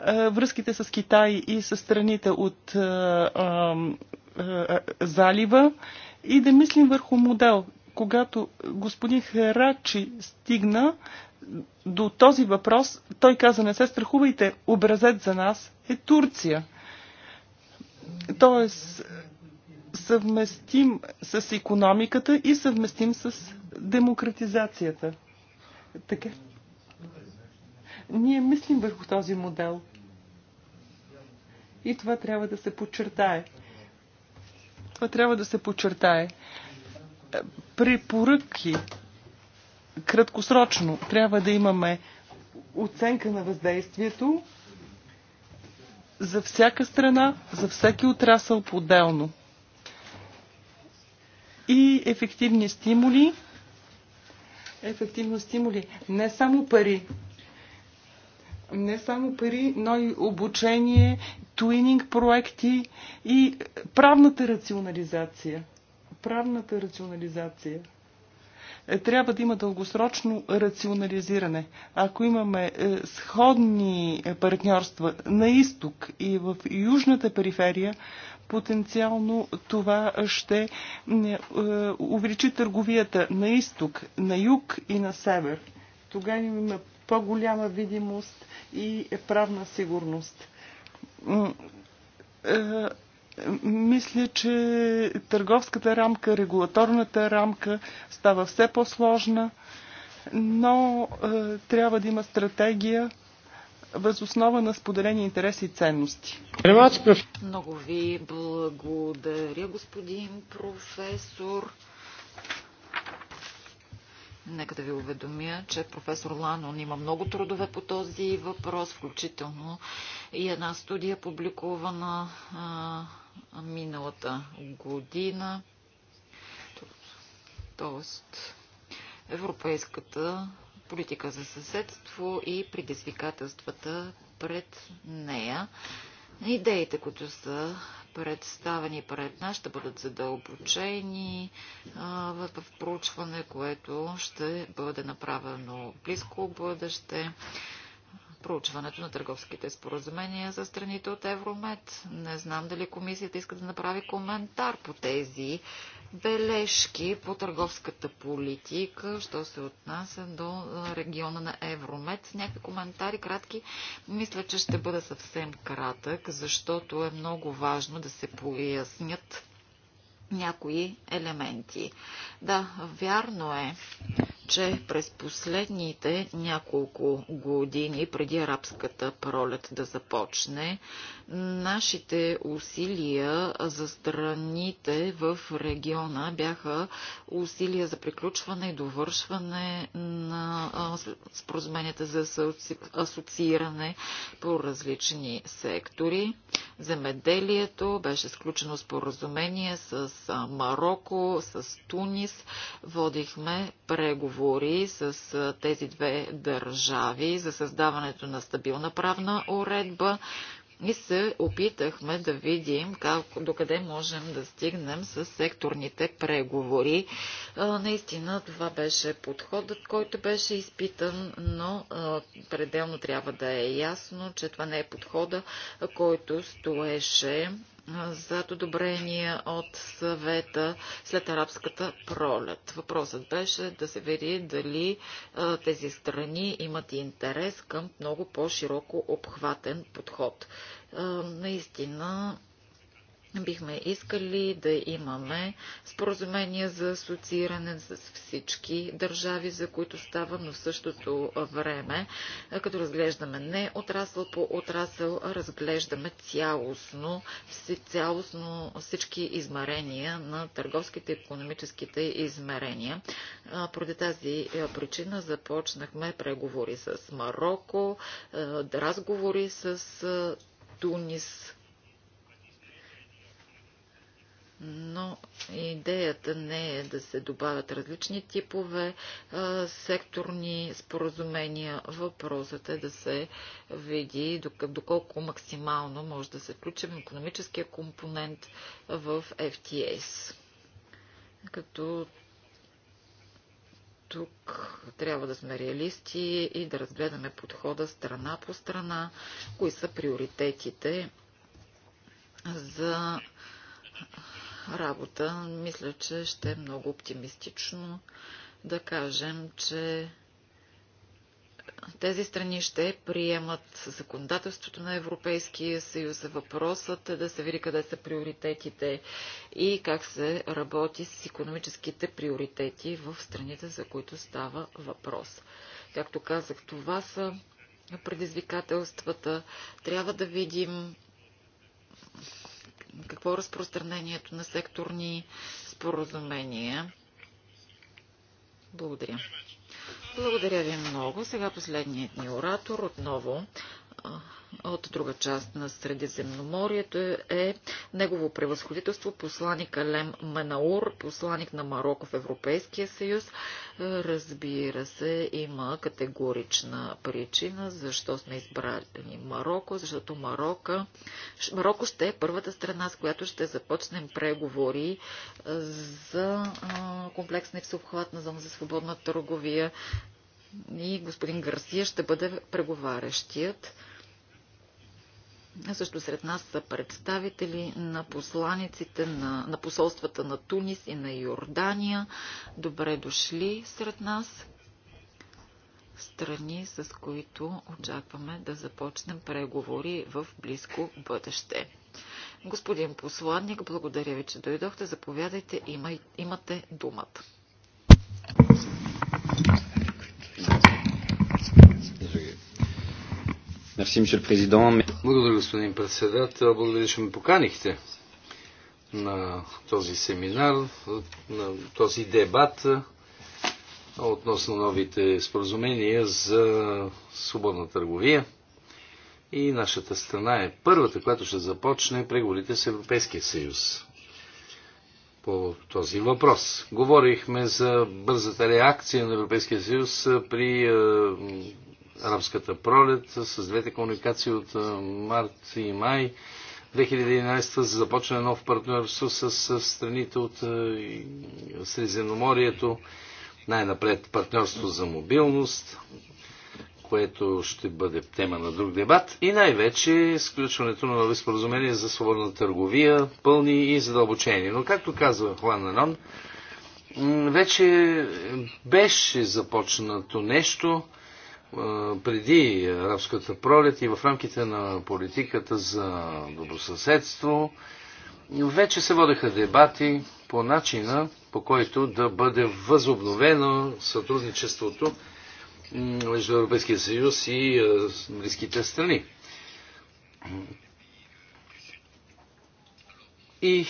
е, връзките с Китай и с страните от е, е, е залива и да мислим върху модел. Когато господин Херачи стигна, до този въпрос, той каза, не се страхувайте, образец за нас е Турция. Тоест, съвместим с економиката и съвместим с демократизацията. Така. Ние мислим върху този модел. И това трябва да се подчертае. Това трябва да се подчертае. Препоръки краткосрочно трябва да имаме оценка на въздействието за всяка страна, за всеки отрасъл по-отделно. И ефективни стимули. Ефективно стимули. Не само пари. Не само пари, но и обучение, туининг проекти и правната рационализация. Правната рационализация. Е, трябва да има дългосрочно рационализиране. Ако имаме е, сходни е, партньорства на изток и в южната периферия, потенциално това ще увеличи търговията на изток, на юг и на север. Тогава имаме по-голяма видимост и правна сигурност мисля, че търговската рамка, регулаторната рамка става все по-сложна, но е, трябва да има стратегия възоснова на споделени интереси и ценности. Много ви благодаря, господин професор. Нека да ви уведомя, че професор Ланон има много трудове по този въпрос, включително и една студия публикувана миналата година. Тоест, европейската политика за съседство и предизвикателствата пред нея. Идеите, които са представени пред нас, ще бъдат задълбочени в проучване, което ще бъде направено в близко бъдеще проучването на търговските споразумения за страните от Евромед. Не знам дали комисията иска да направи коментар по тези бележки по търговската политика, що се отнася до региона на Евромед. Някакви коментари кратки. Мисля, че ще бъда съвсем кратък, защото е много важно да се пояснят някои елементи. Да, вярно е, че през последните няколко години, преди арабската пролет да започне, нашите усилия за страните в региона бяха усилия за приключване и довършване на споразуменията за асоцииране по различни сектори. Земеделието беше сключено споразумение с Марокко, с Тунис. Водихме преговори преговори с тези две държави за създаването на стабилна правна уредба и се опитахме да видим как, докъде можем да стигнем с секторните преговори. Наистина това беше подходът, който беше изпитан, но пределно трябва да е ясно, че това не е подхода, който стоеше за одобрение от съвета след арабската пролет. Въпросът беше да се вери дали тези страни имат интерес към много по-широко обхватен подход. Наистина Бихме искали да имаме споразумения за асоцииране с всички държави, за които става, но в същото време, като разглеждаме не отрасъл по отрасъл, а разглеждаме цялостно, цялостно всички измерения на търговските и економическите измерения. Поради тази причина започнахме преговори с Марокко, разговори с Тунис, но идеята не е да се добавят различни типове а, секторни споразумения. Въпросът е да се види доколко максимално може да се включим економическия компонент в FTS. Като тук трябва да сме реалисти и да разгледаме подхода страна по страна, кои са приоритетите за работа. Мисля, че ще е много оптимистично да кажем, че тези страни ще приемат законодателството на Европейския съюз. Въпросът е да се види къде са приоритетите и как се работи с економическите приоритети в страните, за които става въпрос. Както казах, това са предизвикателствата. Трябва да видим какво е разпространението на секторни споразумения. Благодаря. Благодаря ви много. Сега последният ни оратор отново от друга част на Средиземноморието е негово превъзходителство посланик Алем Менаур, посланик на Марокко в Европейския съюз. Разбира се, има категорична причина, защо сме избрали Марокко, защото Марокко, Марокко ще е първата страна, с която ще започнем преговори за комплексна и всеобхватна зона за свободна търговия и господин Гарсия ще бъде преговарящият. Също сред нас са представители на посланиците на, на посолствата на Тунис и на Йордания. Добре дошли сред нас. Страни, с които очакваме да започнем преговори в близко бъдеще. Господин посланник, благодаря ви, че дойдохте. Заповядайте, има, имате думата. Благодаря, господин председател. Благодаря, че ме поканихте на този семинар, на този дебат относно новите споразумения за свободна търговия. И нашата страна е първата, която ще започне преговорите с Европейския съюз по този въпрос. Говорихме за бързата реакция на Европейския съюз при е, арабската пролет, с двете комуникации от март и май. 2011 започна нов партньорство с, с страните от Средиземноморието. Най-напред партньорство за мобилност, което ще бъде тема на друг дебат. И най-вече сключването на нови споразумения за свободна търговия, пълни и задълбочени. Но както казва Хуан Нанон, вече беше започнато нещо, преди арабската пролет и в рамките на политиката за добросъседство вече се водеха дебати по начина, по който да бъде възобновено сътрудничеството между Европейския съюз и близките страни. И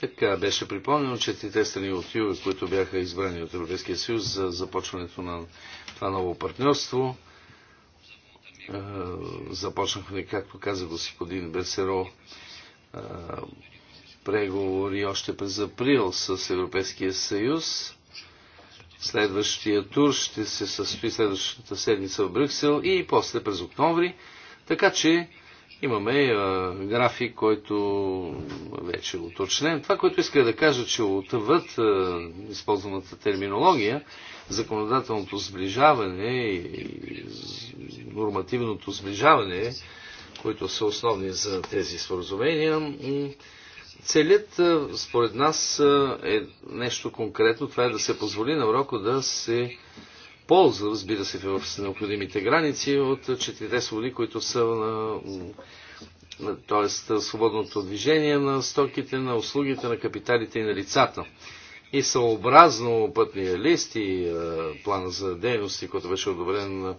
така беше припомнено, че трите страни от Юга, които бяха избрани от Европейския съюз за започването на това ново партньорство. Е, започнахме, както каза господин Берсеро, е, преговори още през април с Европейския съюз. Следващия тур ще се състои следващата седмица в Брюксел и после през октомври. Така че Имаме график, който вече е уточнен. Това, което иска да кажа, че отвъд използваната терминология, законодателното сближаване и нормативното сближаване, които са основни за тези споразумения, целят според нас е нещо конкретно. Това е да се позволи на Марокко да се полза, разбира се, в необходимите граници от четирите свободи, които са на, на т.е. свободното движение на стоките, на услугите, на капиталите и на лицата. И съобразно пътния лист и а, плана за дейности, който беше одобрен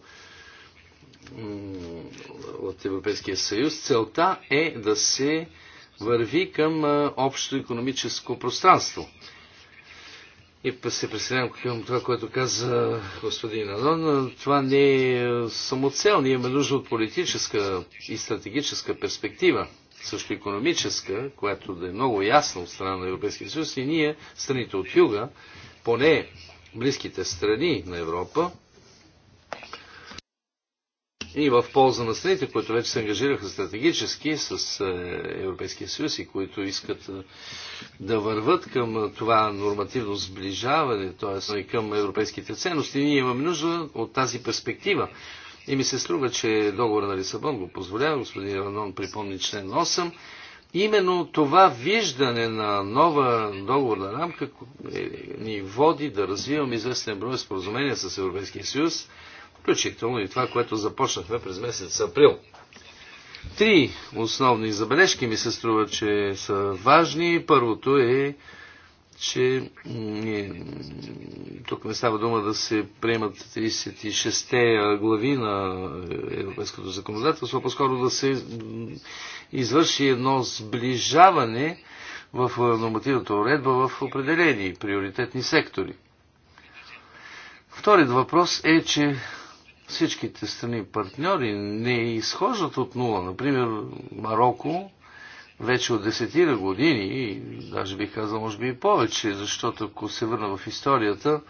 от Европейския съюз, целта е да се върви към общо економическо пространство. И се присъединявам към това, което каза господин Анон. Това не е самоцел. Ние имаме нужда от политическа и стратегическа перспектива, също економическа, която да е много ясна от страна на Европейския съюз. И ние, страните от юга, поне близките страни на Европа, и в полза на страните, които вече се ангажираха стратегически с е, Европейския съюз и които искат е, да върват към е, това нормативно сближаване, т.е. и към европейските ценности. Ние имаме нужда от тази перспектива. И ми се струва, че договора на Лисабон го позволява, господин Иванон припомни член 8, именно това виждане на нова договорна рамка ни води да развиваме известен брой споразумения с Европейския съюз, включително и това, което започнахме през месец април. Три основни забележки ми се струва, че са важни. Първото е, че тук не става дума да се приемат 36-те глави на европейското законодателство, а по-скоро да се извърши едно сближаване в нормативната уредба в определени приоритетни сектори. Вторият въпрос е, че всичките страни партньори не изхождат от нула. Например, Марокко вече от десетина години, и даже бих казал, може би и повече, защото ако се върна в историята,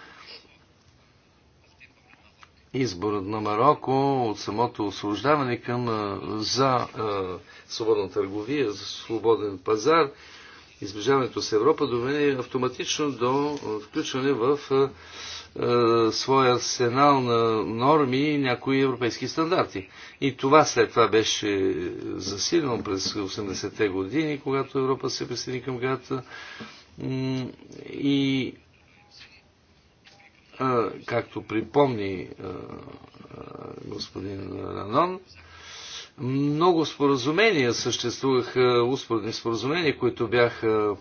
изборът на Марокко от самото освобождаване към за е, свободна търговия, за свободен пазар, избежаването с Европа доведе автоматично до включване в е, е, своя арсенал на норми и някои европейски стандарти. И това след това беше засилено през 80-те години, когато Европа се присъедини към гадата. И както припомни господин Ранон, много споразумения съществуваха, успоредни споразумения, които бяха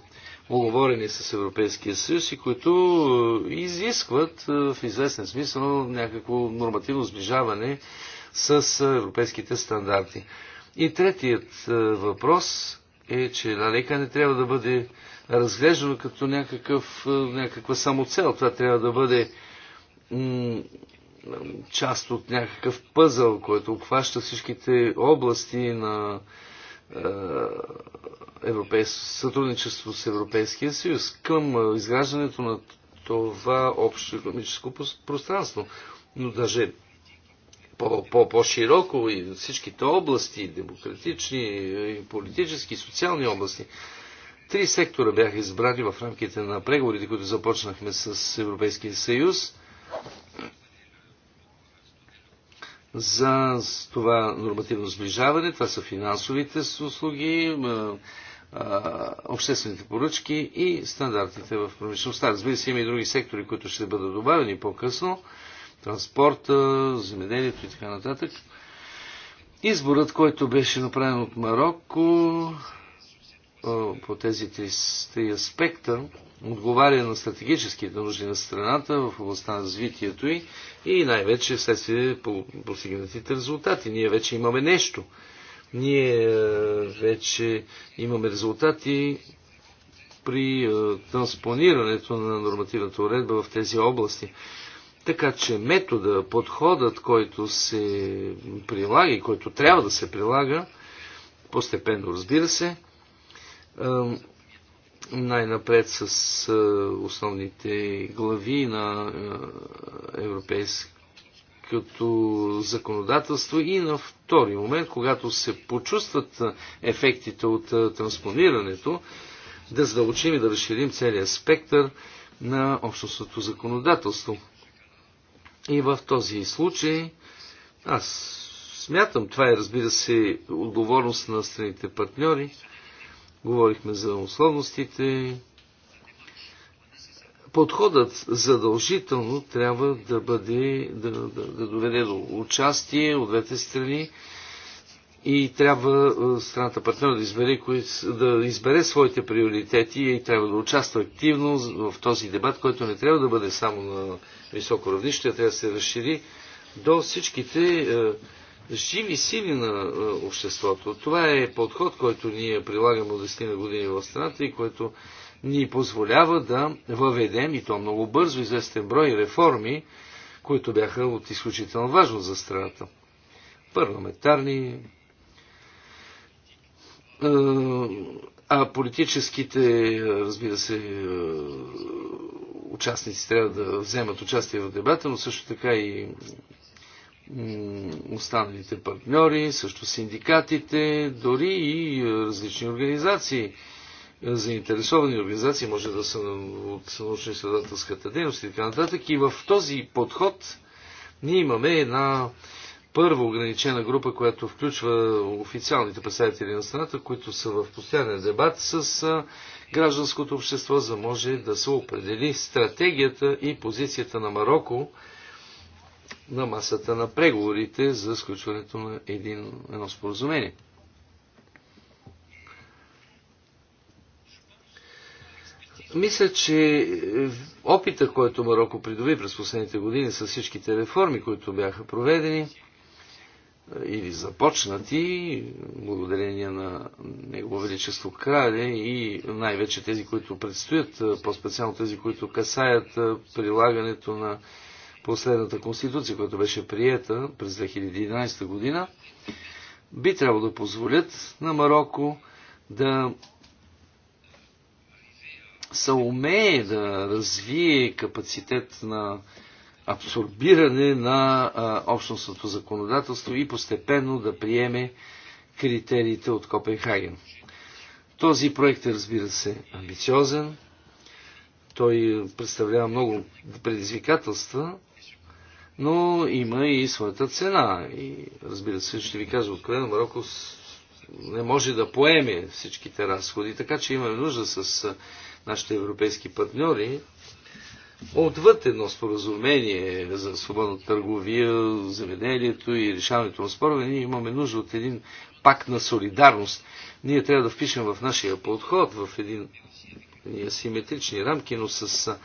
оговорени с Европейския съюз и които е, изискват е, в известен смисъл някакво нормативно сближаване с е, европейските стандарти. И третият въпрос е, че лека не трябва да бъде разглеждано като някакъв, някаква самоцел. Това трябва да бъде част от някакъв пъзъл, който обхваща всичките области на европейс... сътрудничество с Европейския съюз, към изграждането на това общо економическо пространство. Но даже по-широко -по -по и всичките области, демократични, и политически, и социални области. Три сектора бяха избрани в рамките на преговорите, които започнахме с Европейския съюз за това нормативно сближаване. Това са финансовите услуги, обществените поръчки и стандартите в промишлеността. Разбира се, има и други сектори, които ще бъдат добавени по-късно. Транспорта, земеделието и така нататък. Изборът, който беше направен от Марокко по тези три, три аспекта, отговаря на стратегическите нужди на страната в областта на развитието й и най-вече вследствие по постигнатите резултати. Ние вече имаме нещо. Ние е, вече имаме резултати при е, транспонирането на нормативната уредба в тези области. Така че метода, подходът, който се прилага и който трябва да се прилага, постепенно разбира се, е, най-напред с основните глави на Европейска като законодателство и на втори момент, когато се почувстват ефектите от транспонирането, да задълбочим и да разширим целият спектър на общностното законодателство. И в този случай аз смятам, това е разбира се отговорност на страните партньори. Говорихме за условностите, подходът задължително трябва да бъде, да, да, да доведе до участие от двете страни и трябва е, страната партньор да избере, кои, да избере своите приоритети и трябва да участва активно в този дебат, който не трябва да бъде само на високо равнище, а трябва да се разшири до всичките е, живи сили на е, обществото. Това е подход, който ние прилагаме от 10 на години в страната и който ни позволява да въведем, и то много бързо, известен брой реформи, които бяха от изключително важност за страната. Парламентарни, а политическите, разбира се, участници трябва да вземат участие в дебата, но също така и останалите партньори, също синдикатите, дори и различни организации – заинтересовани организации, може да са от научно-изследователската дейност и така нататък. И в този подход ние имаме една първа ограничена група, която включва официалните представители на страната, които са в постоянен дебат с гражданското общество, за може да се определи стратегията и позицията на Марокко на масата на преговорите за сключването на един, едно споразумение. Мисля, че е, опита, който Марокко придоби през последните години с всичките реформи, които бяха проведени е, или започнати, благодарение на Негово Величество Краде и най-вече тези, които предстоят, е, по-специално тези, които касаят прилагането на последната конституция, която беше приета през 2011 година, би трябвало да позволят на Марокко да са умее да развие капацитет на абсорбиране на а, общностното законодателство и постепенно да приеме критериите от Копенхаген. Този проект е, разбира се, амбициозен. Той представлява много предизвикателства, но има и своята цена. И разбира се, ще ви кажа откровено, Марокко не може да поеме всичките разходи, така че имаме нужда с нашите европейски партньори, отвъд едно споразумение за свободна търговия, заведението и решаването на спорове, ние имаме нужда от един пакт на солидарност. Ние трябва да впишем в нашия подход, в един асиметрични рамки, но с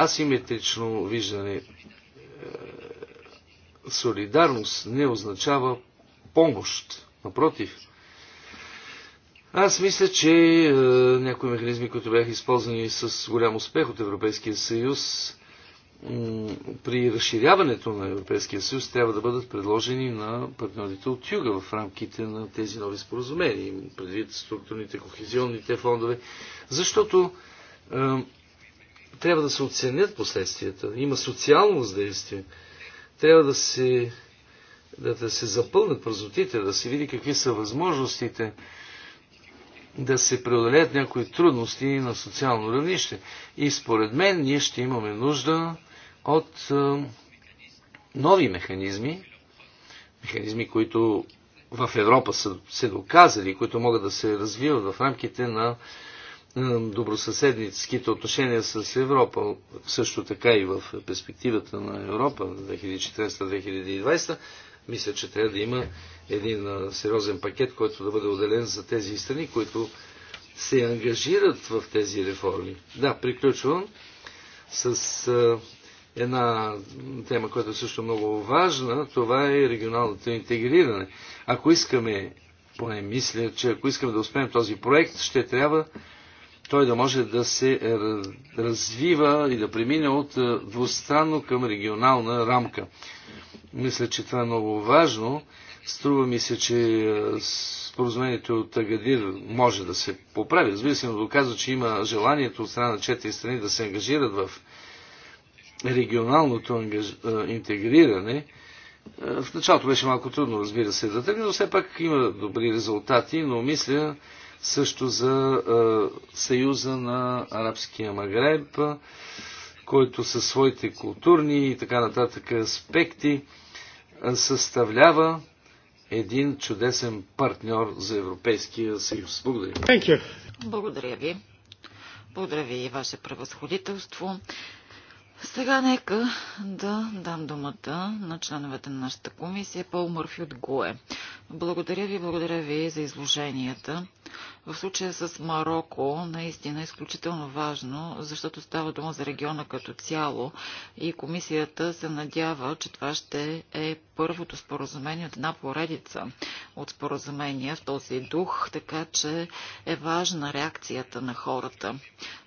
асиметрично виждане е, солидарност не означава помощ. Напротив, аз мисля, че е, някои механизми, които бяха използвани с голям успех от Европейския съюз, при разширяването на Европейския съюз трябва да бъдат предложени на партньорите от юга в рамките на тези нови споразумения, предвид структурните, кохезионните фондове, защото е, трябва да се оценят последствията. Има социално въздействие. Трябва да се, да, да се запълнат празнотите, да се види какви са възможностите да се преодолеят някои трудности на социално равнище. И според мен ние ще имаме нужда от е, нови механизми, механизми, които в Европа са се доказали, които могат да се развиват в рамките на е, добросъседническите отношения с Европа, също така и в перспективата на Европа 2014-2020, мисля, че трябва да има един сериозен пакет, който да бъде отделен за тези страни, които се ангажират в тези реформи. Да, приключвам с една тема, която е също много важна. Това е регионалното интегриране. Ако искаме, поне мисля, че ако искаме да успеем този проект, ще трябва той да може да се развива и да премине от двустранно към регионална рамка. Мисля, че това е много важно Струва ми се, че е, споразумението от Агадир може да се поправи. Разбира се, но доказва, че има желанието от страна на четири страни да се ангажират в регионалното ангаж... Е, интегриране. Е, в началото беше малко трудно, разбира се, да тръгне, но все пак има добри резултати, но мисля също за Съюза на Арабския Магреб, който със своите културни и така нататък аспекти съставлява един чудесен партньор за Европейския съюз. Благодаря. Thank you. Благодаря ви. Благодаря ви и ваше превъзходителство. Сега нека да дам думата на членовете на нашата комисия Пол Мърфи от ГУЕ. Благодаря ви, благодаря ви за изложенията. В случая с Марокко наистина е изключително важно, защото става дума за региона като цяло и комисията се надява, че това ще е първото споразумение от една поредица от споразумения в този дух, така че е важна реакцията на хората.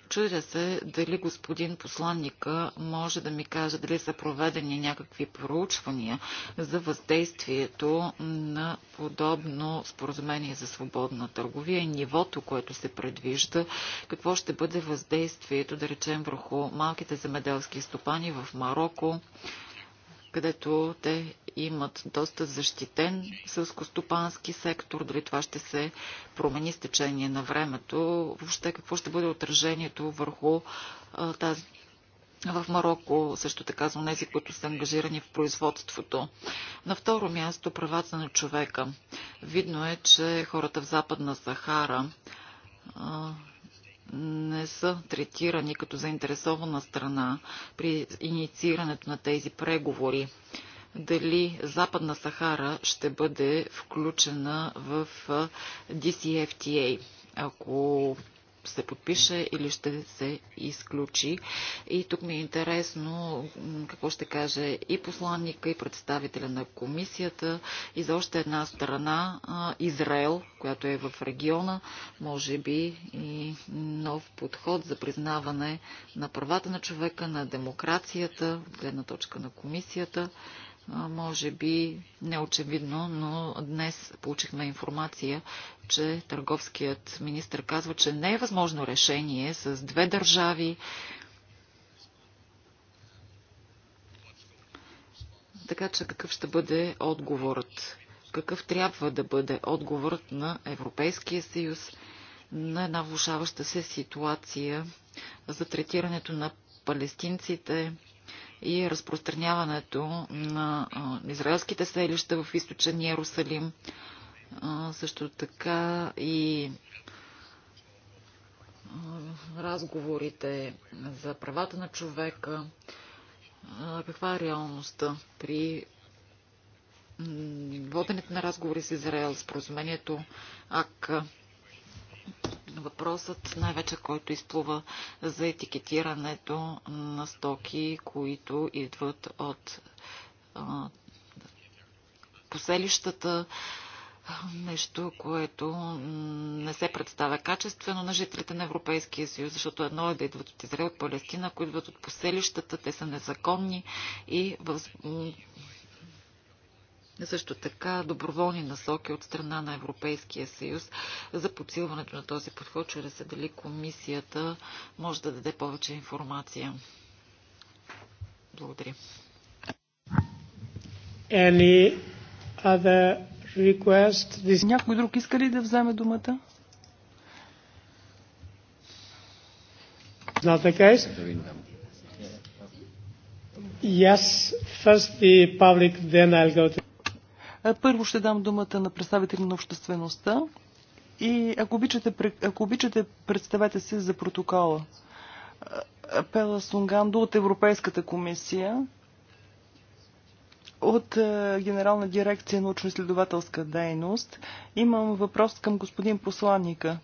Чудя се дали господин посланника може да ми каже дали са проведени някакви проучвания за въздействието на подобно споразумение за свободна търговия и нивото, което се предвижда, какво ще бъде въздействието, да речем, върху малките земеделски стопани в Марокко, където те имат доста защитен сълскостопански сектор, дали това ще се промени с течение на времето, въобще какво ще бъде отражението върху тази в Марокко, също така за тези, които са ангажирани в производството. На второ място правата на човека. Видно е, че хората в Западна Сахара а, не са третирани като заинтересована страна при инициирането на тези преговори дали Западна Сахара ще бъде включена в DCFTA, ако се подпише или ще се изключи. И тук ми е интересно какво ще каже и посланника, и представителя на комисията, и за още една страна Израел, която е в региона, може би и нов подход за признаване на правата на човека, на демокрацията, гледна точка на комисията може би неочевидно, но днес получихме информация, че търговският министр казва, че не е възможно решение с две държави. Така че какъв ще бъде отговорът? Какъв трябва да бъде отговорът на Европейския съюз на една влушаваща се ситуация за третирането на палестинците, и разпространяването на израелските селища в източен Иерусалим. Също така и разговорите за правата на човека, каква е реалността при воденето на разговори с Израел, споразумението АК въпросът, най-вече който изплува за етикетирането на стоки, които идват от а, поселищата. Нещо, което не се представя качествено на жителите на Европейския съюз, защото едно е да идват от Израел, от Палестина, ако идват от поселищата, те са незаконни и въз също така доброволни насоки от страна на Европейския съюз за подсилването на този подход, чрез се дали комисията може да даде повече информация. Благодаря. Any other request? This... Някой друг иска ли да вземе думата? Not the case? Yes, first the public, then I'll go to... Е, първо ще дам думата на представители на обществеността и ако обичате, ако обичате представете се за протокола. Е, Пела Сунгандо от Европейската комисия, от е, Генерална дирекция научно-изследователска дейност. Имам въпрос към господин посланника.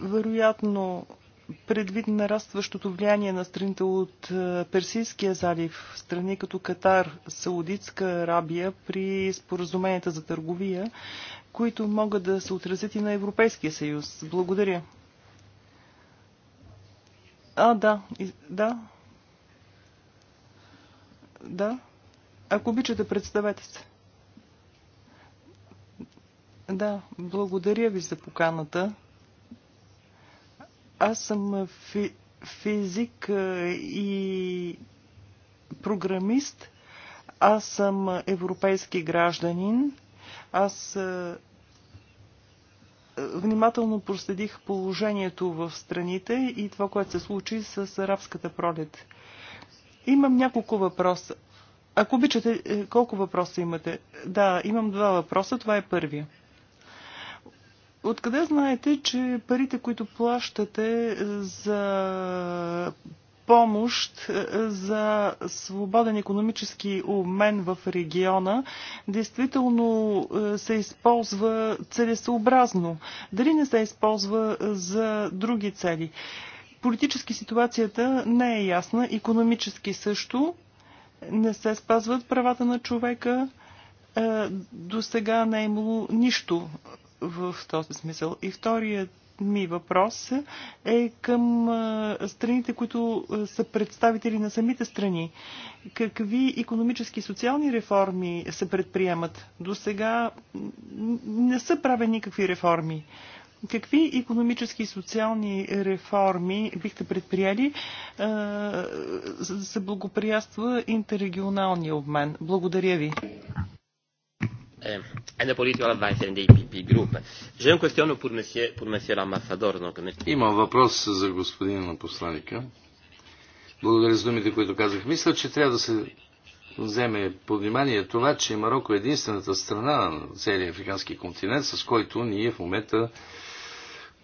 Вероятно, предвид нарастващото влияние на страните от е, Персийския залив, страни като Катар, Саудитска Арабия при споразуменията за търговия, които могат да се отразят и на Европейския съюз. Благодаря. А, да, да. Да. Ако обичате, представете се. Да, благодаря ви за поканата. Аз съм фи, физик и програмист. Аз съм европейски гражданин. Аз внимателно проследих положението в страните и това, което се случи с арабската пролет. Имам няколко въпроса. Ако обичате, е, колко въпроса имате? Да, имам два въпроса. Това е първия. Откъде знаете, че парите, които плащате за помощ за свободен економически обмен в региона, действително е, се използва целесообразно. Дали не се използва за други цели? Политически ситуацията не е ясна, економически също. Не се спазват правата на човека. Е, до сега не е имало нищо в този смисъл. И вторият ми въпрос е към страните, които са представители на самите страни. Какви економически и социални реформи се предприемат? До сега не са правени никакви реформи. Какви економически и социални реформи бихте предприели, за да се благоприятства интеррегионалния обмен? Благодаря ви. Eh, Има въпрос за господин на посланика. Благодаря за думите, които казах. Мисля, че трябва да се вземе под внимание това, че Марокко е единствената страна на целия африкански континент, с който ние в момента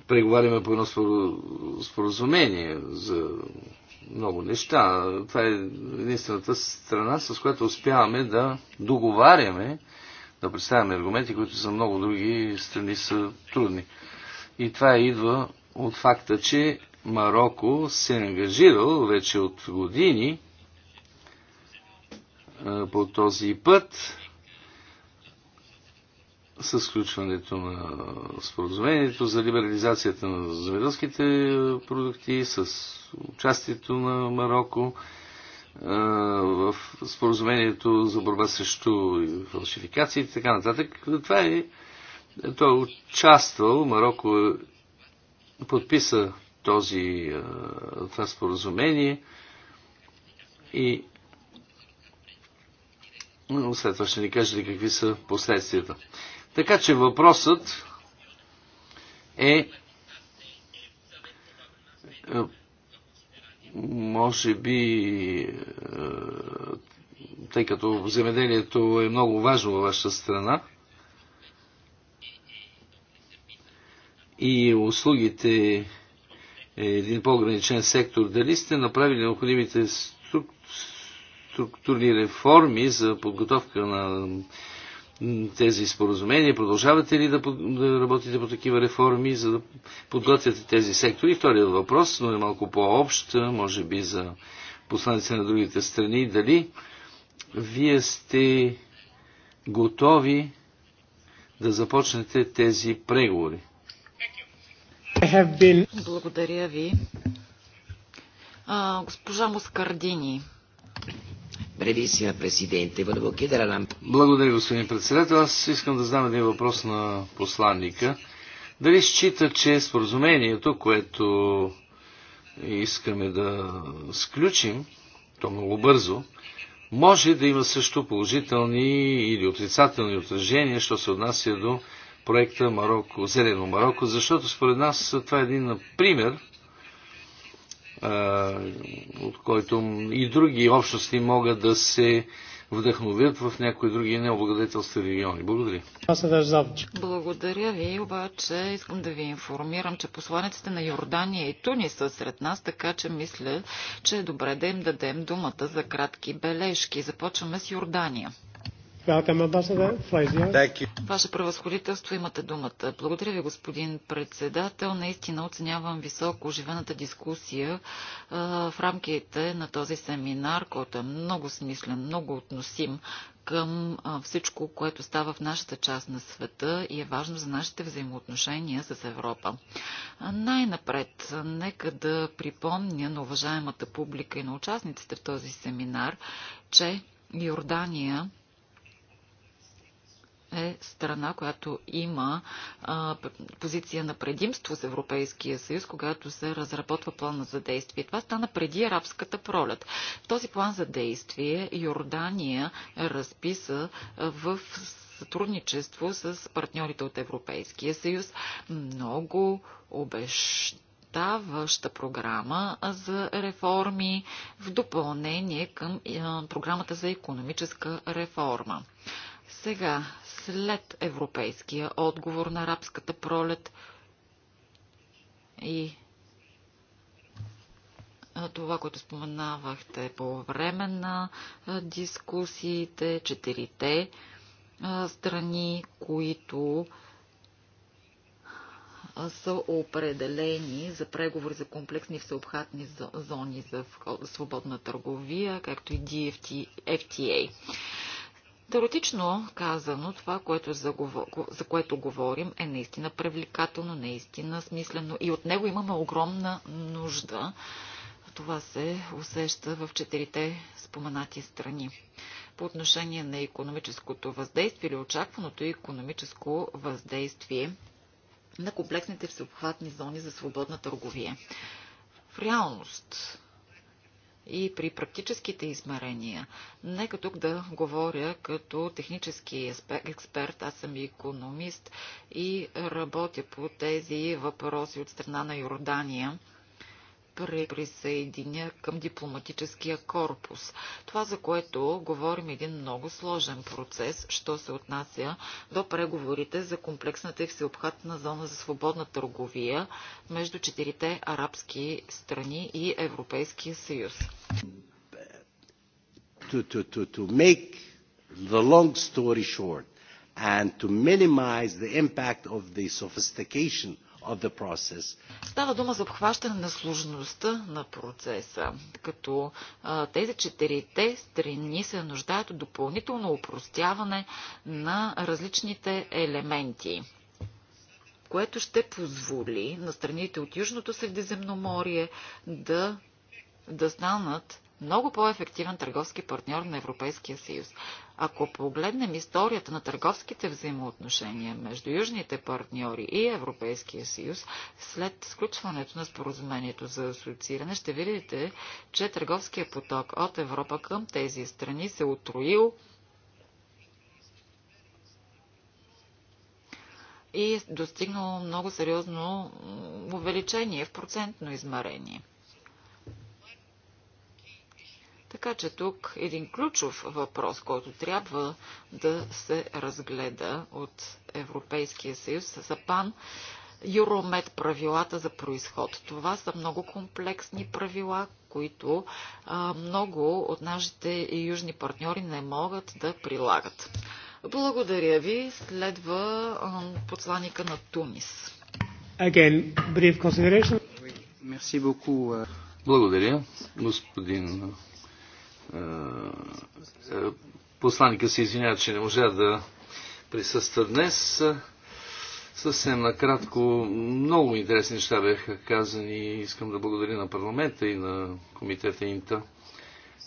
преговаряме по едно споразумение за много неща. Това е единствената страна, с която успяваме да договаряме да представяме аргументи, които за много други страни са трудни. И това идва от факта, че Марокко се е ангажирал вече от години е, по този път с включването на споразумението за либерализацията на земеделските е, продукти, с участието на Марокко в споразумението за борба срещу фалшификациите и така нататък. Това е, той е участвал, Марокко е подписа този, това споразумение и след това ще ни кажете какви са последствията. Така че въпросът е може би, е, тъй като земеделието е много важно във вашата страна, и услугите е един по-ограничен сектор. Дали сте направили необходимите структурни реформи за подготовка на тези споразумения? Продължавате ли да, да работите по такива реформи, за да подготвяте тези сектори? Вторият въпрос, но е малко по-общ, може би за посланици на другите страни, дали вие сте готови да започнете тези преговори? Благодаря ви. А, госпожа Москардини. Brevissima, Presidente. Благодаря, господин председател. Аз искам да знам един въпрос на посланника. Дали счита, че споразумението, което искаме да сключим, то много бързо, може да има също положителни или отрицателни отражения, що се отнася до проекта Марокко, Зелено Марокко, защото според нас това е един пример от който и други общности могат да се вдъхновят в някои други необлагодетелства региони. Благодаря. Благодаря ви, обаче искам да ви информирам, че посланиците на Йордания и Туни са сред нас, така че мисля, че е добре да им дадем думата за кратки бележки. Започваме с Йордания. Е Ваше превъзходителство, имате думата. Благодаря ви, господин председател. Наистина оценявам високо оживената дискусия а, в рамките на този семинар, който е много смислен, много относим към всичко, което става в нашата част на света и е важно за нашите взаимоотношения с Европа. Най-напред, нека да припомня на уважаемата публика и на участниците в този семинар, че Йордания е страна, която има а, позиция на предимство с Европейския съюз, когато се разработва плана за действие. Това стана преди арабската пролет. В този план за действие Йордания разписа в сътрудничество с партньорите от Европейския съюз много обещания обещаваща програма за реформи в допълнение към програмата за економическа реформа. Сега, след европейския отговор на арабската пролет и това, което споменавахте по време на дискусиите, четирите страни, които са определени за преговори за комплексни всеобхватни зони за свободна търговия, както и DFTA. Теоретично казано, това, което е за, за което говорим, е наистина привлекателно, наистина смислено и от него имаме огромна нужда. Това се усеща в четирите споменати страни. По отношение на економическото въздействие или очакваното економическо въздействие на комплексните всеобхватни зони за свободна търговия. В реалност и при практическите измерения. Нека тук да говоря като технически експерт, аз съм и економист и работя по тези въпроси от страна на Йордания присъединя към дипломатическия корпус. Това, за което говорим, е един много сложен процес, що се отнася до преговорите за комплексната и всеобхватна зона за свободна търговия между четирите арабски страни и Европейския съюз. To, to, to, to make the long story short and to minimize the impact of the sophistication of the process. Става дума за обхващане на сложността на процеса, като а, тези четирите страни се нуждаят от допълнително упростяване на различните елементи което ще позволи на страните от Южното Средиземноморие да, да станат много по-ефективен търговски партньор на Европейския съюз. Ако погледнем историята на търговските взаимоотношения между южните партньори и Европейския съюз, след сключването на споразумението за асоцииране, ще видите, че търговския поток от Европа към тези страни се отроил е и е достигнало много сериозно увеличение в процентно измерение. Така че тук един ключов въпрос, който трябва да се разгледа от Европейския съюз за пан Юромет правилата за происход. Това са много комплексни правила, които а, много от нашите южни партньори не могат да прилагат. Благодаря ви. Следва а, посланика на Тунис. Again, brief consideration. Merci beaucoup. Euh. Благодаря, господин е, е, Посланника се извинява, че не можа да присъства днес. Съвсем накратко, много интересни неща бяха казани. Искам да благодаря на парламента и на комитета Инта,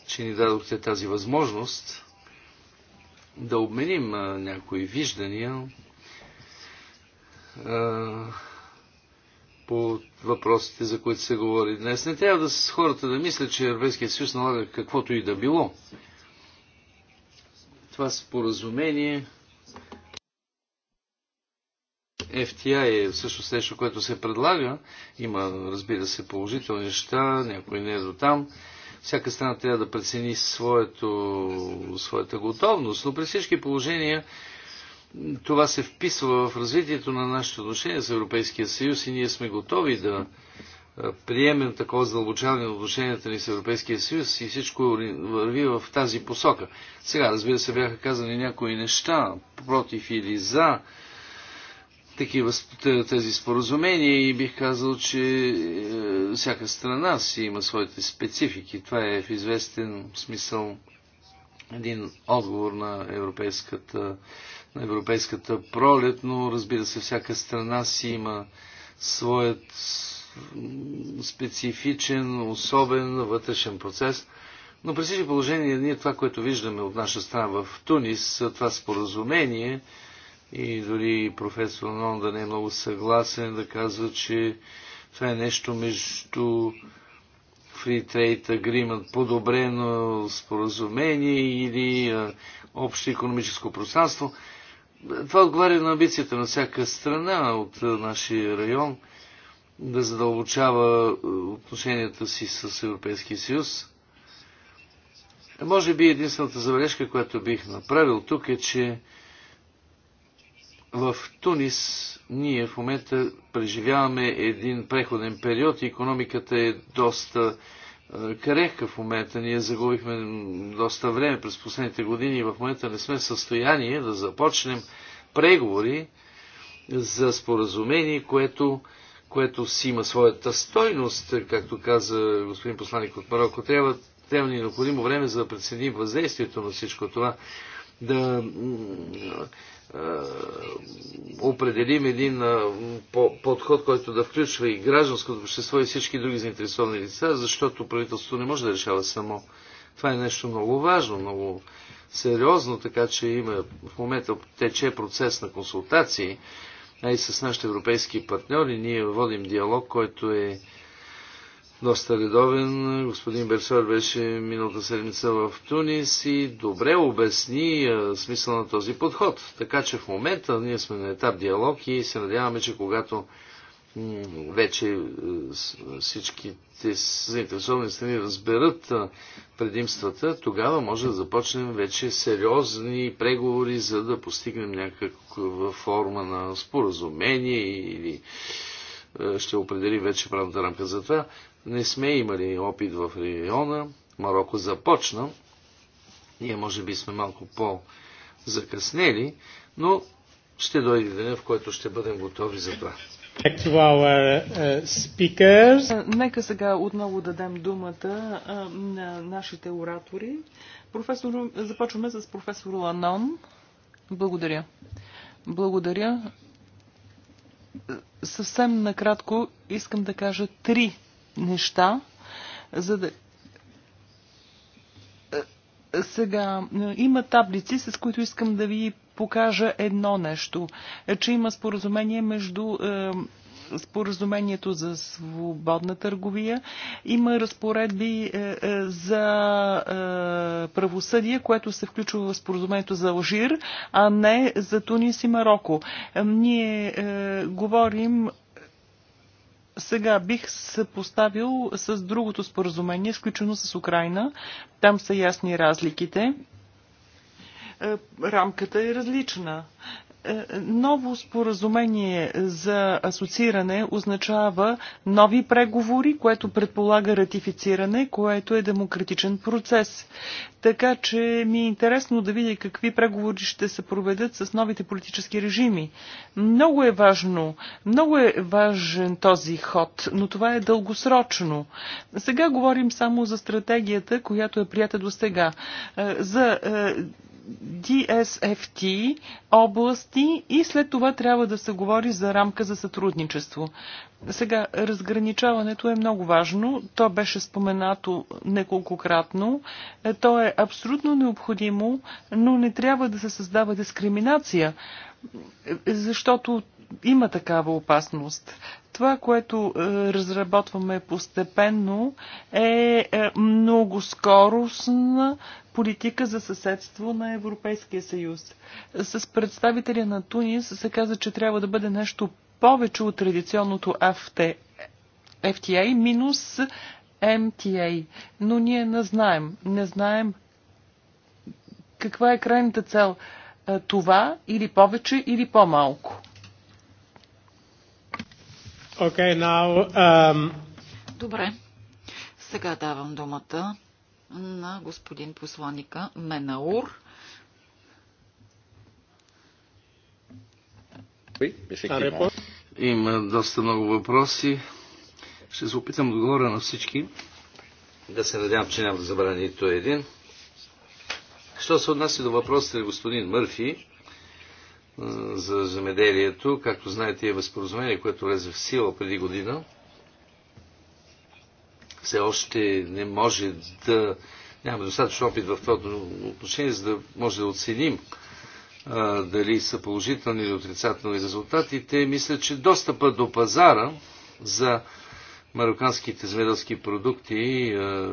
че ни дадохте тази възможност да обменим някои виждания по въпросите, за които се говори днес. Не трябва да с хората да мислят, че Европейския съюз налага каквото и да било. Това споразумение FTI е всъщност нещо, което се предлага. Има, разбира се, положителни неща, някой не е до там. Всяка страна трябва да прецени своето, своята готовност, но при всички положения това се вписва в развитието на нашите отношения с Европейския съюз и ние сме готови да приемем такова задълбочаване на отношенията ни с Европейския съюз и всичко върви в тази посока. Сега, разбира се, бяха казани някои неща против или за такива тези споразумения и бих казал, че е, всяка страна си има своите специфики. Това е в известен смисъл един отговор на европейската на европейската пролет, но разбира се, всяка страна си има своят специфичен, особен вътрешен процес. Но при всички положения ние това, което виждаме от наша страна в Тунис, това споразумение, и дори професор Нон да не е много съгласен да казва, че това е нещо между Free Trade Agreement, подобрено споразумение или общо економическо пространство това отговаря на амбицията на всяка страна от нашия район да задълбочава отношенията си с Европейския съюз. Е, може би единствената забележка, която бих направил тук е, че в Тунис ние в момента преживяваме един преходен период и економиката е доста крехка в момента. Ние загубихме доста време през последните години и в момента не сме в състояние да започнем преговори за споразумение, което, което си има своята стойност, както каза господин посланник от Марокко. Трябва, трябва ни необходимо време за да преценим въздействието на всичко това, да е, определим един е, подход, който да включва и гражданското общество и всички други заинтересовани лица, защото правителството не може да решава само. Това е нещо много важно, много сериозно, така че има в момента тече процес на консултации а и с нашите европейски партньори. Ние водим диалог, който е доста редовен. Господин Берсор беше миналата седмица в Тунис и добре обясни смисъл на този подход. Така че в момента ние сме на етап диалог и се надяваме, че когато вече е, всичките заинтересовани страни разберат предимствата, тогава може да започнем вече сериозни преговори, за да постигнем някаква форма на споразумение или е, ще определи вече правната рамка за това. Не сме имали опит в региона. Марокко започна. Ние може би сме малко по-закъснели, но ще дойде ден, в който ще бъдем готови за това. Uh, uh, е, нека сега отново дадем думата на нашите оратори. Професор, започваме с професор Ланон. Благодаря. Благодаря. Е, съвсем накратко искам да кажа три неща, за да сега, е, има таблици, с които искам да ви покажа едно нещо, е, че има споразумение между е, споразумението за свободна търговия, има разпоредби е, е, за е, правосъдие, което се включва в споразумението за Алжир, а не за Тунис и Марокко. Ние говорим сега бих се поставил с другото споразумение, сключено с Украина. Там са ясни разликите. Е, рамката е различна. Е, ново споразумение за асоцииране означава нови преговори, което предполага ратифициране, което е демократичен процес. Така че ми е интересно да видя какви преговори ще се проведат с новите политически режими. Много е важно, много е важен този ход, но това е дългосрочно. Сега говорим само за стратегията, която е прията до сега. Е, за е, DSFT области и след това трябва да се говори за рамка за сътрудничество. Сега, разграничаването е много важно. То беше споменато неколкократно. Е, то е абсолютно необходимо, но не трябва да се създава дискриминация, е, защото има такава опасност. Това, което е, разработваме постепенно е, е много скоростна политика за съседство на Европейския съюз. С представителя на Тунис се каза, че трябва да бъде нещо повече от традиционното FTA минус MTA. Но ние не знаем. Не знаем каква е крайната цел. Е, това или повече, или по-малко. Okay, now, um... Добре. Сега давам думата на господин посланика Менаур. Има доста много въпроси. Ще се опитам да говоря на всички. Да се надявам, че няма да забравя нито един. Що се отнася до въпросите на господин Мърфи, за земеделието. Както знаете, е възпоразумение, което влезе в сила преди година. Все още не може да... Нямаме достатъчно опит в това отношение, за да може да оценим а, дали са положителни или отрицателни резултатите. Мисля, че достъпа до пазара за мароканските земеделски продукти, а,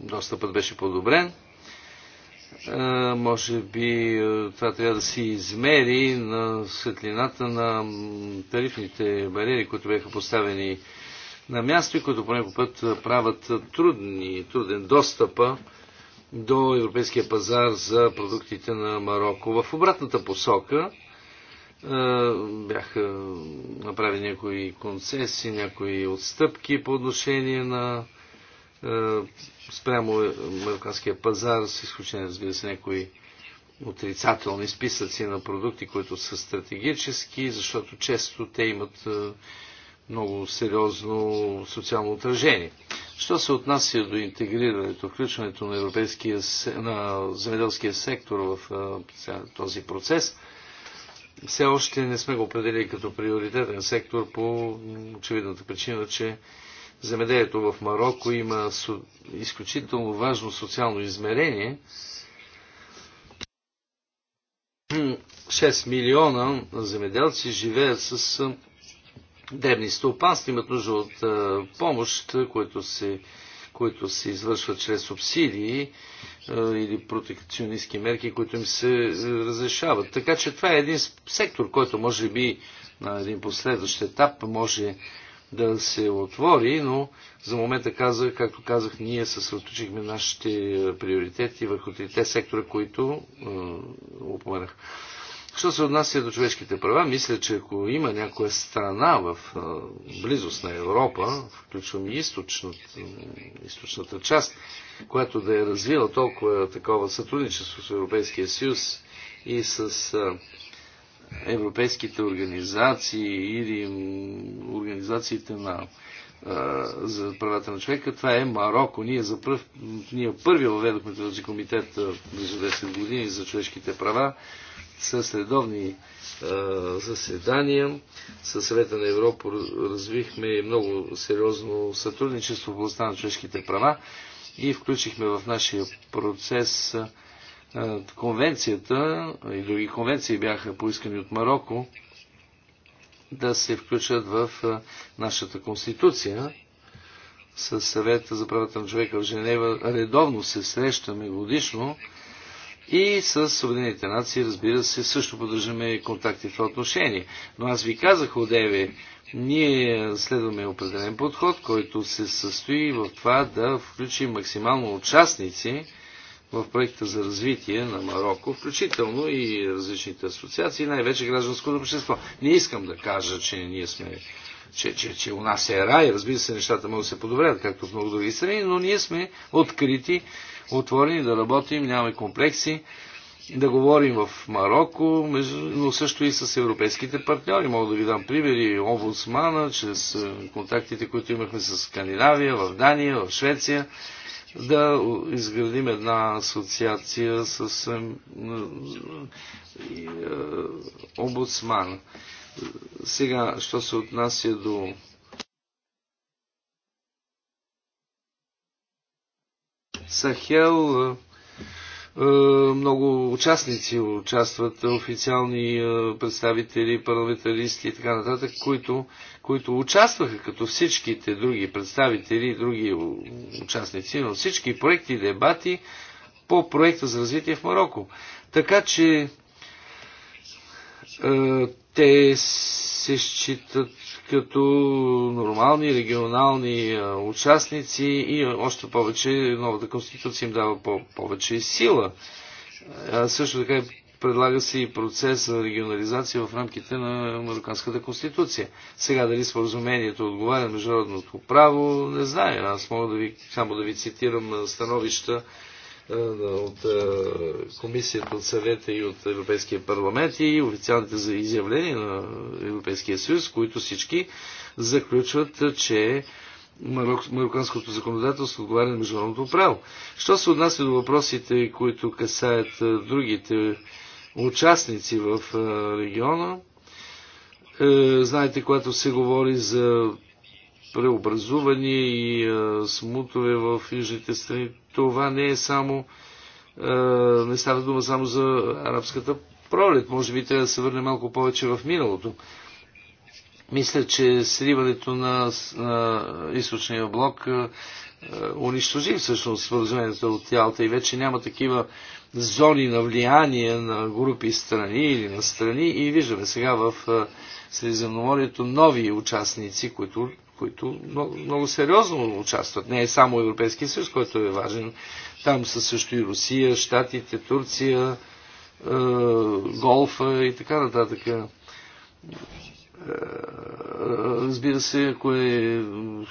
достъпът беше подобрен може би това трябва да се измери на светлината на тарифните бариери, които бяха поставени на място и които по някой път правят трудни, труден достъпа до европейския пазар за продуктите на Марокко. В обратната посока бяха направени някои концесии, някои отстъпки по отношение на е, спрямо американския пазар, с изключение, разбира се, някои отрицателни списъци на продукти, които са стратегически, защото често те имат е, много сериозно социално отражение. Що се отнася до интегрирането, включването на, европейския, на земеделския сектор в е, този процес, все още не сме го определили като приоритетен сектор по очевидната причина, че земеделието в Марокко има изключително важно социално измерение. 6 милиона земеделци живеят с дебни стопанства, имат нужда от помощ, които се, които се извършват чрез субсидии или протекционистски мерки, които им се разрешават. Така че това е един сектор, който може би на един последващ етап може да се отвори, но за момента казах, както казах, ние съсредоточихме нашите приоритети върху трите сектора, които е, упоменах. Що се отнася до човешките права, мисля, че ако има някоя страна в е, близост на Европа, включвам и източната, източната част, която да е развила толкова такова сътрудничество с Европейския съюз и с е, европейските организации или организациите на за правата на човека. Това е Марокко. Ние, за пръв, ние първи въведохме този комитет близо 10 години за човешките права с следовни заседания. Със съвета на Европа развихме много сериозно сътрудничество в областта на човешките права и включихме в нашия процес е, конвенцията и други конвенции бяха поискани от Марокко да се включат в е, нашата конституция. С съвета за правата на човека в Женева редовно се срещаме годишно и с Съединените нации, разбира се, също поддържаме контакти в това отношение. Но аз ви казах одеве, ние следваме определен подход, който се състои в това да включим максимално участници, в проекта за развитие на Марокко, включително и различните асоциации, най-вече гражданското общество. Не искам да кажа, че ние сме че, че, че у нас е рай, разбира се, нещата могат да се подобрят, както в много други страни, но ние сме открити, отворени да работим, нямаме комплекси, да говорим в Марокко, но също и с европейските партньори. Мога да ви дам примери, омбудсмана, чрез е, контактите, които имахме с Скандинавия, в Дания, в Швеция да изградим една асоциация с е, омбудсман. Сега, що се отнася до Сахел, е, много участници участват, официални е, представители, парламентаристи и така нататък, които, които участваха като всичките други представители други участници, но всички проекти и дебати по проекта за развитие в Марокко. Така че е, те се считат като нормални регионални участници и още повече новата конституция им дава по повече сила. А също така предлага се и процес за регионализация в рамките на Марокканската конституция. Сега дали споразумението отговаря на международното право, не знае. Аз мога да ви, само да ви цитирам становища от комисията, от съвета и от Европейския парламент и официалните изявления на Европейския съюз, които всички заключват, че марокканското законодателство отговаря на международното право. Що се отнася до въпросите, които касаят другите участници в региона, е, знаете, когато се говори за преобразувания и а, смутове в южните страни. Това не е само, а, не става дума само за арабската пролет. Може би трябва да се върне малко повече в миналото. Мисля, че сриването на, на източния блок а, унищожи всъщност споразумението от Ялта и вече няма такива зони на влияние на групи страни или на страни и виждаме сега в Средиземноморието нови участници, които които много, много сериозно участват. Не е само Европейския съюз, който е важен. Там са също и Русия, Штатите, Турция, е, Голфа и така нататък. Е, разбира се, ако е,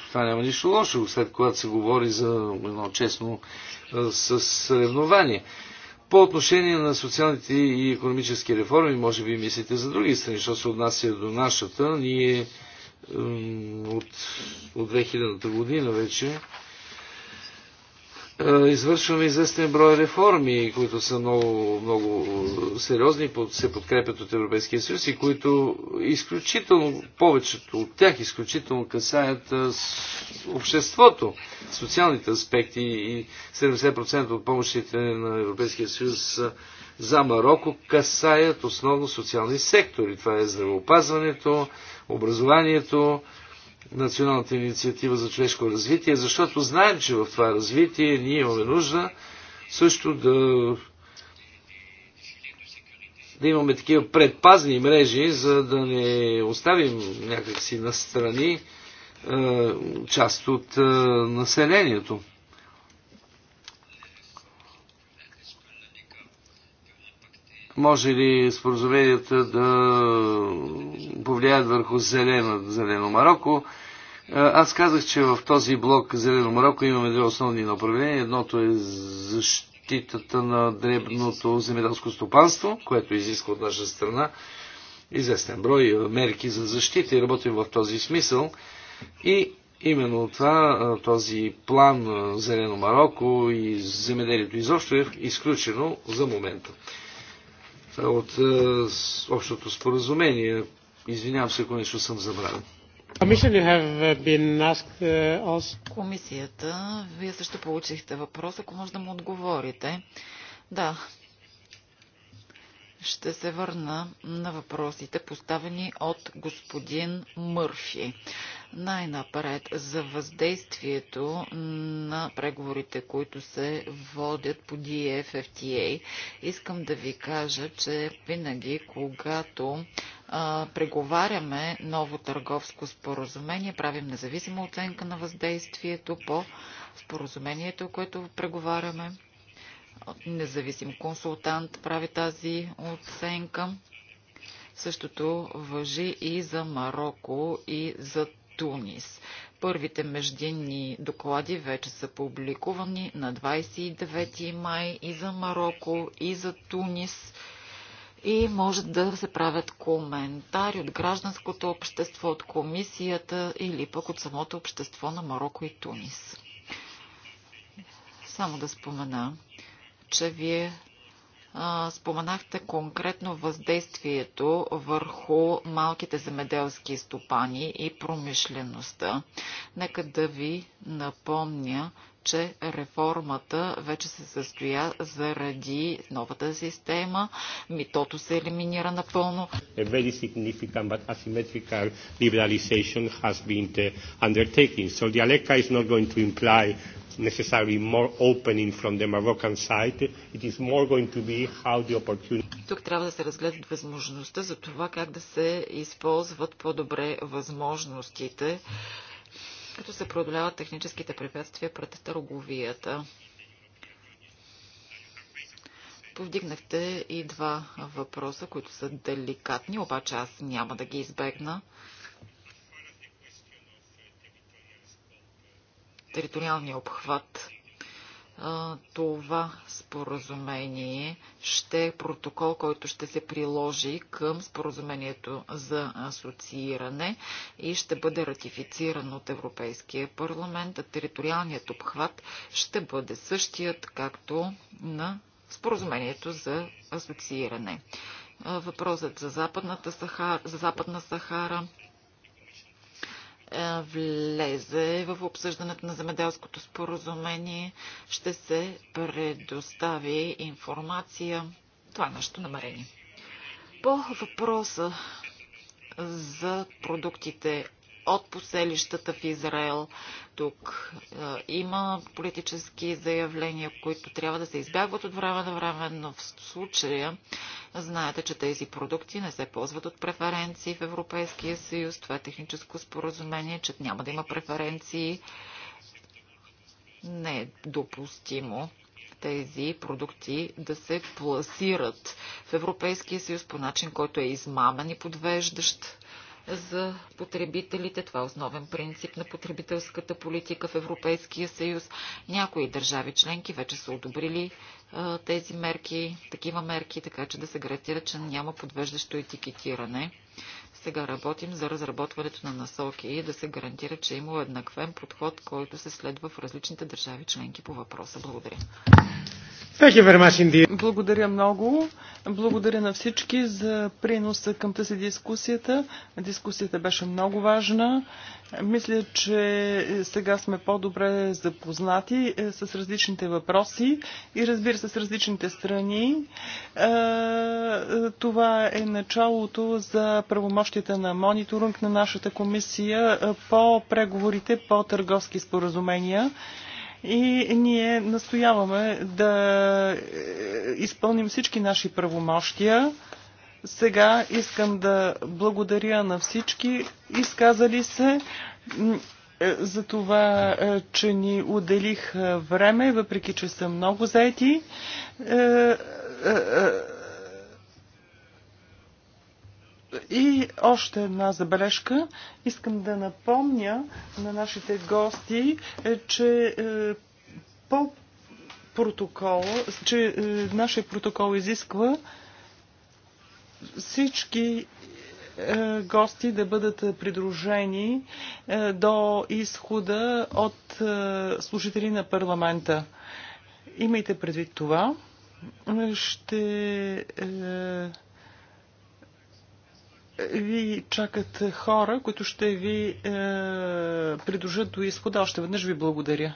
това няма нищо лошо, след когато се говори за едно честно е, съревнование. По отношение на социалните и економически реформи, може би мислите за други страни, що се отнася до нашата. Ние от, от 2000-та година вече, извършваме известен брой реформи, които са много, много сериозни, се подкрепят от Европейския съюз и които изключително, повечето от тях изключително касаят обществото, социалните аспекти и 70% от помощите на Европейския съюз за Марокко касаят основно социални сектори. Това е здравеопазването, образованието, Националната инициатива за човешко развитие, защото знаем, че в това развитие ние имаме нужда също да, да имаме такива предпазни мрежи, за да не оставим някакси настрани част от населението. Може ли споразуменията да повлияят върху зелено, зелено Марокко? Аз казах, че в този блок Зелено Марокко имаме две основни направления. Едното е защитата на дребното земеделско стопанство, което изисква от наша страна известен брой мерки за защита и работим в този смисъл. И именно това, този план Зелено Марокко и земеделието изобщо е изключено за момента от общото споразумение. Извинявам се, ако нещо съм забравил. Uh, uh, Комисията, вие също получихте въпрос, ако може да му отговорите. Да, ще се върна на въпросите, поставени от господин Мърфи. Най-напред за въздействието на преговорите, които се водят по DFFTA, искам да ви кажа, че винаги, когато преговаряме ново търговско споразумение, правим независима оценка на въздействието по споразумението, което преговаряме. Независим консултант прави тази оценка. Същото въжи и за Марокко и за Тунис. Първите междинни доклади вече са публикувани на 29 май и за Марокко, и за Тунис и може да се правят коментари от гражданското общество, от комисията или пък от самото общество на Марокко и Тунис. Само да спомена, че вие споменахте конкретно въздействието върху малките земеделски стопани и промишлеността. Нека да ви напомня, че реформата вече се състоя заради новата система. Митото се елиминира напълно. A very significant but asymmetrical liberalization has been uh, undertaken. So the ALECA is not going to imply necessarily more opening from the Moroccan side. It is more going to be how the opportunity... Тук трябва да се разгледат възможността за това как да се използват по-добре възможностите, като се преодоляват техническите препятствия пред търговията. Повдигнахте и два въпроса, които са деликатни, обаче аз няма да ги избегна. териториалния обхват. Това споразумение ще е протокол, който ще се приложи към споразумението за асоцииране и ще бъде ратифициран от Европейския парламент, а териториалният обхват ще бъде същият, както на споразумението за асоцииране въпросът за Западната Сахара, за Западна Сахара е, влезе в обсъждането на земеделското споразумение, ще се предостави информация. Това е нашето намерение. По въпроса за продуктите от поселищата в Израел. Тук има политически заявления, които трябва да се избягват от време на време, но в случая знаете, че тези продукти не се ползват от преференции в Европейския съюз. Това е техническо споразумение, че няма да има преференции. Не е допустимо тези продукти да се пласират в Европейския съюз по начин, който е измамен и подвеждащ за потребителите. Това е основен принцип на потребителската политика в Европейския съюз. Някои държави членки вече са одобрили а, тези мерки, такива мерки, така че да се гарантира, че няма подвеждащо етикетиране. Сега работим за разработването на насоки и да се гарантира, че е има еднаквен подход, който се следва в различните държави членки по въпроса. Благодаря. Благодаря много. Благодаря на всички за приноса към тази дискусията. Дискусията беше много важна. Мисля, че сега сме по-добре запознати е, с различните въпроси и разбира се с различните страни. Е, е, това е началото за правомощите на мониторинг на нашата комисия по преговорите по търговски споразумения и ние настояваме да е, изпълним всички наши правомощия. Сега искам да благодаря на всички изказали се е, за това, е, че ни отделих време, въпреки че са много заети и още една забележка. Искам да напомня на нашите гости, е, че е, по протокола, че е, нашия протокол изисква всички гости да бъдат придружени до изхода от служители на парламента. Имайте предвид това. Ще ви чакат хора, които ще ви е, придружат до изхода. Още веднъж ви благодаря.